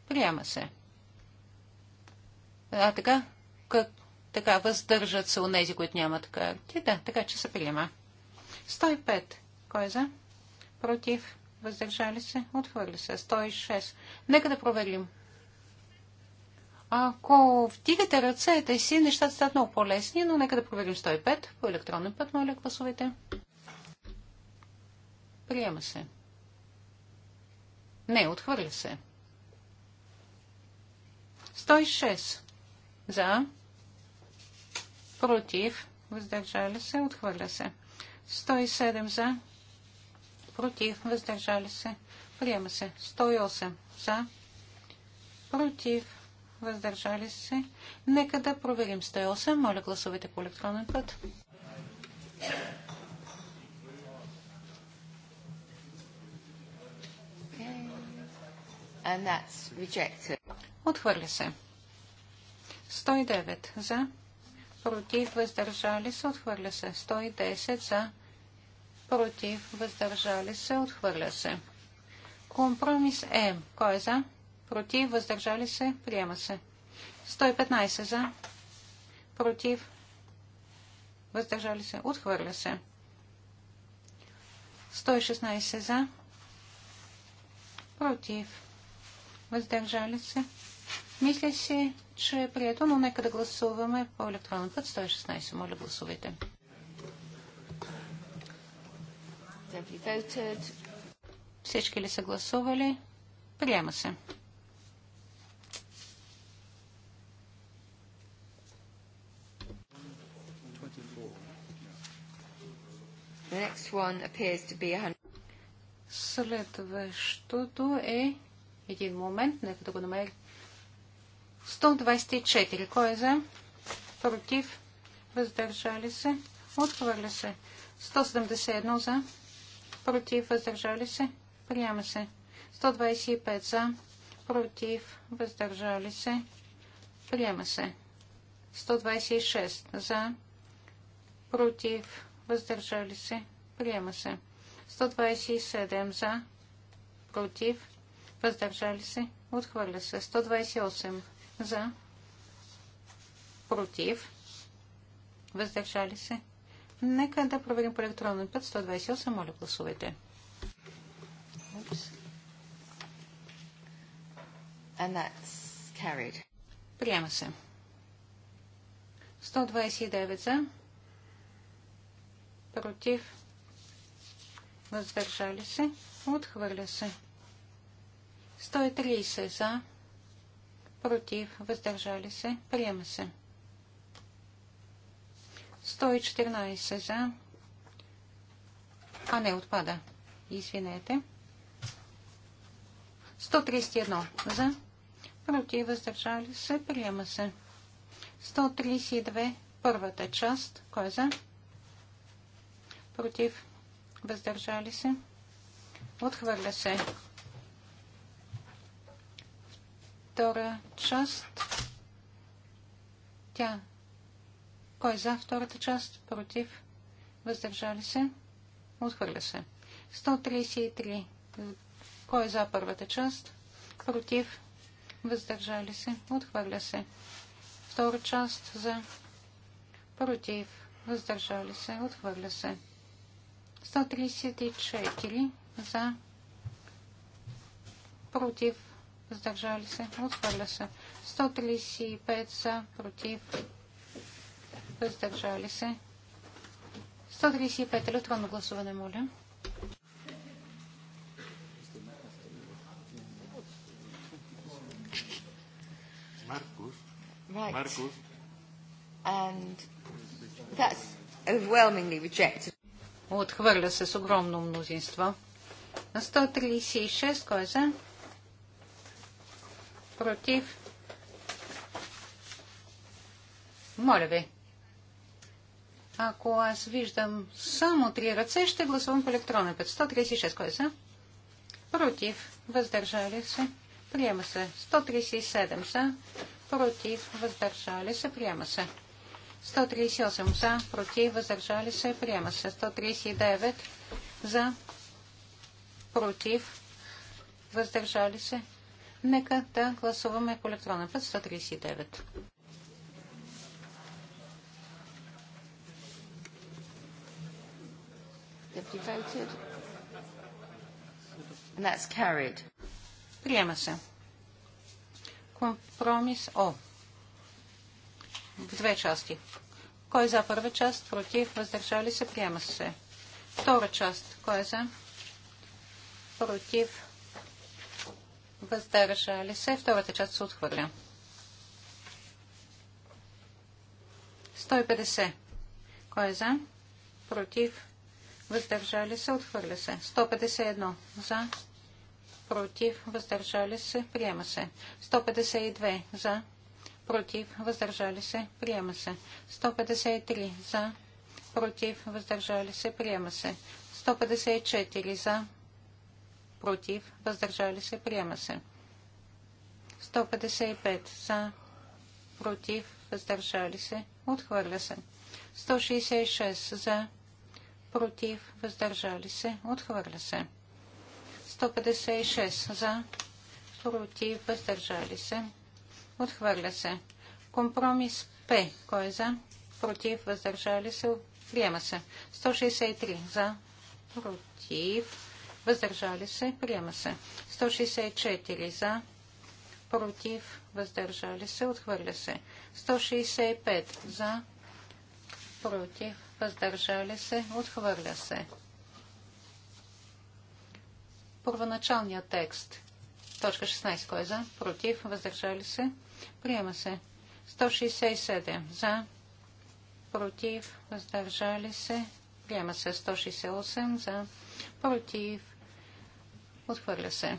C: Приема се. А така, как, така въздържат се у нези, които нямат карти. Да, така че се приема. 105. Кой е за? Против. Въздържали се? Отхвърли се. 106. Нека да проверим. Ако вдигате ръцете си, нещата стават много по-лесни, но нека да проверим 105. По електронен път, моля, гласувайте. Приема се. Не, отхвърля се. 106. За. Против. Въздържали се. Отхвърля се. 107 за. Против. Въздържали се. Приема се. 108 за. Против. Въздържали се. Нека да проверим 108. Моля гласувайте по електронен път. Yeah. and that's rejected. Отхвърля се. 109 за, против, въздържали се, отхвърля се. 110 за, против, въздържали се, отхвърля се. Компромис Е. Кой е за? Против, въздържали се, приема се. 115 за, против, въздържали се, отхвърля се. 116 за, против, въздържали се. Мисля си, че е прието, но нека да гласуваме по електронен път 116. Моля, гласувайте. Всички ли са гласували? Приема се. Следващото е един момент, нека да го намерим. 124. Кой е за? Против? Въздържали се? Отхвърля се. 171 за? Против? Въздържали се? Приема се. 125 за? Против? Въздържали се? Приема се. 126 за? Против? Въздържали се? Приема се. 127 за? Против? въздържали се, отхвърля се. 128 за, против, въздържали се. Нека да проверим по електронен път. 128, моля гласувайте. Приема се. 129 за, против, въздържали се, отхвърля се. 130 за, против, въздържали се, приема се. 114 за, а не отпада, извинете. 131 за, против, въздържали се, приема се. 132 първата част, кой е за? Против, въздържали се, отхвърля се. втора част. Тя. Кой е за втората част? Против? Въздържали се? Отхвърля се. 133. Кой е за първата част? Против? Въздържали се? Отхвърля се. Втора част за. Против? Въздържали се? Отхвърля се. 134 за. Против? въздържали се, отхвърля се. 135 за, против, въздържали се. 135 електронно гласуване, моля.
B: Маркус. Right. Marcus.
C: And that's overwhelmingly rejected. Отхвърля се с огромно мнозинство. На 136, кой е за? против. Моля ви. Ако аз виждам само три ръце, ще гласувам по електронен път. 136, кой са? Е против. Въздържали се. Приема се. 137 са. Против. Въздържали се. Приема се. 138 са, Против. Въздържали се. Приема се. 139 за. Против. Въздържали се. Нека да гласуваме по електронен път 139. Приема се. Компромис О. В две части. Кой е за първа част? Против? Въздържали се? Приема се. Втора част. Кой е за? Против? въздържали се. Втората част се отхвърля. 150. Кой е за? Против. Въздържали се. Отхвърля се. 151. За. Против. Въздържали се. Приема се. 152. За. Против. Въздържали се. Приема се. 153. За. Против. Въздържали се. Приема се. 154. За против, въздържали се, приема се. 155 за, против, въздържали се, отхвърля се. 166 за, против, въздържали се, отхвърля се. 156 за, против, въздържали се, отхвърля се. Компромис П. Кой е за? Против, въздържали се, приема се. 163 за, против, въздържали се, приема се. 164 за, против, въздържали се, отхвърля се. 165 за, против, въздържали се, отхвърля се. Първоначалният текст. Точка 16. Кой е за? Против, въздържали се, приема се. 167 за, против, въздържали се, приема се. 168 за, против, Отхвърля се.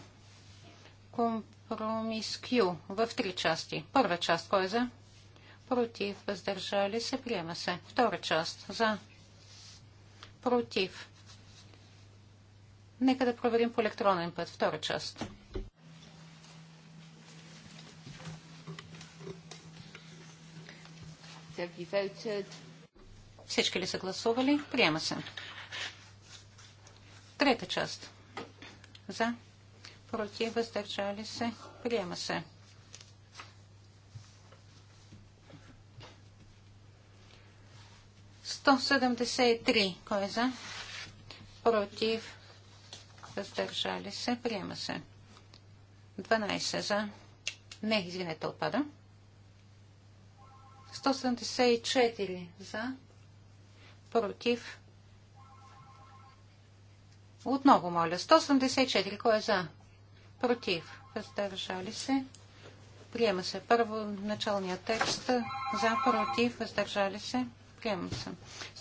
C: Компромис Q в три части. Първа част кой е за? Против. Въздържали се. Приема се. Втора част за. Против. Нека да проверим по електронен път. Втора част. Всички ли са гласували? Приема се. Трета част за, против, въздържали се, приема се. Сто седемдесет Кой е за? Против. Въздържали се. Приема се. 12 за. Не, извинете, отпада. 174 за. Против. Отново моля. 184, Кой е за? Против. Въздържали се. Приема се. Първо началният текст. За, против, въздържали се. Приема се.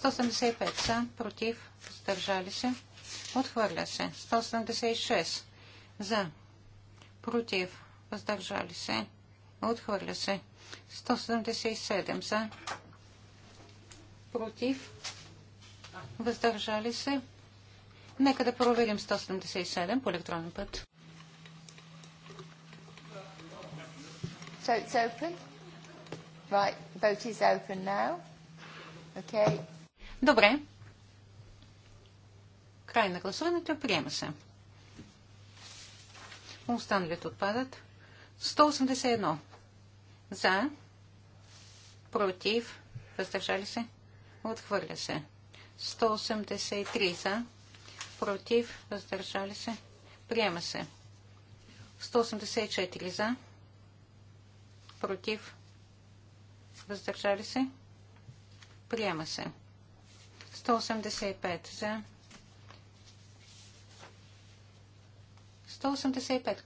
C: 175. За, против, въздържали се. Отхвърля се. 176. За, против, въздържали се. Отхвърля се. 177. За, против, въздържали се. Нека да проверим 177 по електронен път. So it's open. Right, vote is open now. Okay. Добре. Край на гласуването приема се. Останалите отпадат. 181. За. Против. Въздържали се. Отхвърля се. 183 за против, въздържали се, приема се. 184 за, против, въздържали се, приема се. 185 за, 185.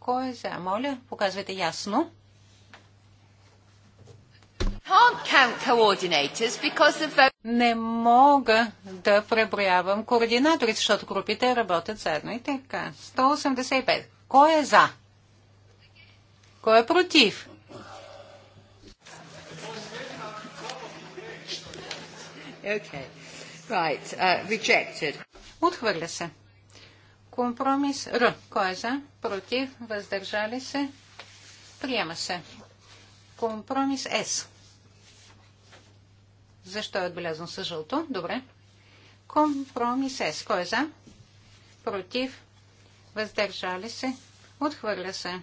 C: Кой е за? Моля, показвайте ясно. Не мога да преброявам координаторите, защото групите работят заедно и така. 185. Кой е за? Кой е против? Okay. Right. Uh, rejected. Отхвърля се. Компромис Р. Кой е за? Против? Въздържали се? Приема се. Компромис С. Защо е отбелязан с жълто? Добре. Компромис Кой е за? Против. Въздържали се. Отхвърля се.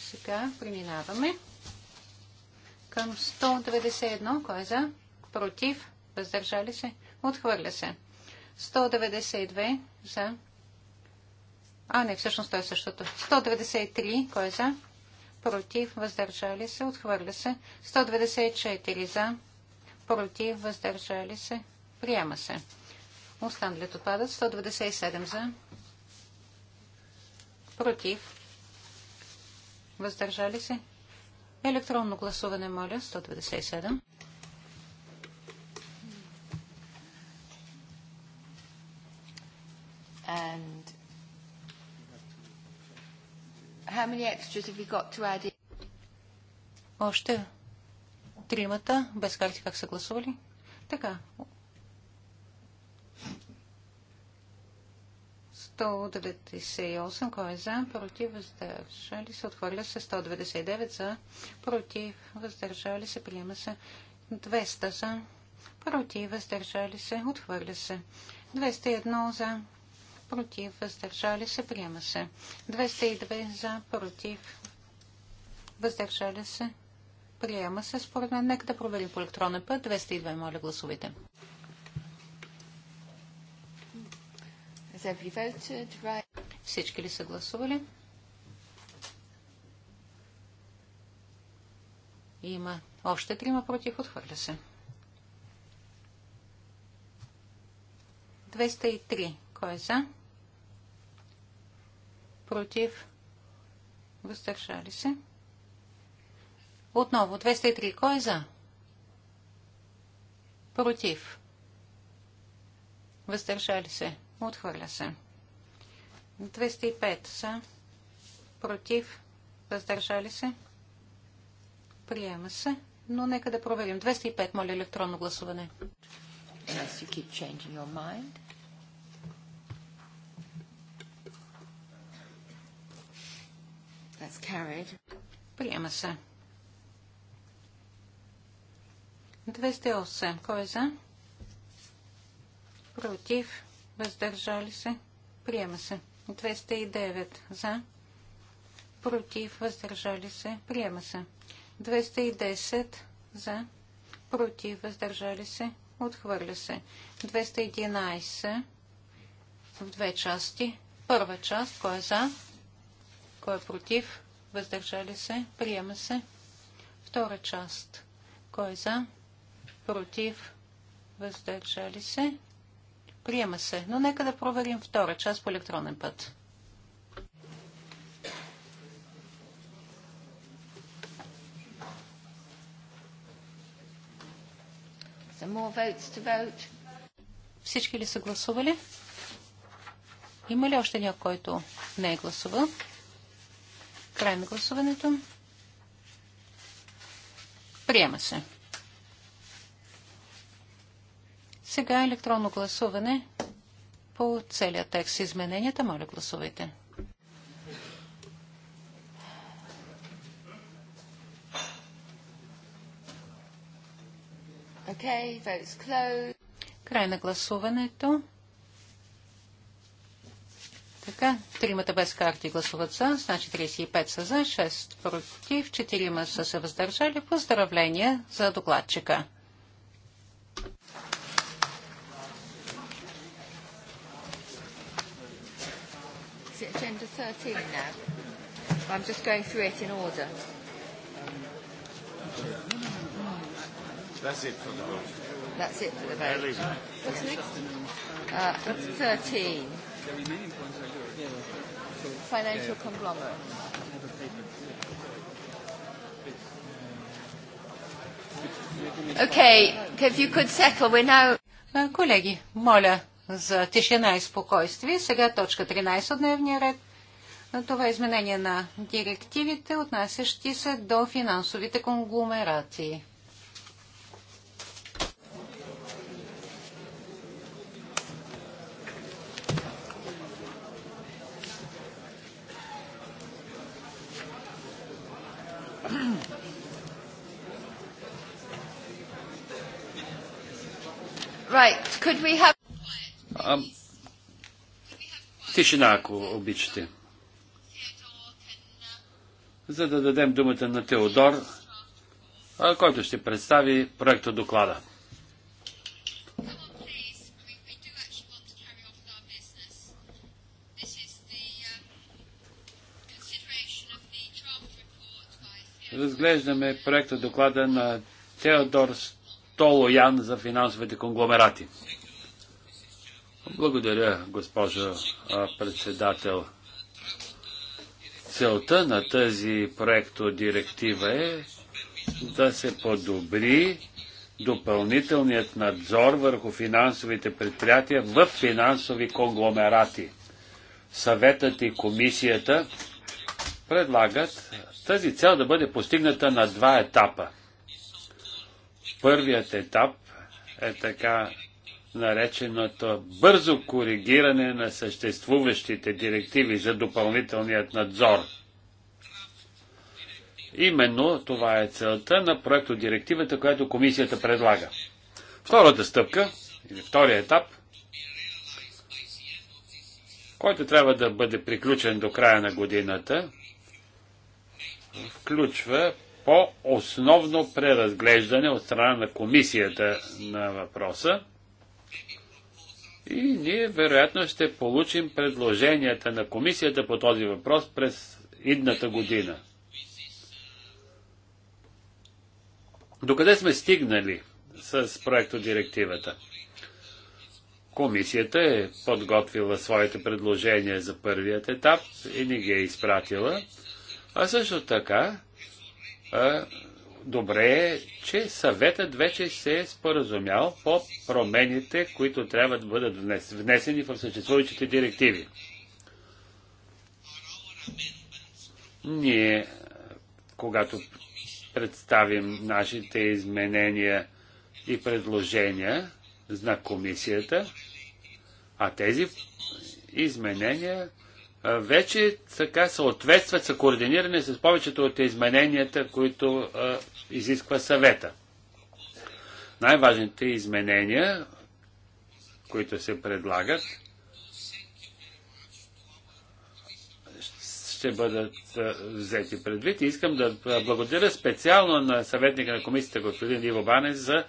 C: Сега преминаваме към 191. Кой е за? Против. Въздържали се. Отхвърля се. 192 за. А, не, всъщност той е същото. 193. Кой е за? против, въздържали се, отхвърля се. 194 за, против, въздържали се, приема се. Останалите отпадат 197 за, против, въздържали се. Електронно гласуване, моля, 197. And How many extras have you got to add in? Още тримата, без карти как са гласували. Така. 198, кой е за, против, въздържали се, отхвърля се 199 за, против, въздържали се, приема се 200 за, против, въздържали се, отхвърля се 201 за, против, въздържали се, приема се. 202 за, против, въздържали се, приема се. Според мен, нека да проверим по електронен път. 202, моля, гласувайте. Всички ли са гласували? Има още трима против, отхвърля се. 203. Кой е за? против, въздържали се. Отново 203. Кой е за? Против. Въздържали се. Отхвърля се. 205 са. Против. Въздържали се. Приема се. Но нека да проверим. 205, моля електронно гласуване. Yes, you keep changing your mind. Приема се. 208. Кой е за? Против. Въздържали се. Приема се. 209. За. Против. Въздържали се. Приема се. 210. За. Против. Въздържали се. Отхвърля се. 211. В две части. Първа част. Кой е за? Кой е против? Въздържали се? Приема се. Втора част. Кой е за? Против? Въздържали се? Приема се. Но нека да проверим втора част по електронен път. Vote. Всички ли са гласували? Има ли още някой, който не е гласувал? Край на гласуването. Приема се. Сега електронно гласуване по целия текст. Измененията, моля, гласувайте. Okay, votes Край на гласуването. Така, тримата без карти гласуват за, значи 35 са за, 6 против, 4 са се въздържали. Поздравления за докладчика. It's agenda 13 now. I'm just going through it in order.
A: That's it for the vote. That's it for the vote.
B: What's
C: next? Uh, 13.
B: The remaining points are yours. Yeah, so, Financial yeah, conglomerates. I have
C: a paper. Okay, if you could settle, we're now... Е, колеги, моля за тишина и спокойствие. Сега точка 13 от дневния ред. Това е изменение на директивите, отнасящи се до финансовите конгломерации. Right. Could we have...
B: тишина, ако обичате. За да дадем думата на Теодор, който ще представи проекта доклада. разглеждаме проекта доклада на Теодор Столоян за финансовите конгломерати. Благодаря, госпожо председател. Целта на тази проектодиректива е да се подобри допълнителният надзор върху финансовите предприятия в финансови конгломерати. Съветът и комисията предлагат тази цел да бъде постигната на два етапа. Първият етап е така нареченото бързо коригиране на съществуващите директиви за допълнителният надзор. Именно това е целта на проекто директивата, която комисията предлага. Втората стъпка, или втория етап, който трябва да бъде приключен до края на годината, включва по-основно преразглеждане от страна на комисията на въпроса. И ние вероятно ще получим предложенията на комисията по този въпрос през идната година. Докъде сме стигнали с проекто директивата? Комисията е подготвила своите предложения за първият етап и ни ги е изпратила. А също така, а, добре е, че съветът вече се е споразумял по промените, които трябва да бъдат внесени в съществуващите директиви. Ние, когато представим нашите изменения и предложения на комисията, а тези изменения вече така съответстват, са координирани с повечето от измененията, които а, изисква съвета. Най-важните изменения, които се предлагат, ще бъдат взети предвид. И искам да благодаря специално на съветника на комисията господин Иво Банес за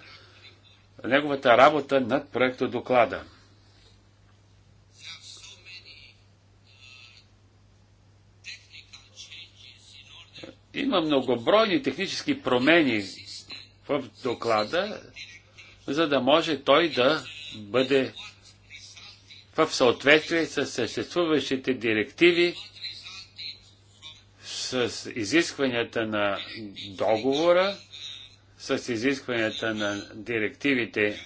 B: неговата работа над проекта доклада. Има многобройни технически промени в доклада, за да може той да бъде в съответствие с съществуващите директиви, с изискванията на договора, с изискванията на директивите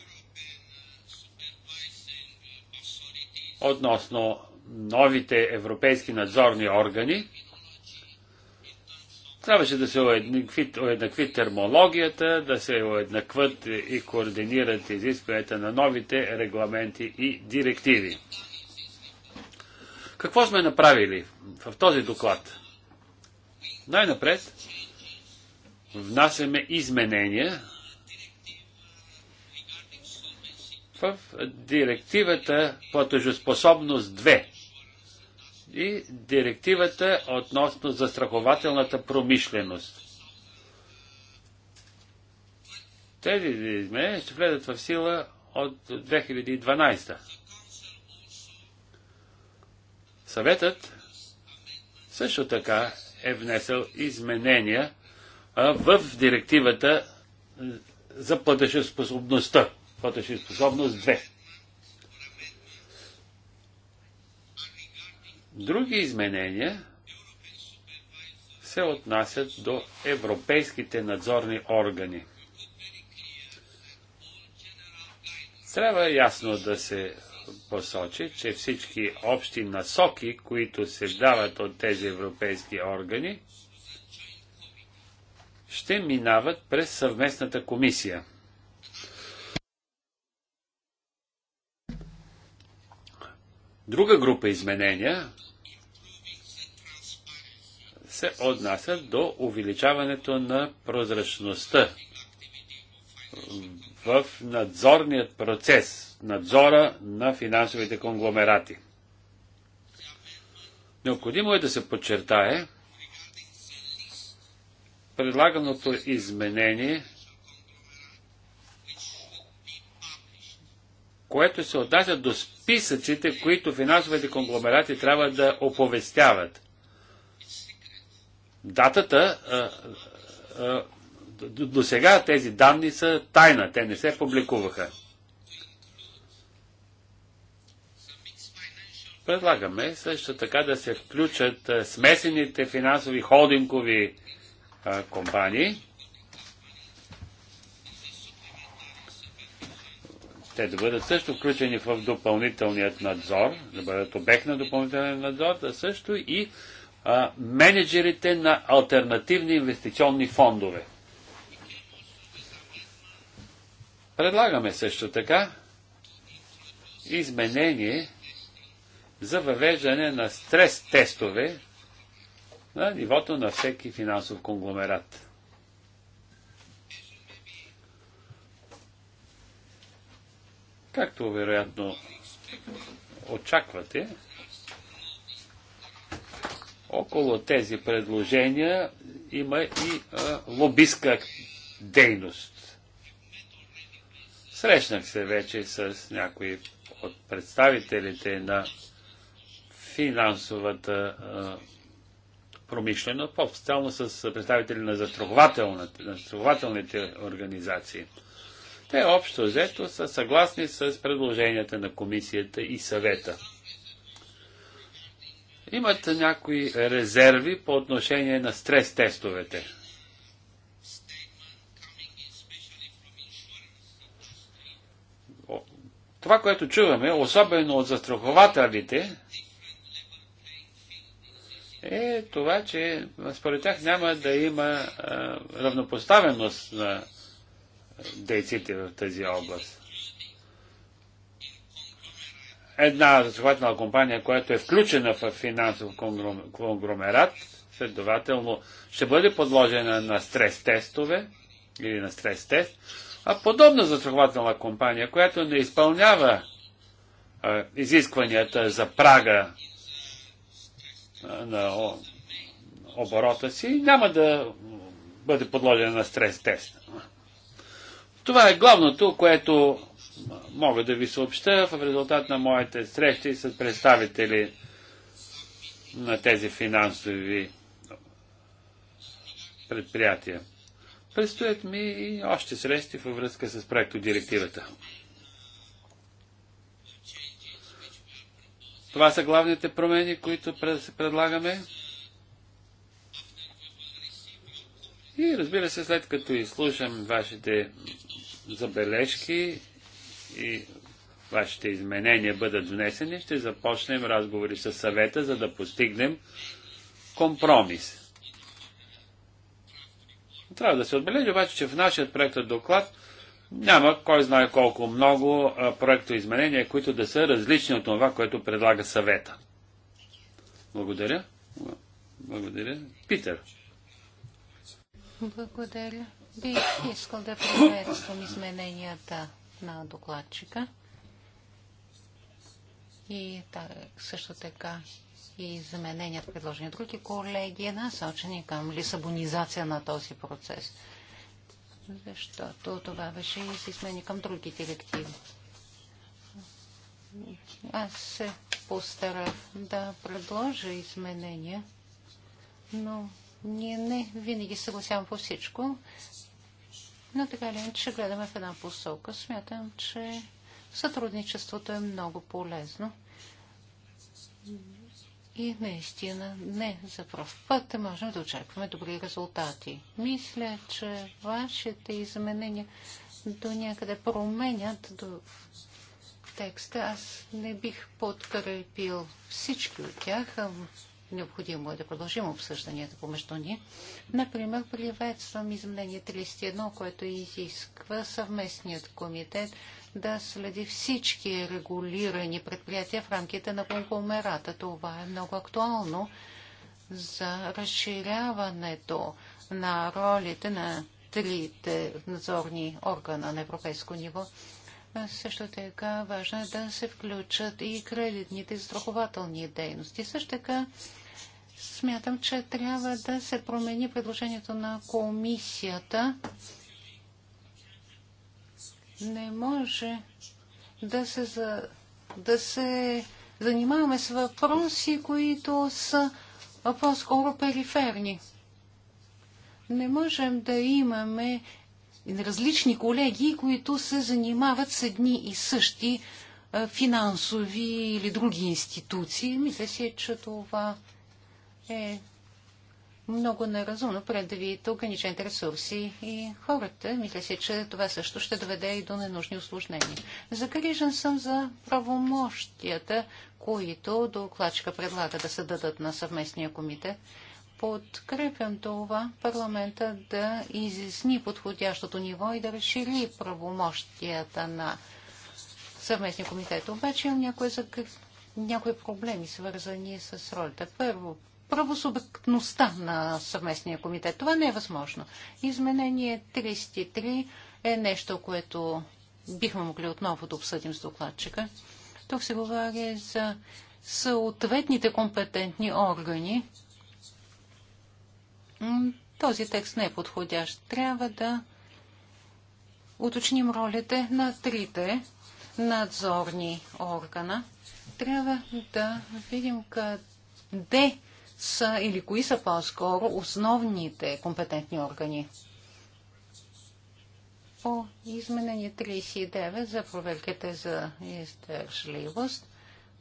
B: относно новите европейски надзорни органи, Трябваше да се уеднакви, уеднакви термологията, да се уеднакват и координират изискванията на новите регламенти и директиви. Какво сме направили в този доклад? Най-напред внасяме изменения в директивата платежоспособност 2 и директивата относно застрахователната промишленост. Тези изменения ще влезат в сила от 2012. Съветът също така е внесъл изменения в директивата за платежеспособността. Платежеспособност 2. Други изменения се отнасят до европейските надзорни органи. Трябва ясно да се посочи, че всички общи насоки, които се дават от тези европейски органи, ще минават през съвместната комисия. Друга група изменения се отнасят до увеличаването на прозрачността в надзорният процес, надзора на финансовите конгломерати. Необходимо е да се подчертае предлаганото изменение, което се отнася до списъците, които финансовите конгломерати трябва да оповестяват датата до сега тези данни са тайна, те не се публикуваха. Предлагаме също така да се включат смесените финансови холдингови а, компании. Те да бъдат също включени в допълнителният надзор, да бъдат обект на допълнителен надзор, да също и а, менеджерите на альтернативни инвестиционни фондове. Предлагаме също така изменение за въвеждане на стрес тестове на нивото на всеки финансов конгломерат. Както вероятно очаквате, около тези предложения има и а, лобистка дейност. Срещнах се вече с някои от представителите на финансовата а, промишленост, по-специално с представители на застрахователните организации. Те общо взето са съгласни с предложенията на комисията и съвета имат някои резерви по отношение на стрес тестовете. Това, което чуваме, особено от застрахователите, е това, че според тях няма да има равнопоставеност на дейците в тази област една разхватна компания, която е включена в финансов конгломерат, следователно ще бъде подложена на стрес тестове или на стрес тест, а подобна застрахователна компания, която не изпълнява а, изискванията за прага а, на о, оборота си, няма да бъде подложена на стрес тест. Това е главното, което мога да ви съобща в резултат на моите срещи с представители на тези финансови предприятия. Предстоят ми и още срещи във връзка с проекто директивата. Това са главните промени, които предлагаме. И разбира се, след като изслушам вашите забележки и вашите изменения бъдат внесени, ще започнем разговори с съвета, за да постигнем компромис. Трябва да се отбележи обаче, че в нашия проект доклад няма кой знае колко много проекто изменения, които да са различни от това, което предлага съвета. Благодаря. Благодаря. Питер.
C: Благодаря. Бих искал да приветствам измененията на докладчика и да, също така и изменения, предложени от други колеги, насочени към лисабонизация на този процес. Защото това беше и се измени към други директиви. Аз се постарах да предложа изменения, но ние не винаги съгласявам по всичко но така ли, че гледаме в една посока. Смятам, че сътрудничеството е много полезно. И наистина не за пръв път можем да очакваме добри резултати. Мисля, че вашите изменения до някъде променят до текста. Аз не бих подкрепил всички от тях. Необходимо е да продължим обсъжданията помежду ни. Например, приветствам изменение 31, което изисква съвместният комитет да следи всички регулирани предприятия в рамките на конгломерата. Това е много актуално за разширяването на ролите на трите надзорни органа на европейско ниво. Също така важно е да се включат и кредитните и страхователни дейности. Също така Смятам, че трябва да се промени предложението на комисията. Не може да се, за... да се занимаваме с въпроси, които са по-скоро периферни. Не можем да имаме различни колеги, които се занимават с едни и същи финансови или други институции. Мисля си, че това е много неразумно предвид ограничените ресурси и хората. Мисля си, че това също ще доведе и до ненужни осложнения. Загрижен съм за правомощията, които докладчика предлага да се дадат на съвместния комитет. Подкрепям това парламента да изясни подходящото ниво и да разшири правомощията на съвместния комитет. Обаче имам някои, закр... някои проблеми, свързани с ролята. Първо, правосубектността на съвместния комитет. Това не е възможно. Изменение 33 е нещо, което бихме могли отново да обсъдим с докладчика. Тук се говори за съответните компетентни органи. Този текст не е подходящ. Трябва да уточним ролите на трите надзорни органа. Трябва да видим къде са или кои са по-скоро основните компетентни органи? По изменение 39 за проверките за издържливост,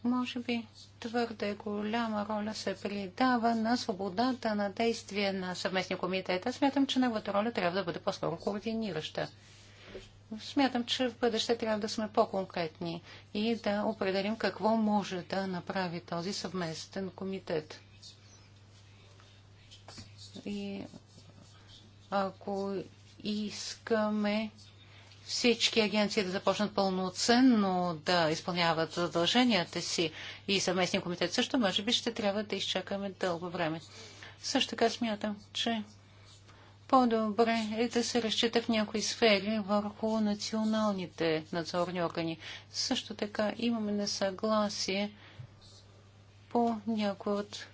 C: може би твърде голяма роля се придава на свободата на действие на съвместния комитет. Аз смятам, че неговата роля трябва да бъде по-скоро координираща. Смятам, че в бъдеще трябва да сме по-конкретни и да определим какво може да направи този съвместен комитет. И ако искаме всички агенции да започнат пълноценно да изпълняват задълженията си и съвместния комитет също, може би ще трябва да изчакаме дълго време. Също така смятам, че по-добре е да се разчита в някои сфери върху националните надзорни органи. Също така имаме несъгласие по някои от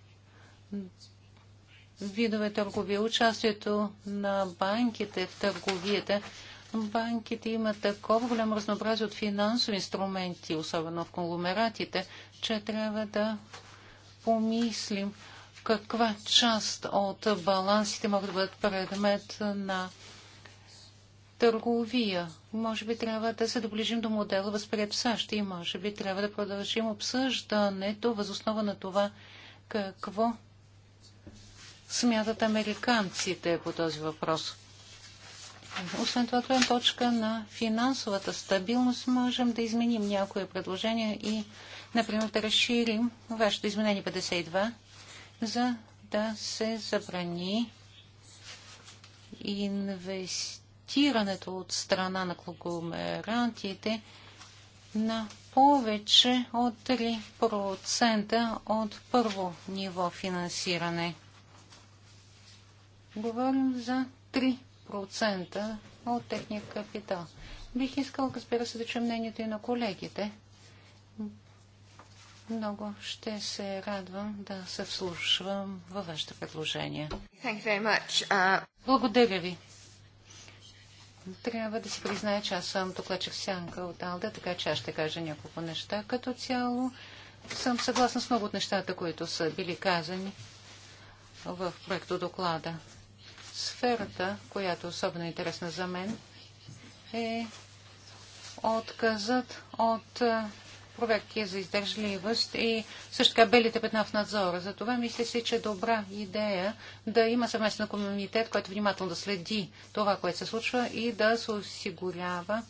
C: видове търговия, участието на банките в търговията. Банките имат такова голямо разнообразие от финансови инструменти, особено в конгломератите, че трябва да помислим каква част от балансите могат да бъдат предмет на търговия. Може би трябва да се доближим до модела възпред в САЩ и може би трябва да продължим обсъждането възоснова на това какво смятат американците по този въпрос. Освен това, гледна точка на финансовата стабилност, можем да изменим някои предложения и, например, да разширим вашето изменение 52, за да се забрани инвестирането от страна на конгломерантите на повече от 3% от първо ниво финансиране – Говорим за 3% от техния капитал. Бих искал, разбира се, да чуя мнението и на колегите. Много ще се радвам да се вслушвам във вашите предложения. Uh... Благодаря ви. Трябва да си призная, че аз съм лечех сянка от Алда, така че аз ще кажа няколко неща. Като цяло съм съгласна с много от нещата, които са били казани в проекто доклада. Сферата, която е особено интересна за мен, е отказът от проверки за издържливост и също така белите петна в надзора. Затова мисля си, че е добра идея да има съвместен комунитет, който внимателно да следи това, което се случва и да се осигурява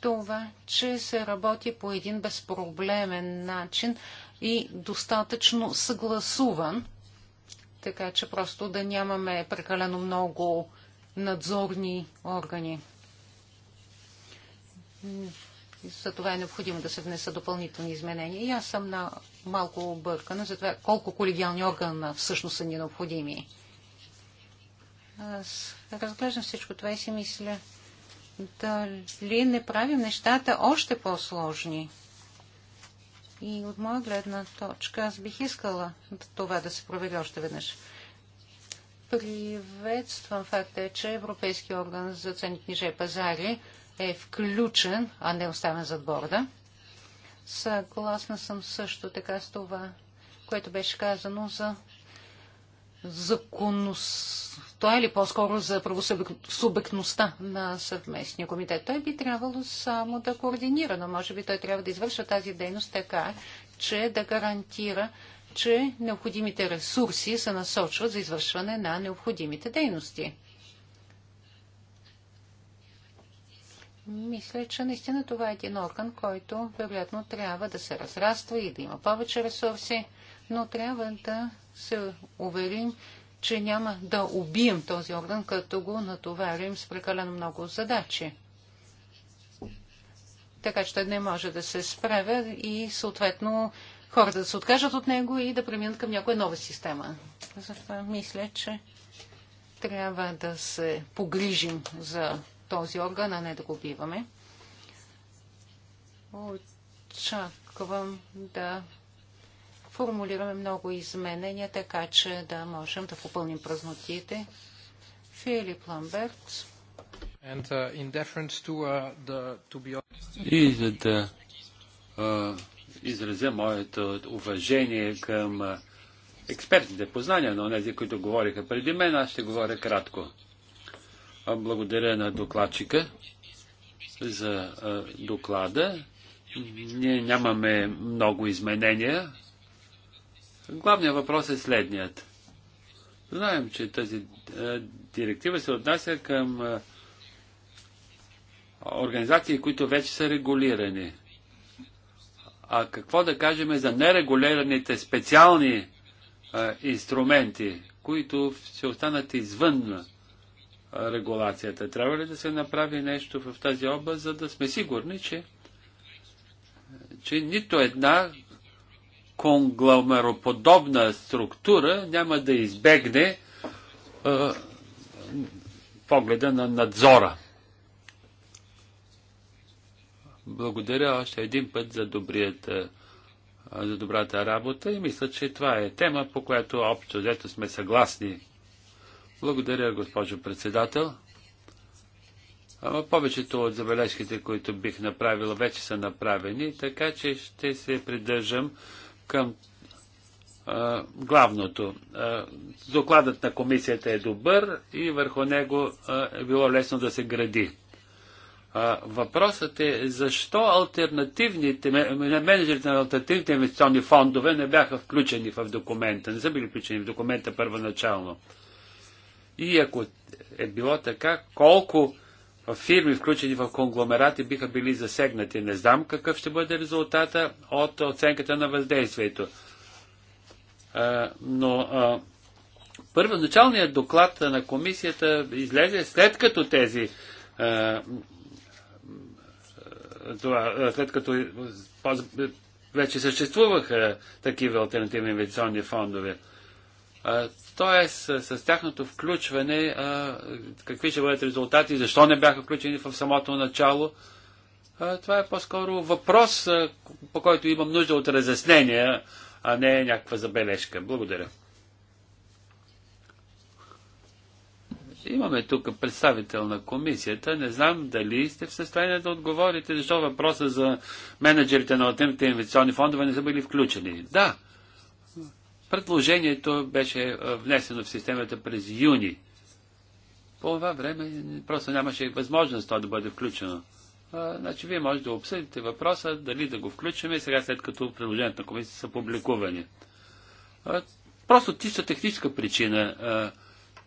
C: това, че се работи по един безпроблемен начин и достатъчно съгласуван така че просто да нямаме прекалено много надзорни органи. За това е необходимо да се внеса допълнителни изменения. И аз съм на малко объркана за това колко колегиални органа всъщност са ни необходими. Аз разглеждам всичко това и си мисля, дали не правим нещата още по-сложни. И от моя гледна точка аз бих искала това да се провери още веднъж. Приветствам факта, че Европейския орган за ценни книжа и пазари е включен, а не оставен зад борда. Съгласна съм също така с това, което беше казано за законността или е по-скоро за правосубектността на съвместния комитет. Той би трябвало само да координира, но може би той трябва да извършва тази дейност така, че да гарантира, че необходимите ресурси се насочват за извършване на необходимите дейности. Мисля, че наистина това е един орган, който вероятно трябва да се разраства и да има повече ресурси, но трябва да се уверим, че няма да убием този орган, като го натоварим с прекалено много задачи. Така че той не може да се справя и съответно хората да се откажат от него и да преминат към някоя нова система. Затова мисля, че трябва да се погрижим за този орган, а не да го убиваме. Очаквам да формулираме много изменения, така че да можем да попълним празнотите. Филип Ламберт. Uh, uh, И
B: за да изразя моето уважение към експертните познания на тези, които говориха преди мен, аз ще говоря кратко. Благодаря на докладчика за доклада. Ние нямаме много изменения Главният въпрос е следният. Знаем, че тази е, директива се отнася към е, организации, които вече са регулирани. А какво да кажем за нерегулираните специални е, инструменти, които ще останат извън а, регулацията? Трябва ли да се направи нещо в тази област, за да сме сигурни, че, че нито една конгломероподобна структура няма да избегне е, погледа на надзора. Благодаря още един път за, добрият, за добрата работа и мисля, че това е тема, по която общо взето сме съгласни. Благодаря, госпожо председател. Ама повечето от забележките, които бих направила, вече са направени, така че ще се придържам към а, главното. А, докладът на комисията е добър и върху него а, е било лесно да се гради. А, въпросът е защо альтернативните, менеджерите на альтернативните инвестиционни фондове не бяха включени в документа, не са били включени в документа първоначално. И ако е било така, колко фирми, включени в конгломерати, биха били засегнати. Не знам какъв ще бъде резултата от оценката на въздействието. Но първоначалният доклад на комисията излезе след като тези това, след като вече съществуваха такива альтернативни инвестиционни фондове. Тоест, с, с тяхното включване, а, какви ще бъдат резултати, защо не бяха включени в самото начало, а, това е по-скоро въпрос, а, по който имам нужда от разяснения, а не някаква забележка. Благодаря. Имаме тук представител на комисията. Не знам дали сте в състояние да отговорите, защо въпроса за менеджерите на отнемите инвестиционни фондове не са били включени. Да, Предложението беше внесено в системата през юни. По това време просто нямаше възможност това да бъде включено. А, значи вие може да обсъдите въпроса дали да го включим сега след като предложението на комисията са публикувани. А, просто чисто техническа причина а,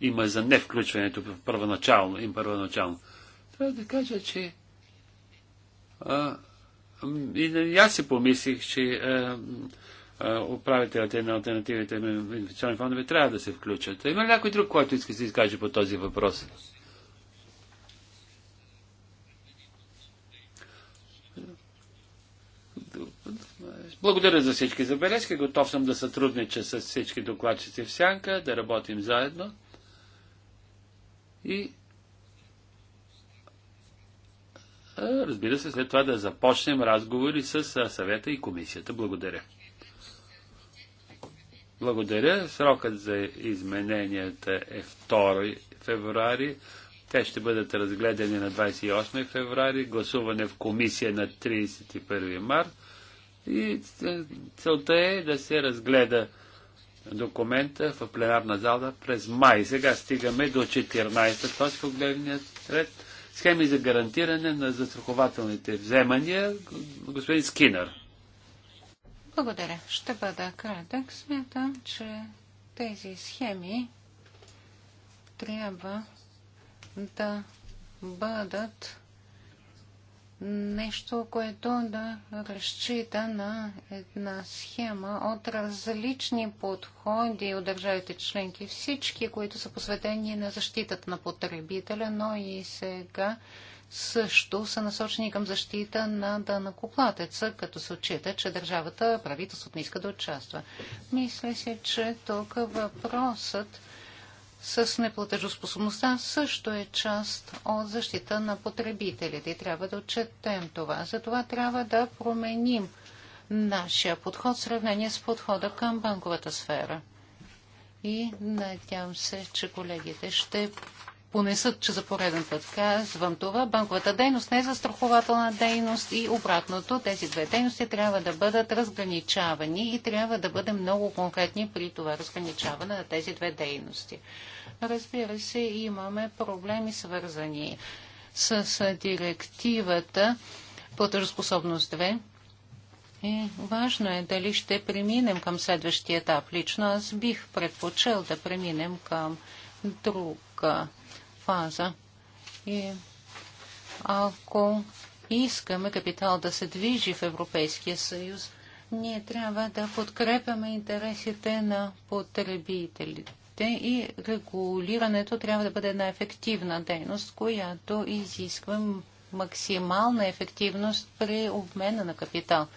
B: има за не включването първоначално. Им първоначално. Трябва да кажа, че а, и аз си помислих, че а, управителите на альтернативите инвестиционни фондове трябва да се включат. Има ли някой друг, който иска да се изкаже по този въпрос? Благодаря за всички забележки. Готов съм да сътруднича с всички докладчици в Сянка, да работим заедно. И разбира се, след това да започнем разговори с съвета и комисията. Благодаря. Благодаря. Срокът за измененията е 2 февруари. Те ще бъдат разгледани на 28 феврари, гласуване в комисия на 31 март. И целта е да се разгледа документа в пленарна зала през май. Сега стигаме до 14 точка от гледния ред. Схеми за гарантиране на застрахователните вземания. Господин Скинър.
C: Благодаря. Ще бъда кратък. Смятам, че тези схеми трябва да бъдат нещо, което да разчита на една схема от различни подходи от държавите членки, всички, които са посветени на защитата на потребителя, но и сега също са насочени към защита на данакоплатеца, като се отчита, че държавата, правителството не иска да участва. Мисля се, че тук въпросът с неплатежоспособността също е част от защита на потребителите и трябва да отчетем това. Затова трябва да променим нашия подход в сравнение с подхода към банковата сфера. И надявам се, че колегите ще понесат, че за пореден път казвам това, банковата дейност не е застрахователна дейност и обратното. Тези две дейности трябва да бъдат разграничавани и трябва да бъдем много конкретни при това разграничаване на тези две дейности. Разбира се, имаме проблеми свързани с директивата Платежоспособност 2. И важно е дали ще преминем към следващия етап. Лично аз бих предпочел да преминем към друга фаза. И ако искаме капитал да се движи в Европейския съюз, ние трябва да подкрепяме интересите на потребителите и регулирането трябва да бъде една ефективна дейност, която изисква максимална ефективност при обмена на капитал.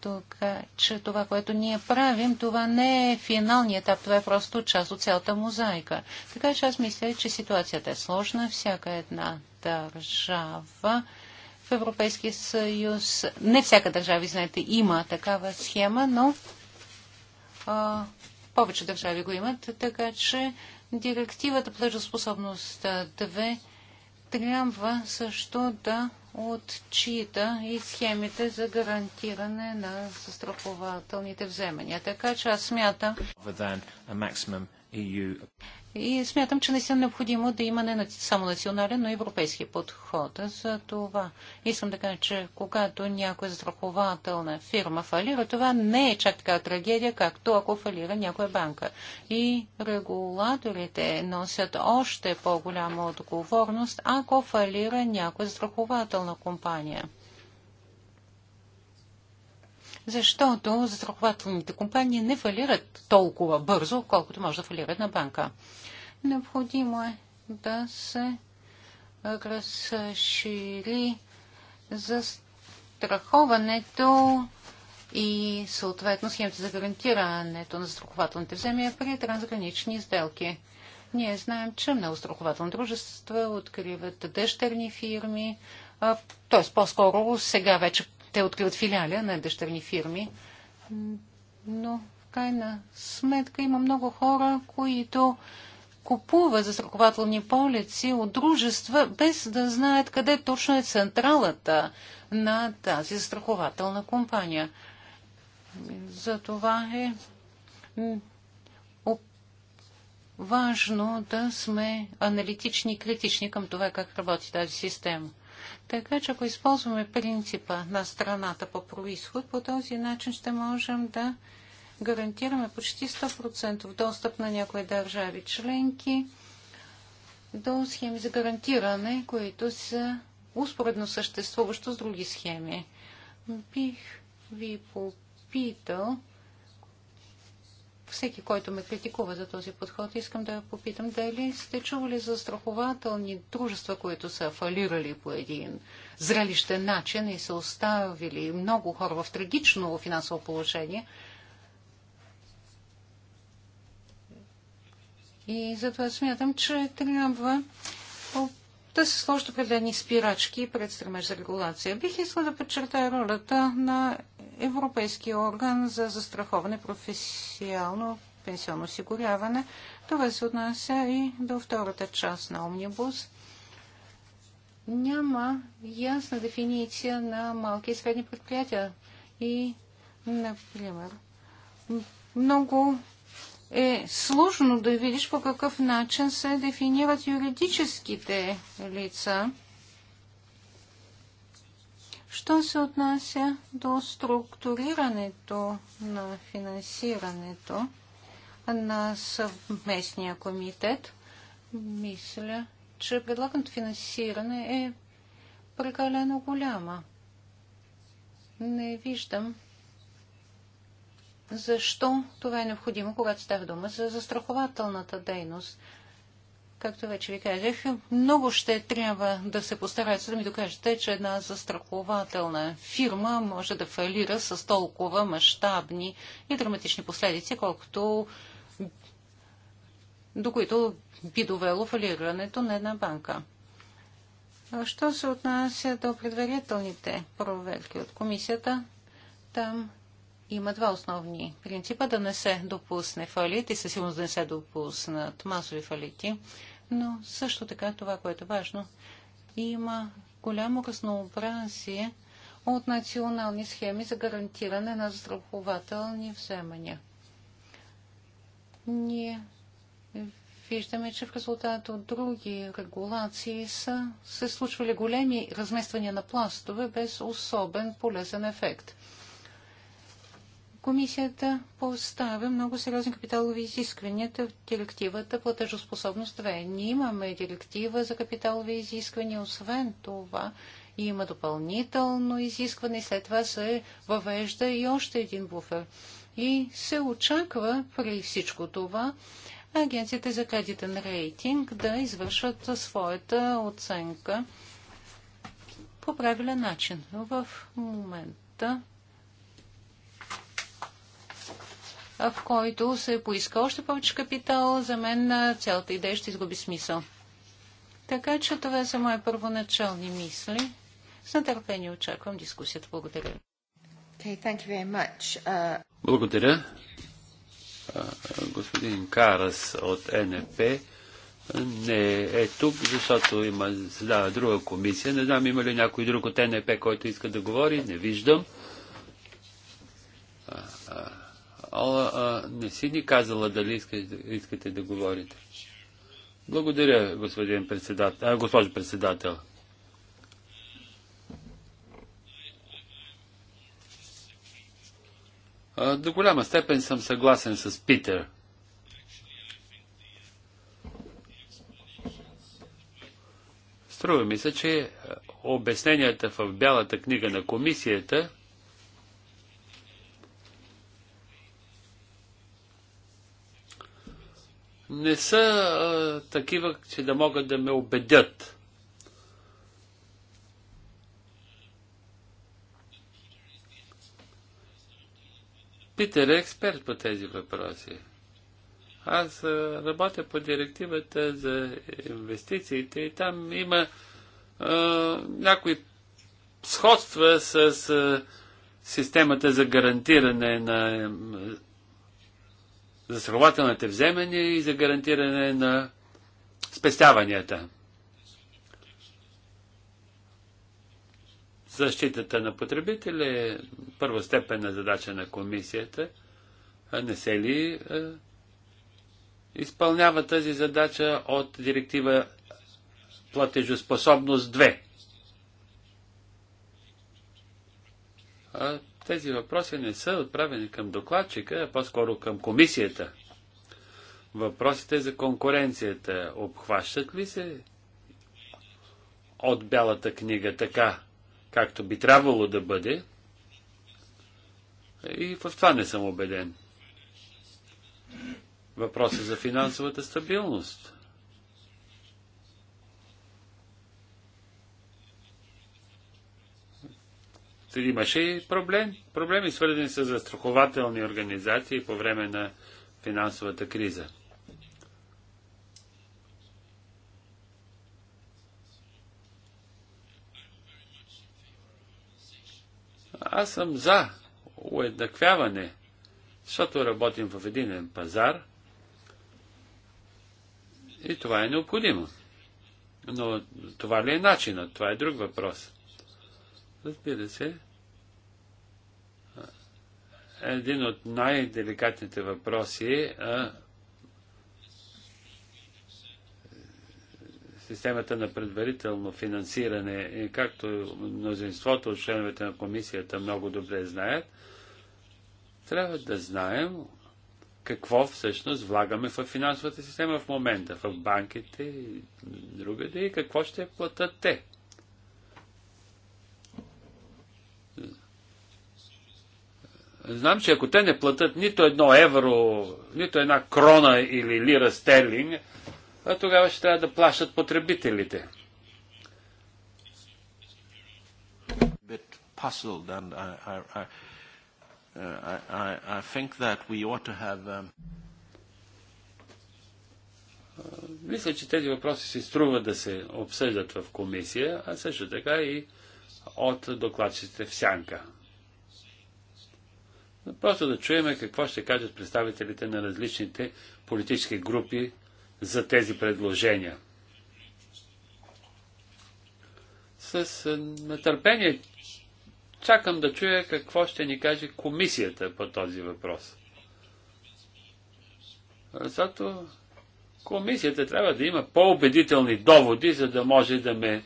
C: Така че това, което ние правим, това не е финалният етап, това е просто част от цялата мозайка. Така че аз мисля, че ситуацията е сложна. Всяка една държава в Европейския съюз, не всяка държава, знаете, има такава схема, но а, повече държави го имат, така че директивата плъжоспособност 2 трябва също да от чита и схемите за гарантиране на застрахователните вземания. Така че аз смятам, и смятам, че наистина е необходимо да има не само национален, но и европейски подход. За това искам да кажа, че когато някоя застрахователна фирма фалира, това не е чак така трагедия, както ако фалира някоя банка. И регулаторите носят още по-голяма отговорност, ако фалира някоя застрахователна компания защото застрахователните компании не фалират толкова бързо, колкото може да фалира на банка. Необходимо е да се разшири застраховането и съответно схемите за гарантирането на застрахователните вземия при трансгранични сделки. Ние знаем, че много страхователни дружества откриват дъщерни фирми, т.е. по-скоро сега вече те откриват филиали на дъщерни фирми. Но в крайна сметка има много хора, които купува застрахователни полици от дружества, без да знаят къде точно е централата на тази застрахователна компания. За това е важно да сме аналитични и критични към това как работи тази система. Така че ако използваме принципа на страната по происход, по този начин ще можем да гарантираме почти 100% достъп на някои държави членки до схеми за гарантиране, които са успоредно съществуващо с други схеми. Бих ви попитал всеки, който ме критикува за този подход, искам да попитам дали сте чували за страхователни дружества, които са фалирали по един зрелищен начин и са оставили много хора в трагично финансово положение. И затова смятам, че трябва да се сложат определени спирачки пред стремеж за регулация. Бих искала да подчертая ролята на Европейския орган за застраховане професионално пенсионно осигуряване. Това се отнася и до втората част на Омнибус. Няма ясна дефиниция на малки и средни предприятия. И, например, много е сложно да видиш по какъв начин се дефинират юридическите лица. Що се отнася до структурирането на финансирането на съвместния комитет, мисля, че предлаганото финансиране е прекалено голяма. Не виждам защо това е необходимо, когато става дума за застрахователната дейност. Както вече ви казах, много ще трябва да се постараят да ми докажете, че една застрахователна фирма може да фалира с толкова мащабни и драматични последици, колкото до които би довело фалирането на една банка. Що се отнася до предварителните проверки от комисията, там има два основни принципа. Да не се допусне фалит и със сигурност да не се допуснат масови фалити. Но също така това, което е важно, има голямо разнообразие от национални схеми за гарантиране на застрахователни вземания. Ние виждаме, че в резултат от други регулации са се случвали големи размествания на пластове без особен полезен ефект. Комисията поставя много сериозни капиталови изисквания в директивата платежоспособност 2. Ние имаме директива за капиталови изисквания, освен това има допълнително изискване и след това се въвежда и още един буфер. И се очаква при всичко това агенцията за кредитен рейтинг да извършват своята оценка по правилен начин. В момента в който се поиска още повече капитал, за мен цялата идея ще изгуби смисъл. Така че това са мои първоначални мисли. С нетърпение очаквам дискусията. Благодаря. Okay, thank you very much. Uh...
B: Благодаря. Господин Карас от НФП не е тук, защото има да, друга комисия. Не знам има ли някой друг от НФП, който иска да говори. Не виждам. Uh, uh... Ала, не си ни казала дали искате, искате да говорите. Благодаря, господин председател, а, госпожо председател. А, до голяма степен съм съгласен с Питер. Струва ми се, че обясненията в Бялата книга на комисията не са а, такива, че да могат да ме убедят. Питер е експерт по тези въпроси. Аз а, работя по директивата за инвестициите и там има а, някои сходства с а, системата за гарантиране на за застрахователните вземания и за гарантиране на спестяванията. Защитата на потребителя е първостепенна задача на комисията. А не се ли е, изпълнява тази задача от директива платежоспособност 2? А, тези въпроси не са отправени към докладчика, а по-скоро към комисията. Въпросите за конкуренцията обхващат ли се от бялата книга така, както би трябвало да бъде? И в това не съм убеден. Въпросът за финансовата стабилност. имаше и проблем, проблеми, свързани с застрахователни организации по време на финансовата криза. Аз съм за уеднаквяване, защото работим в един пазар и това е необходимо. Но това ли е начинът? Това е друг въпрос. Разбира се, един от най-деликатните въпроси е системата на предварително финансиране, както мнозинството от членовете на комисията много добре знаят, трябва да знаем какво всъщност влагаме в финансовата система в момента, в банките и другаде и какво ще платят те. Знам, че ако те не платят нито едно евро, нито една крона или лира стерлинг, а тогава ще трябва да плащат потребителите. Мисля, че тези въпроси си струва да се обсъждат в комисия, а също така и от докладчите в сянка. Просто да чуем какво ще кажат представителите на различните политически групи за тези предложения. С е, нетърпение чакам да чуя какво ще ни каже комисията по този въпрос. Защото комисията трябва да има по-убедителни доводи, за да може да ме е,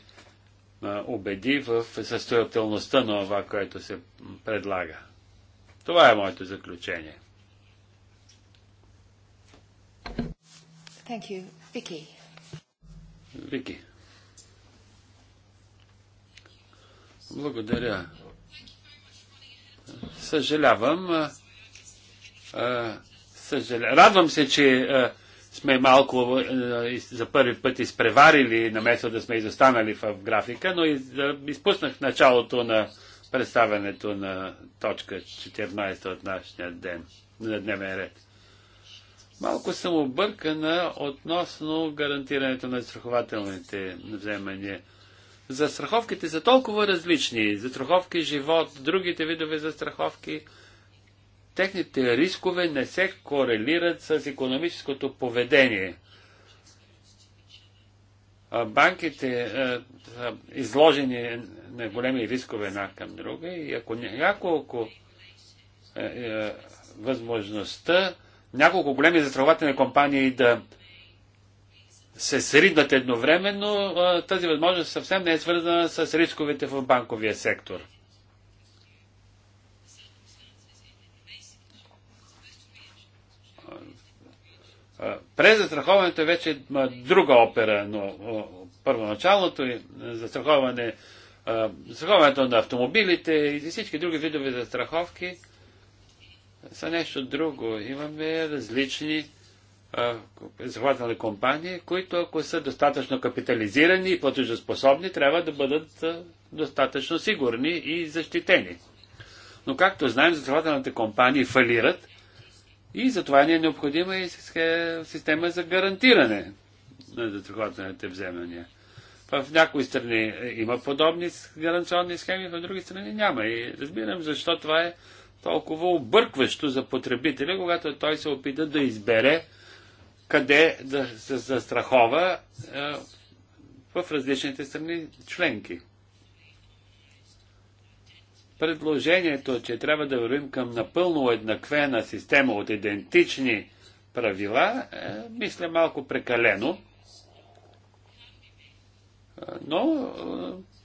B: убеди в състоятелността на това, което се предлага. Това е моето заключение.
C: Thank you. Вики.
B: Вики. Благодаря. Съжалявам. Съжаля... Радвам се, че сме малко за първи път изпреварили, наместо да сме изостанали в графика, но изпуснах началото на представянето на точка 14 от нашия ден, на дневен ред. Малко съм объркана относно гарантирането на страхователните вземания. За страховките са толкова различни. За страховки живот, другите видове за страховки, техните рискове не се корелират с економическото поведение – банките са изложени на големи рискове една към друга и ако няколко е, е, възможността няколко големи застрахователни компании да се сриднат едновременно, тази възможност съвсем не е свързана с рисковете в банковия сектор. През застраховането е вече друга опера, но първоначалното е застраховане, застраховането на автомобилите и всички други видове застраховки са нещо друго. Имаме различни захватнали компании, които ако са достатъчно капитализирани и платежоспособни, трябва да бъдат достатъчно сигурни и защитени. Но както знаем, застрахователните компании фалират и затова ни е необходима и система за гарантиране на застрахователните вземания. В някои страни е, има подобни гаранционни схеми, в други страни няма. И разбирам защо това е толкова объркващо за потребителя, когато той се опита да избере къде да се застрахова е, в различните страни членки. Предложението, че трябва да вървим към напълно еднаквена система от идентични правила, е, мисля малко прекалено. Е, но,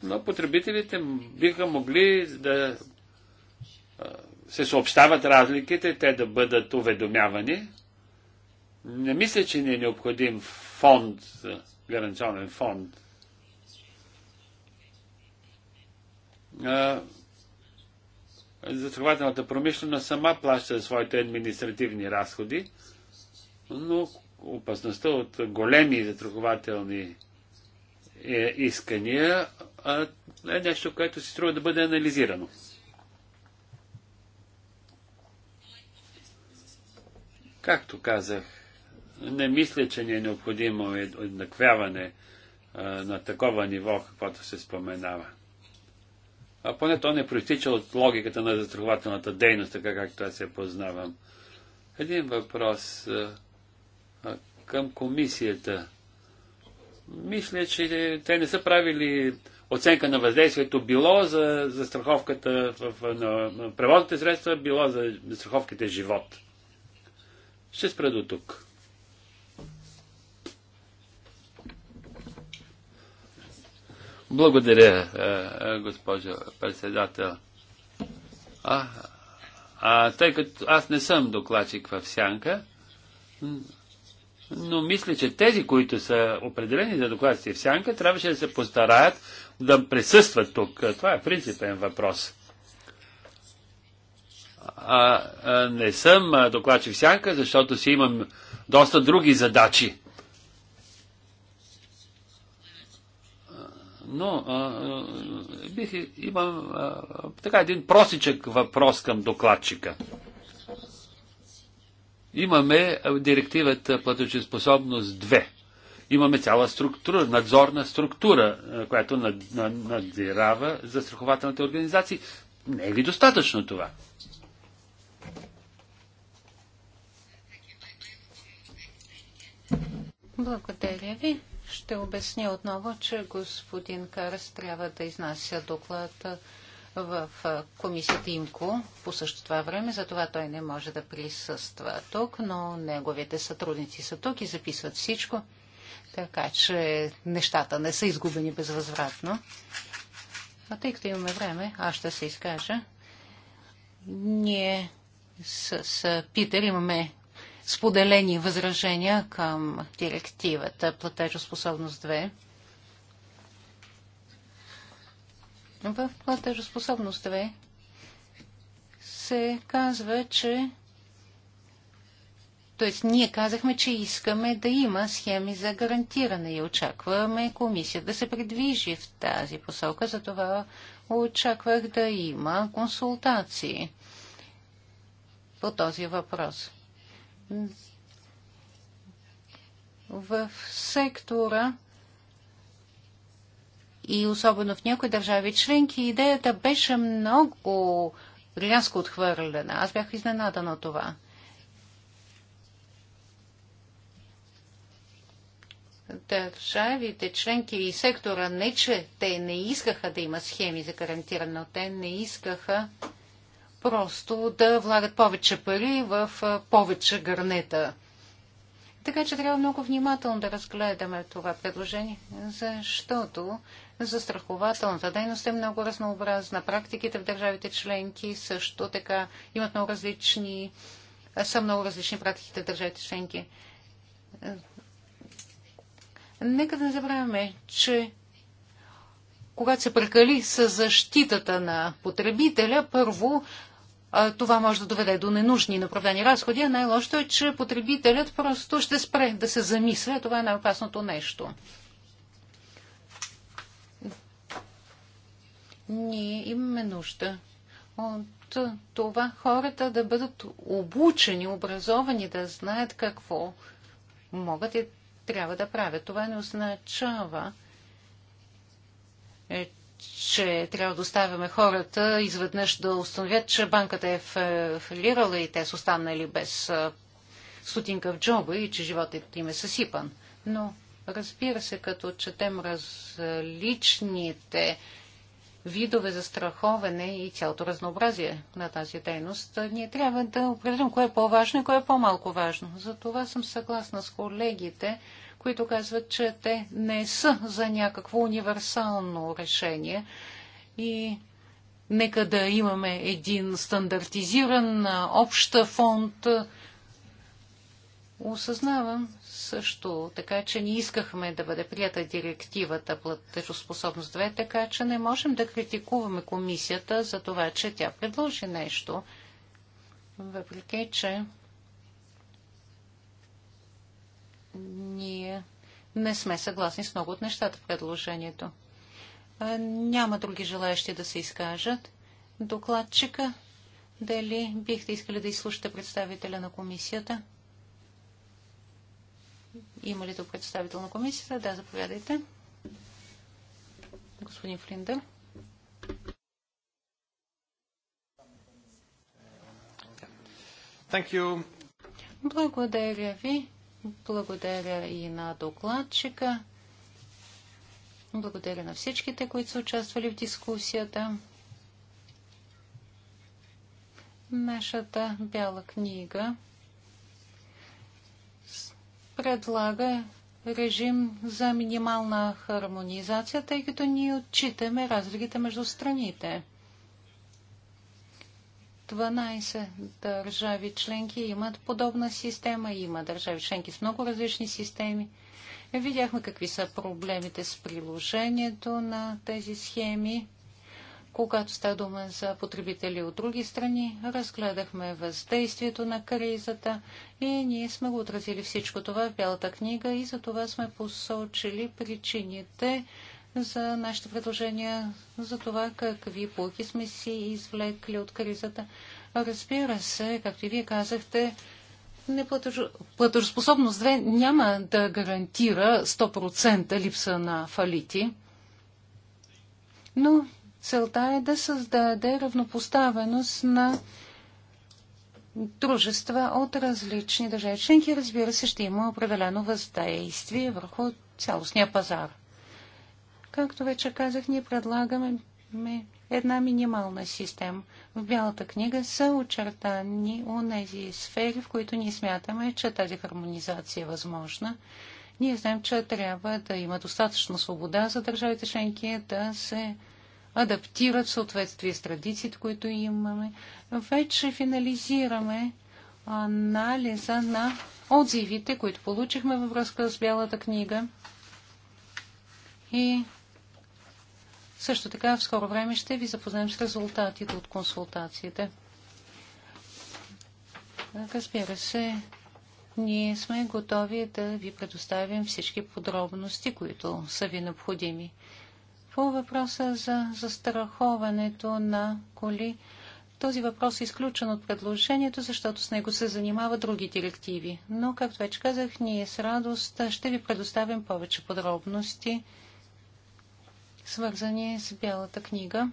B: е, но потребителите биха могли да е, се съобщават разликите, те да бъдат уведомявани. Не мисля, че ни е необходим фонд, гаранционен фонд застрахователната промишленост сама плаща своите административни разходи, но опасността от големи застрахователни е, искания е нещо, което си струва да бъде анализирано. Както казах, не мисля, че ни е необходимо еднаквяване на такова ниво, каквото се споменава а поне то не проистича от логиката на застрахователната дейност, така както аз се познавам. Един въпрос а, а, към комисията. Мисля, че те не са правили оценка на въздействието било за, застраховката в, в, на, на превозните средства, било за застраховките живот. Ще спра до тук. Благодаря, е, е, госпожо председател. А, а, тъй като аз не съм докладчик в Сянка, но мисля, че тези, които са определени за докладчици в Сянка, трябваше да се постараят да присъстват тук. Това е принципен въпрос. А, а не съм докладчик в Сянка, защото си имам доста други задачи. но а, а, бих имам а, така един просичък въпрос към докладчика. Имаме директивата платежеспособност 2. Имаме цяла структура, надзорна структура, която над, над, надзирава за страхователните организации. Не е ли достатъчно това?
C: Благодаря ви. Ще обясня отново, че господин Карас трябва да изнася доклад в комисията ИМКО по същото това време, затова той не може да присъства тук, но неговите сътрудници са тук и записват всичко, така че нещата не са изгубени безвъзвратно. А тъй като имаме време, аз ще се изкажа. Ние с, с Питер имаме споделени възражения към директивата Платежоспособност 2. В Платежоспособност 2 се казва, че Тоест, ние казахме, че искаме да има схеми за гарантиране и очакваме комисия да се придвижи в тази посока, затова очаквах да има консултации по този въпрос в сектора и особено в някои държави членки идеята беше много рязко отхвърлена. Аз бях изненадана от това. държавите членки и сектора не, че те не искаха да има схеми за гарантиране, но те не искаха просто да влагат повече пари в повече гарнета. Така че трябва много внимателно да разгледаме това предложение, защото застрахователната дейност е много разнообразна. Практиките в държавите членки също така имат много различни, са много различни практиките в държавите членки. Нека да не забравяме, че когато се прекали с защитата на потребителя, първо това може да доведе до ненужни направления разходи, а най-лошото е, че потребителят просто ще спре да се замисля. Това е най-опасното нещо. Ние имаме нужда от това хората да бъдат обучени, образовани, да знаят какво могат и трябва да правят. Това не означава, е, че трябва да оставяме хората изведнъж да установят, че банката е фалирала и те са останали без стотинка в джоба и че животът им е съсипан. Но разбира се, като четем различните видове за страховане и цялото разнообразие на тази дейност, ние трябва да определим кое е по-важно и кое е по-малко важно. За това съм съгласна с колегите, които казват, че те не са за някакво универсално решение и нека да имаме един стандартизиран общ фонд. Осъзнавам също така, че ни искахме да бъде прията директивата платежоспособност 2, така че не можем да критикуваме комисията за това, че тя предложи нещо, въпреки че ние не сме съгласни с много от нещата в предложението. Няма други желаящи да се изкажат. Докладчика, дали бихте искали да изслушате представителя на комисията? Има ли тук представител на комисията? Да, заповядайте. Господин Флиндър. Благодаря ви. Благодаря и на докладчика. Благодаря на всичките, които са участвали в дискусията. Нашата бяла книга предлага режим за минимална хармонизация, тъй като ние отчитаме разликите между страните. 12 държави членки имат подобна система, има държави членки с много различни системи. Видяхме какви са проблемите с приложението на тези схеми. Когато става дума за потребители от други страни, разгледахме въздействието на кризата и ние сме го отразили всичко това в Бялата книга и за това сме посочили причините, за нашите предложения, за това какви полки сме си извлекли от кризата. Разбира се, както и вие казахте, платежоспособност 2 няма да гарантира 100% липса на фалити, но целта е да създаде равнопоставеност на дружества от различни държави членки. Разбира се, ще има определено въздействие върху цялостния пазар. Както вече казах, ние предлагаме една минимална система. В Бялата книга са очертани онези сфери, в които ние смятаме, че тази хармонизация е възможна. Ние знаем, че трябва да има достатъчно свобода за държавите членки да се адаптират в съответствие с традициите, които имаме. Вече финализираме анализа на отзивите, които получихме във връзка с Бялата книга. И също така в скоро време ще ви запознаем с резултатите от консултациите. Разбира се, ние сме готови да ви предоставим всички подробности, които са ви необходими. По въпроса за застраховането на коли, този въпрос е изключен от предложението, защото с него се занимават други директиви. Но, както вече казах, ние с радост ще ви предоставим повече подробности свързани с Бялата книга.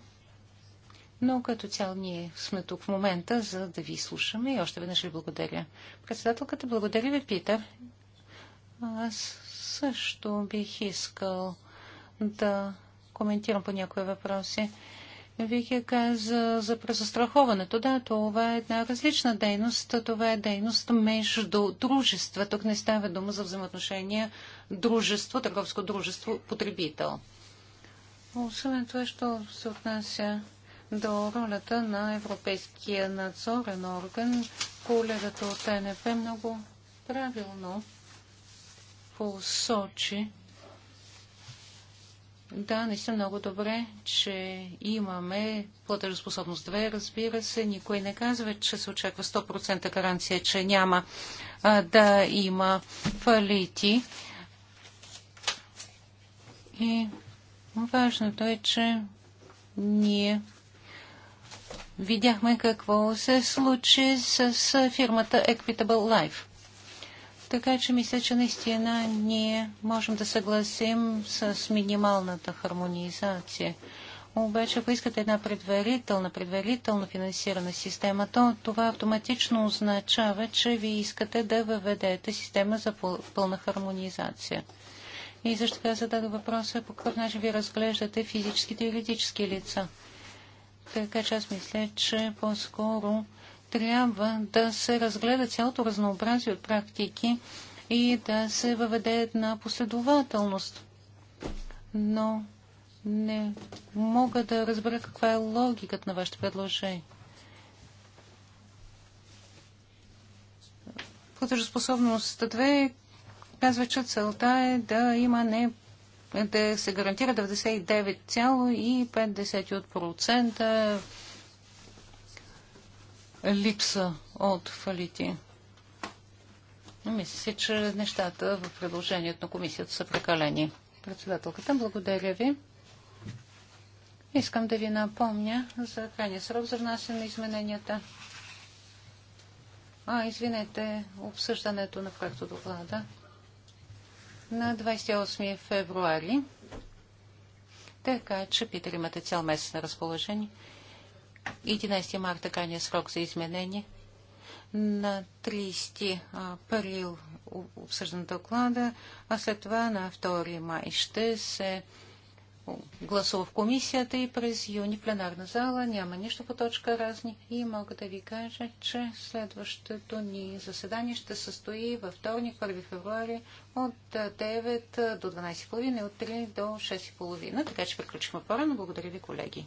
C: Но като цяло ние сме тук в момента, за да ви слушаме и още веднъж ви благодаря. Председателката, благодаря ви, Питър. Аз също бих искал да коментирам по някои въпроси. я каза за презастраховането. Да, това е една различна дейност. Това е дейност между дружества. Тук не става дума за взаимоотношения дружество, търговско дружество, потребител. Освен това, що се отнася до ролята на Европейския надзорен орган, колегата от НФ много правилно посочи. Да, наистина много добре, че имаме платежоспособност 2. Разбира се, никой не казва, че се очаква 100% гаранция, че няма а, да има фалити. И Важното е, че ние видяхме какво се случи с фирмата Equitable Life. Така че мисля, че наистина ние можем да съгласим с минималната хармонизация. Обаче, ако искате една предварителна, предварително финансирана система, то това автоматично означава, че ви искате да въведете система за пълна хармонизация. И също така зададох въпроса по какъв начин ви разглеждате физическите и юридически лица. Така че аз мисля, че по-скоро трябва да се разгледа цялото разнообразие от практики и да се въведе една последователност. Но не мога да разбера каква е логиката на вашето предложение. Платежоспособност 2 казва, че целта е да има не да се гарантира 99,5% липса от фалити. Мисля си, че нещата в предложението на комисията са прекалени. Председателката, благодаря ви. Искам да ви напомня за крайния срок за внасяне на измененията. А, извинете, обсъждането на проекто доклада на 28 февруари. Така че, Питер, имате цял месец на разположение. 11 марта крайния срок за изменение. На 30 април обсъждан доклада, а след това на 2 май ще се гласува в комисията и през юни пленарна зала. Няма нищо по точка разни и мога да ви кажа, че следващото ни заседание ще състои във вторник, 1 февруари от 9 до 12.30 и от 3 до 6.30. Така че приключихме по-рано. Благодаря ви, колеги.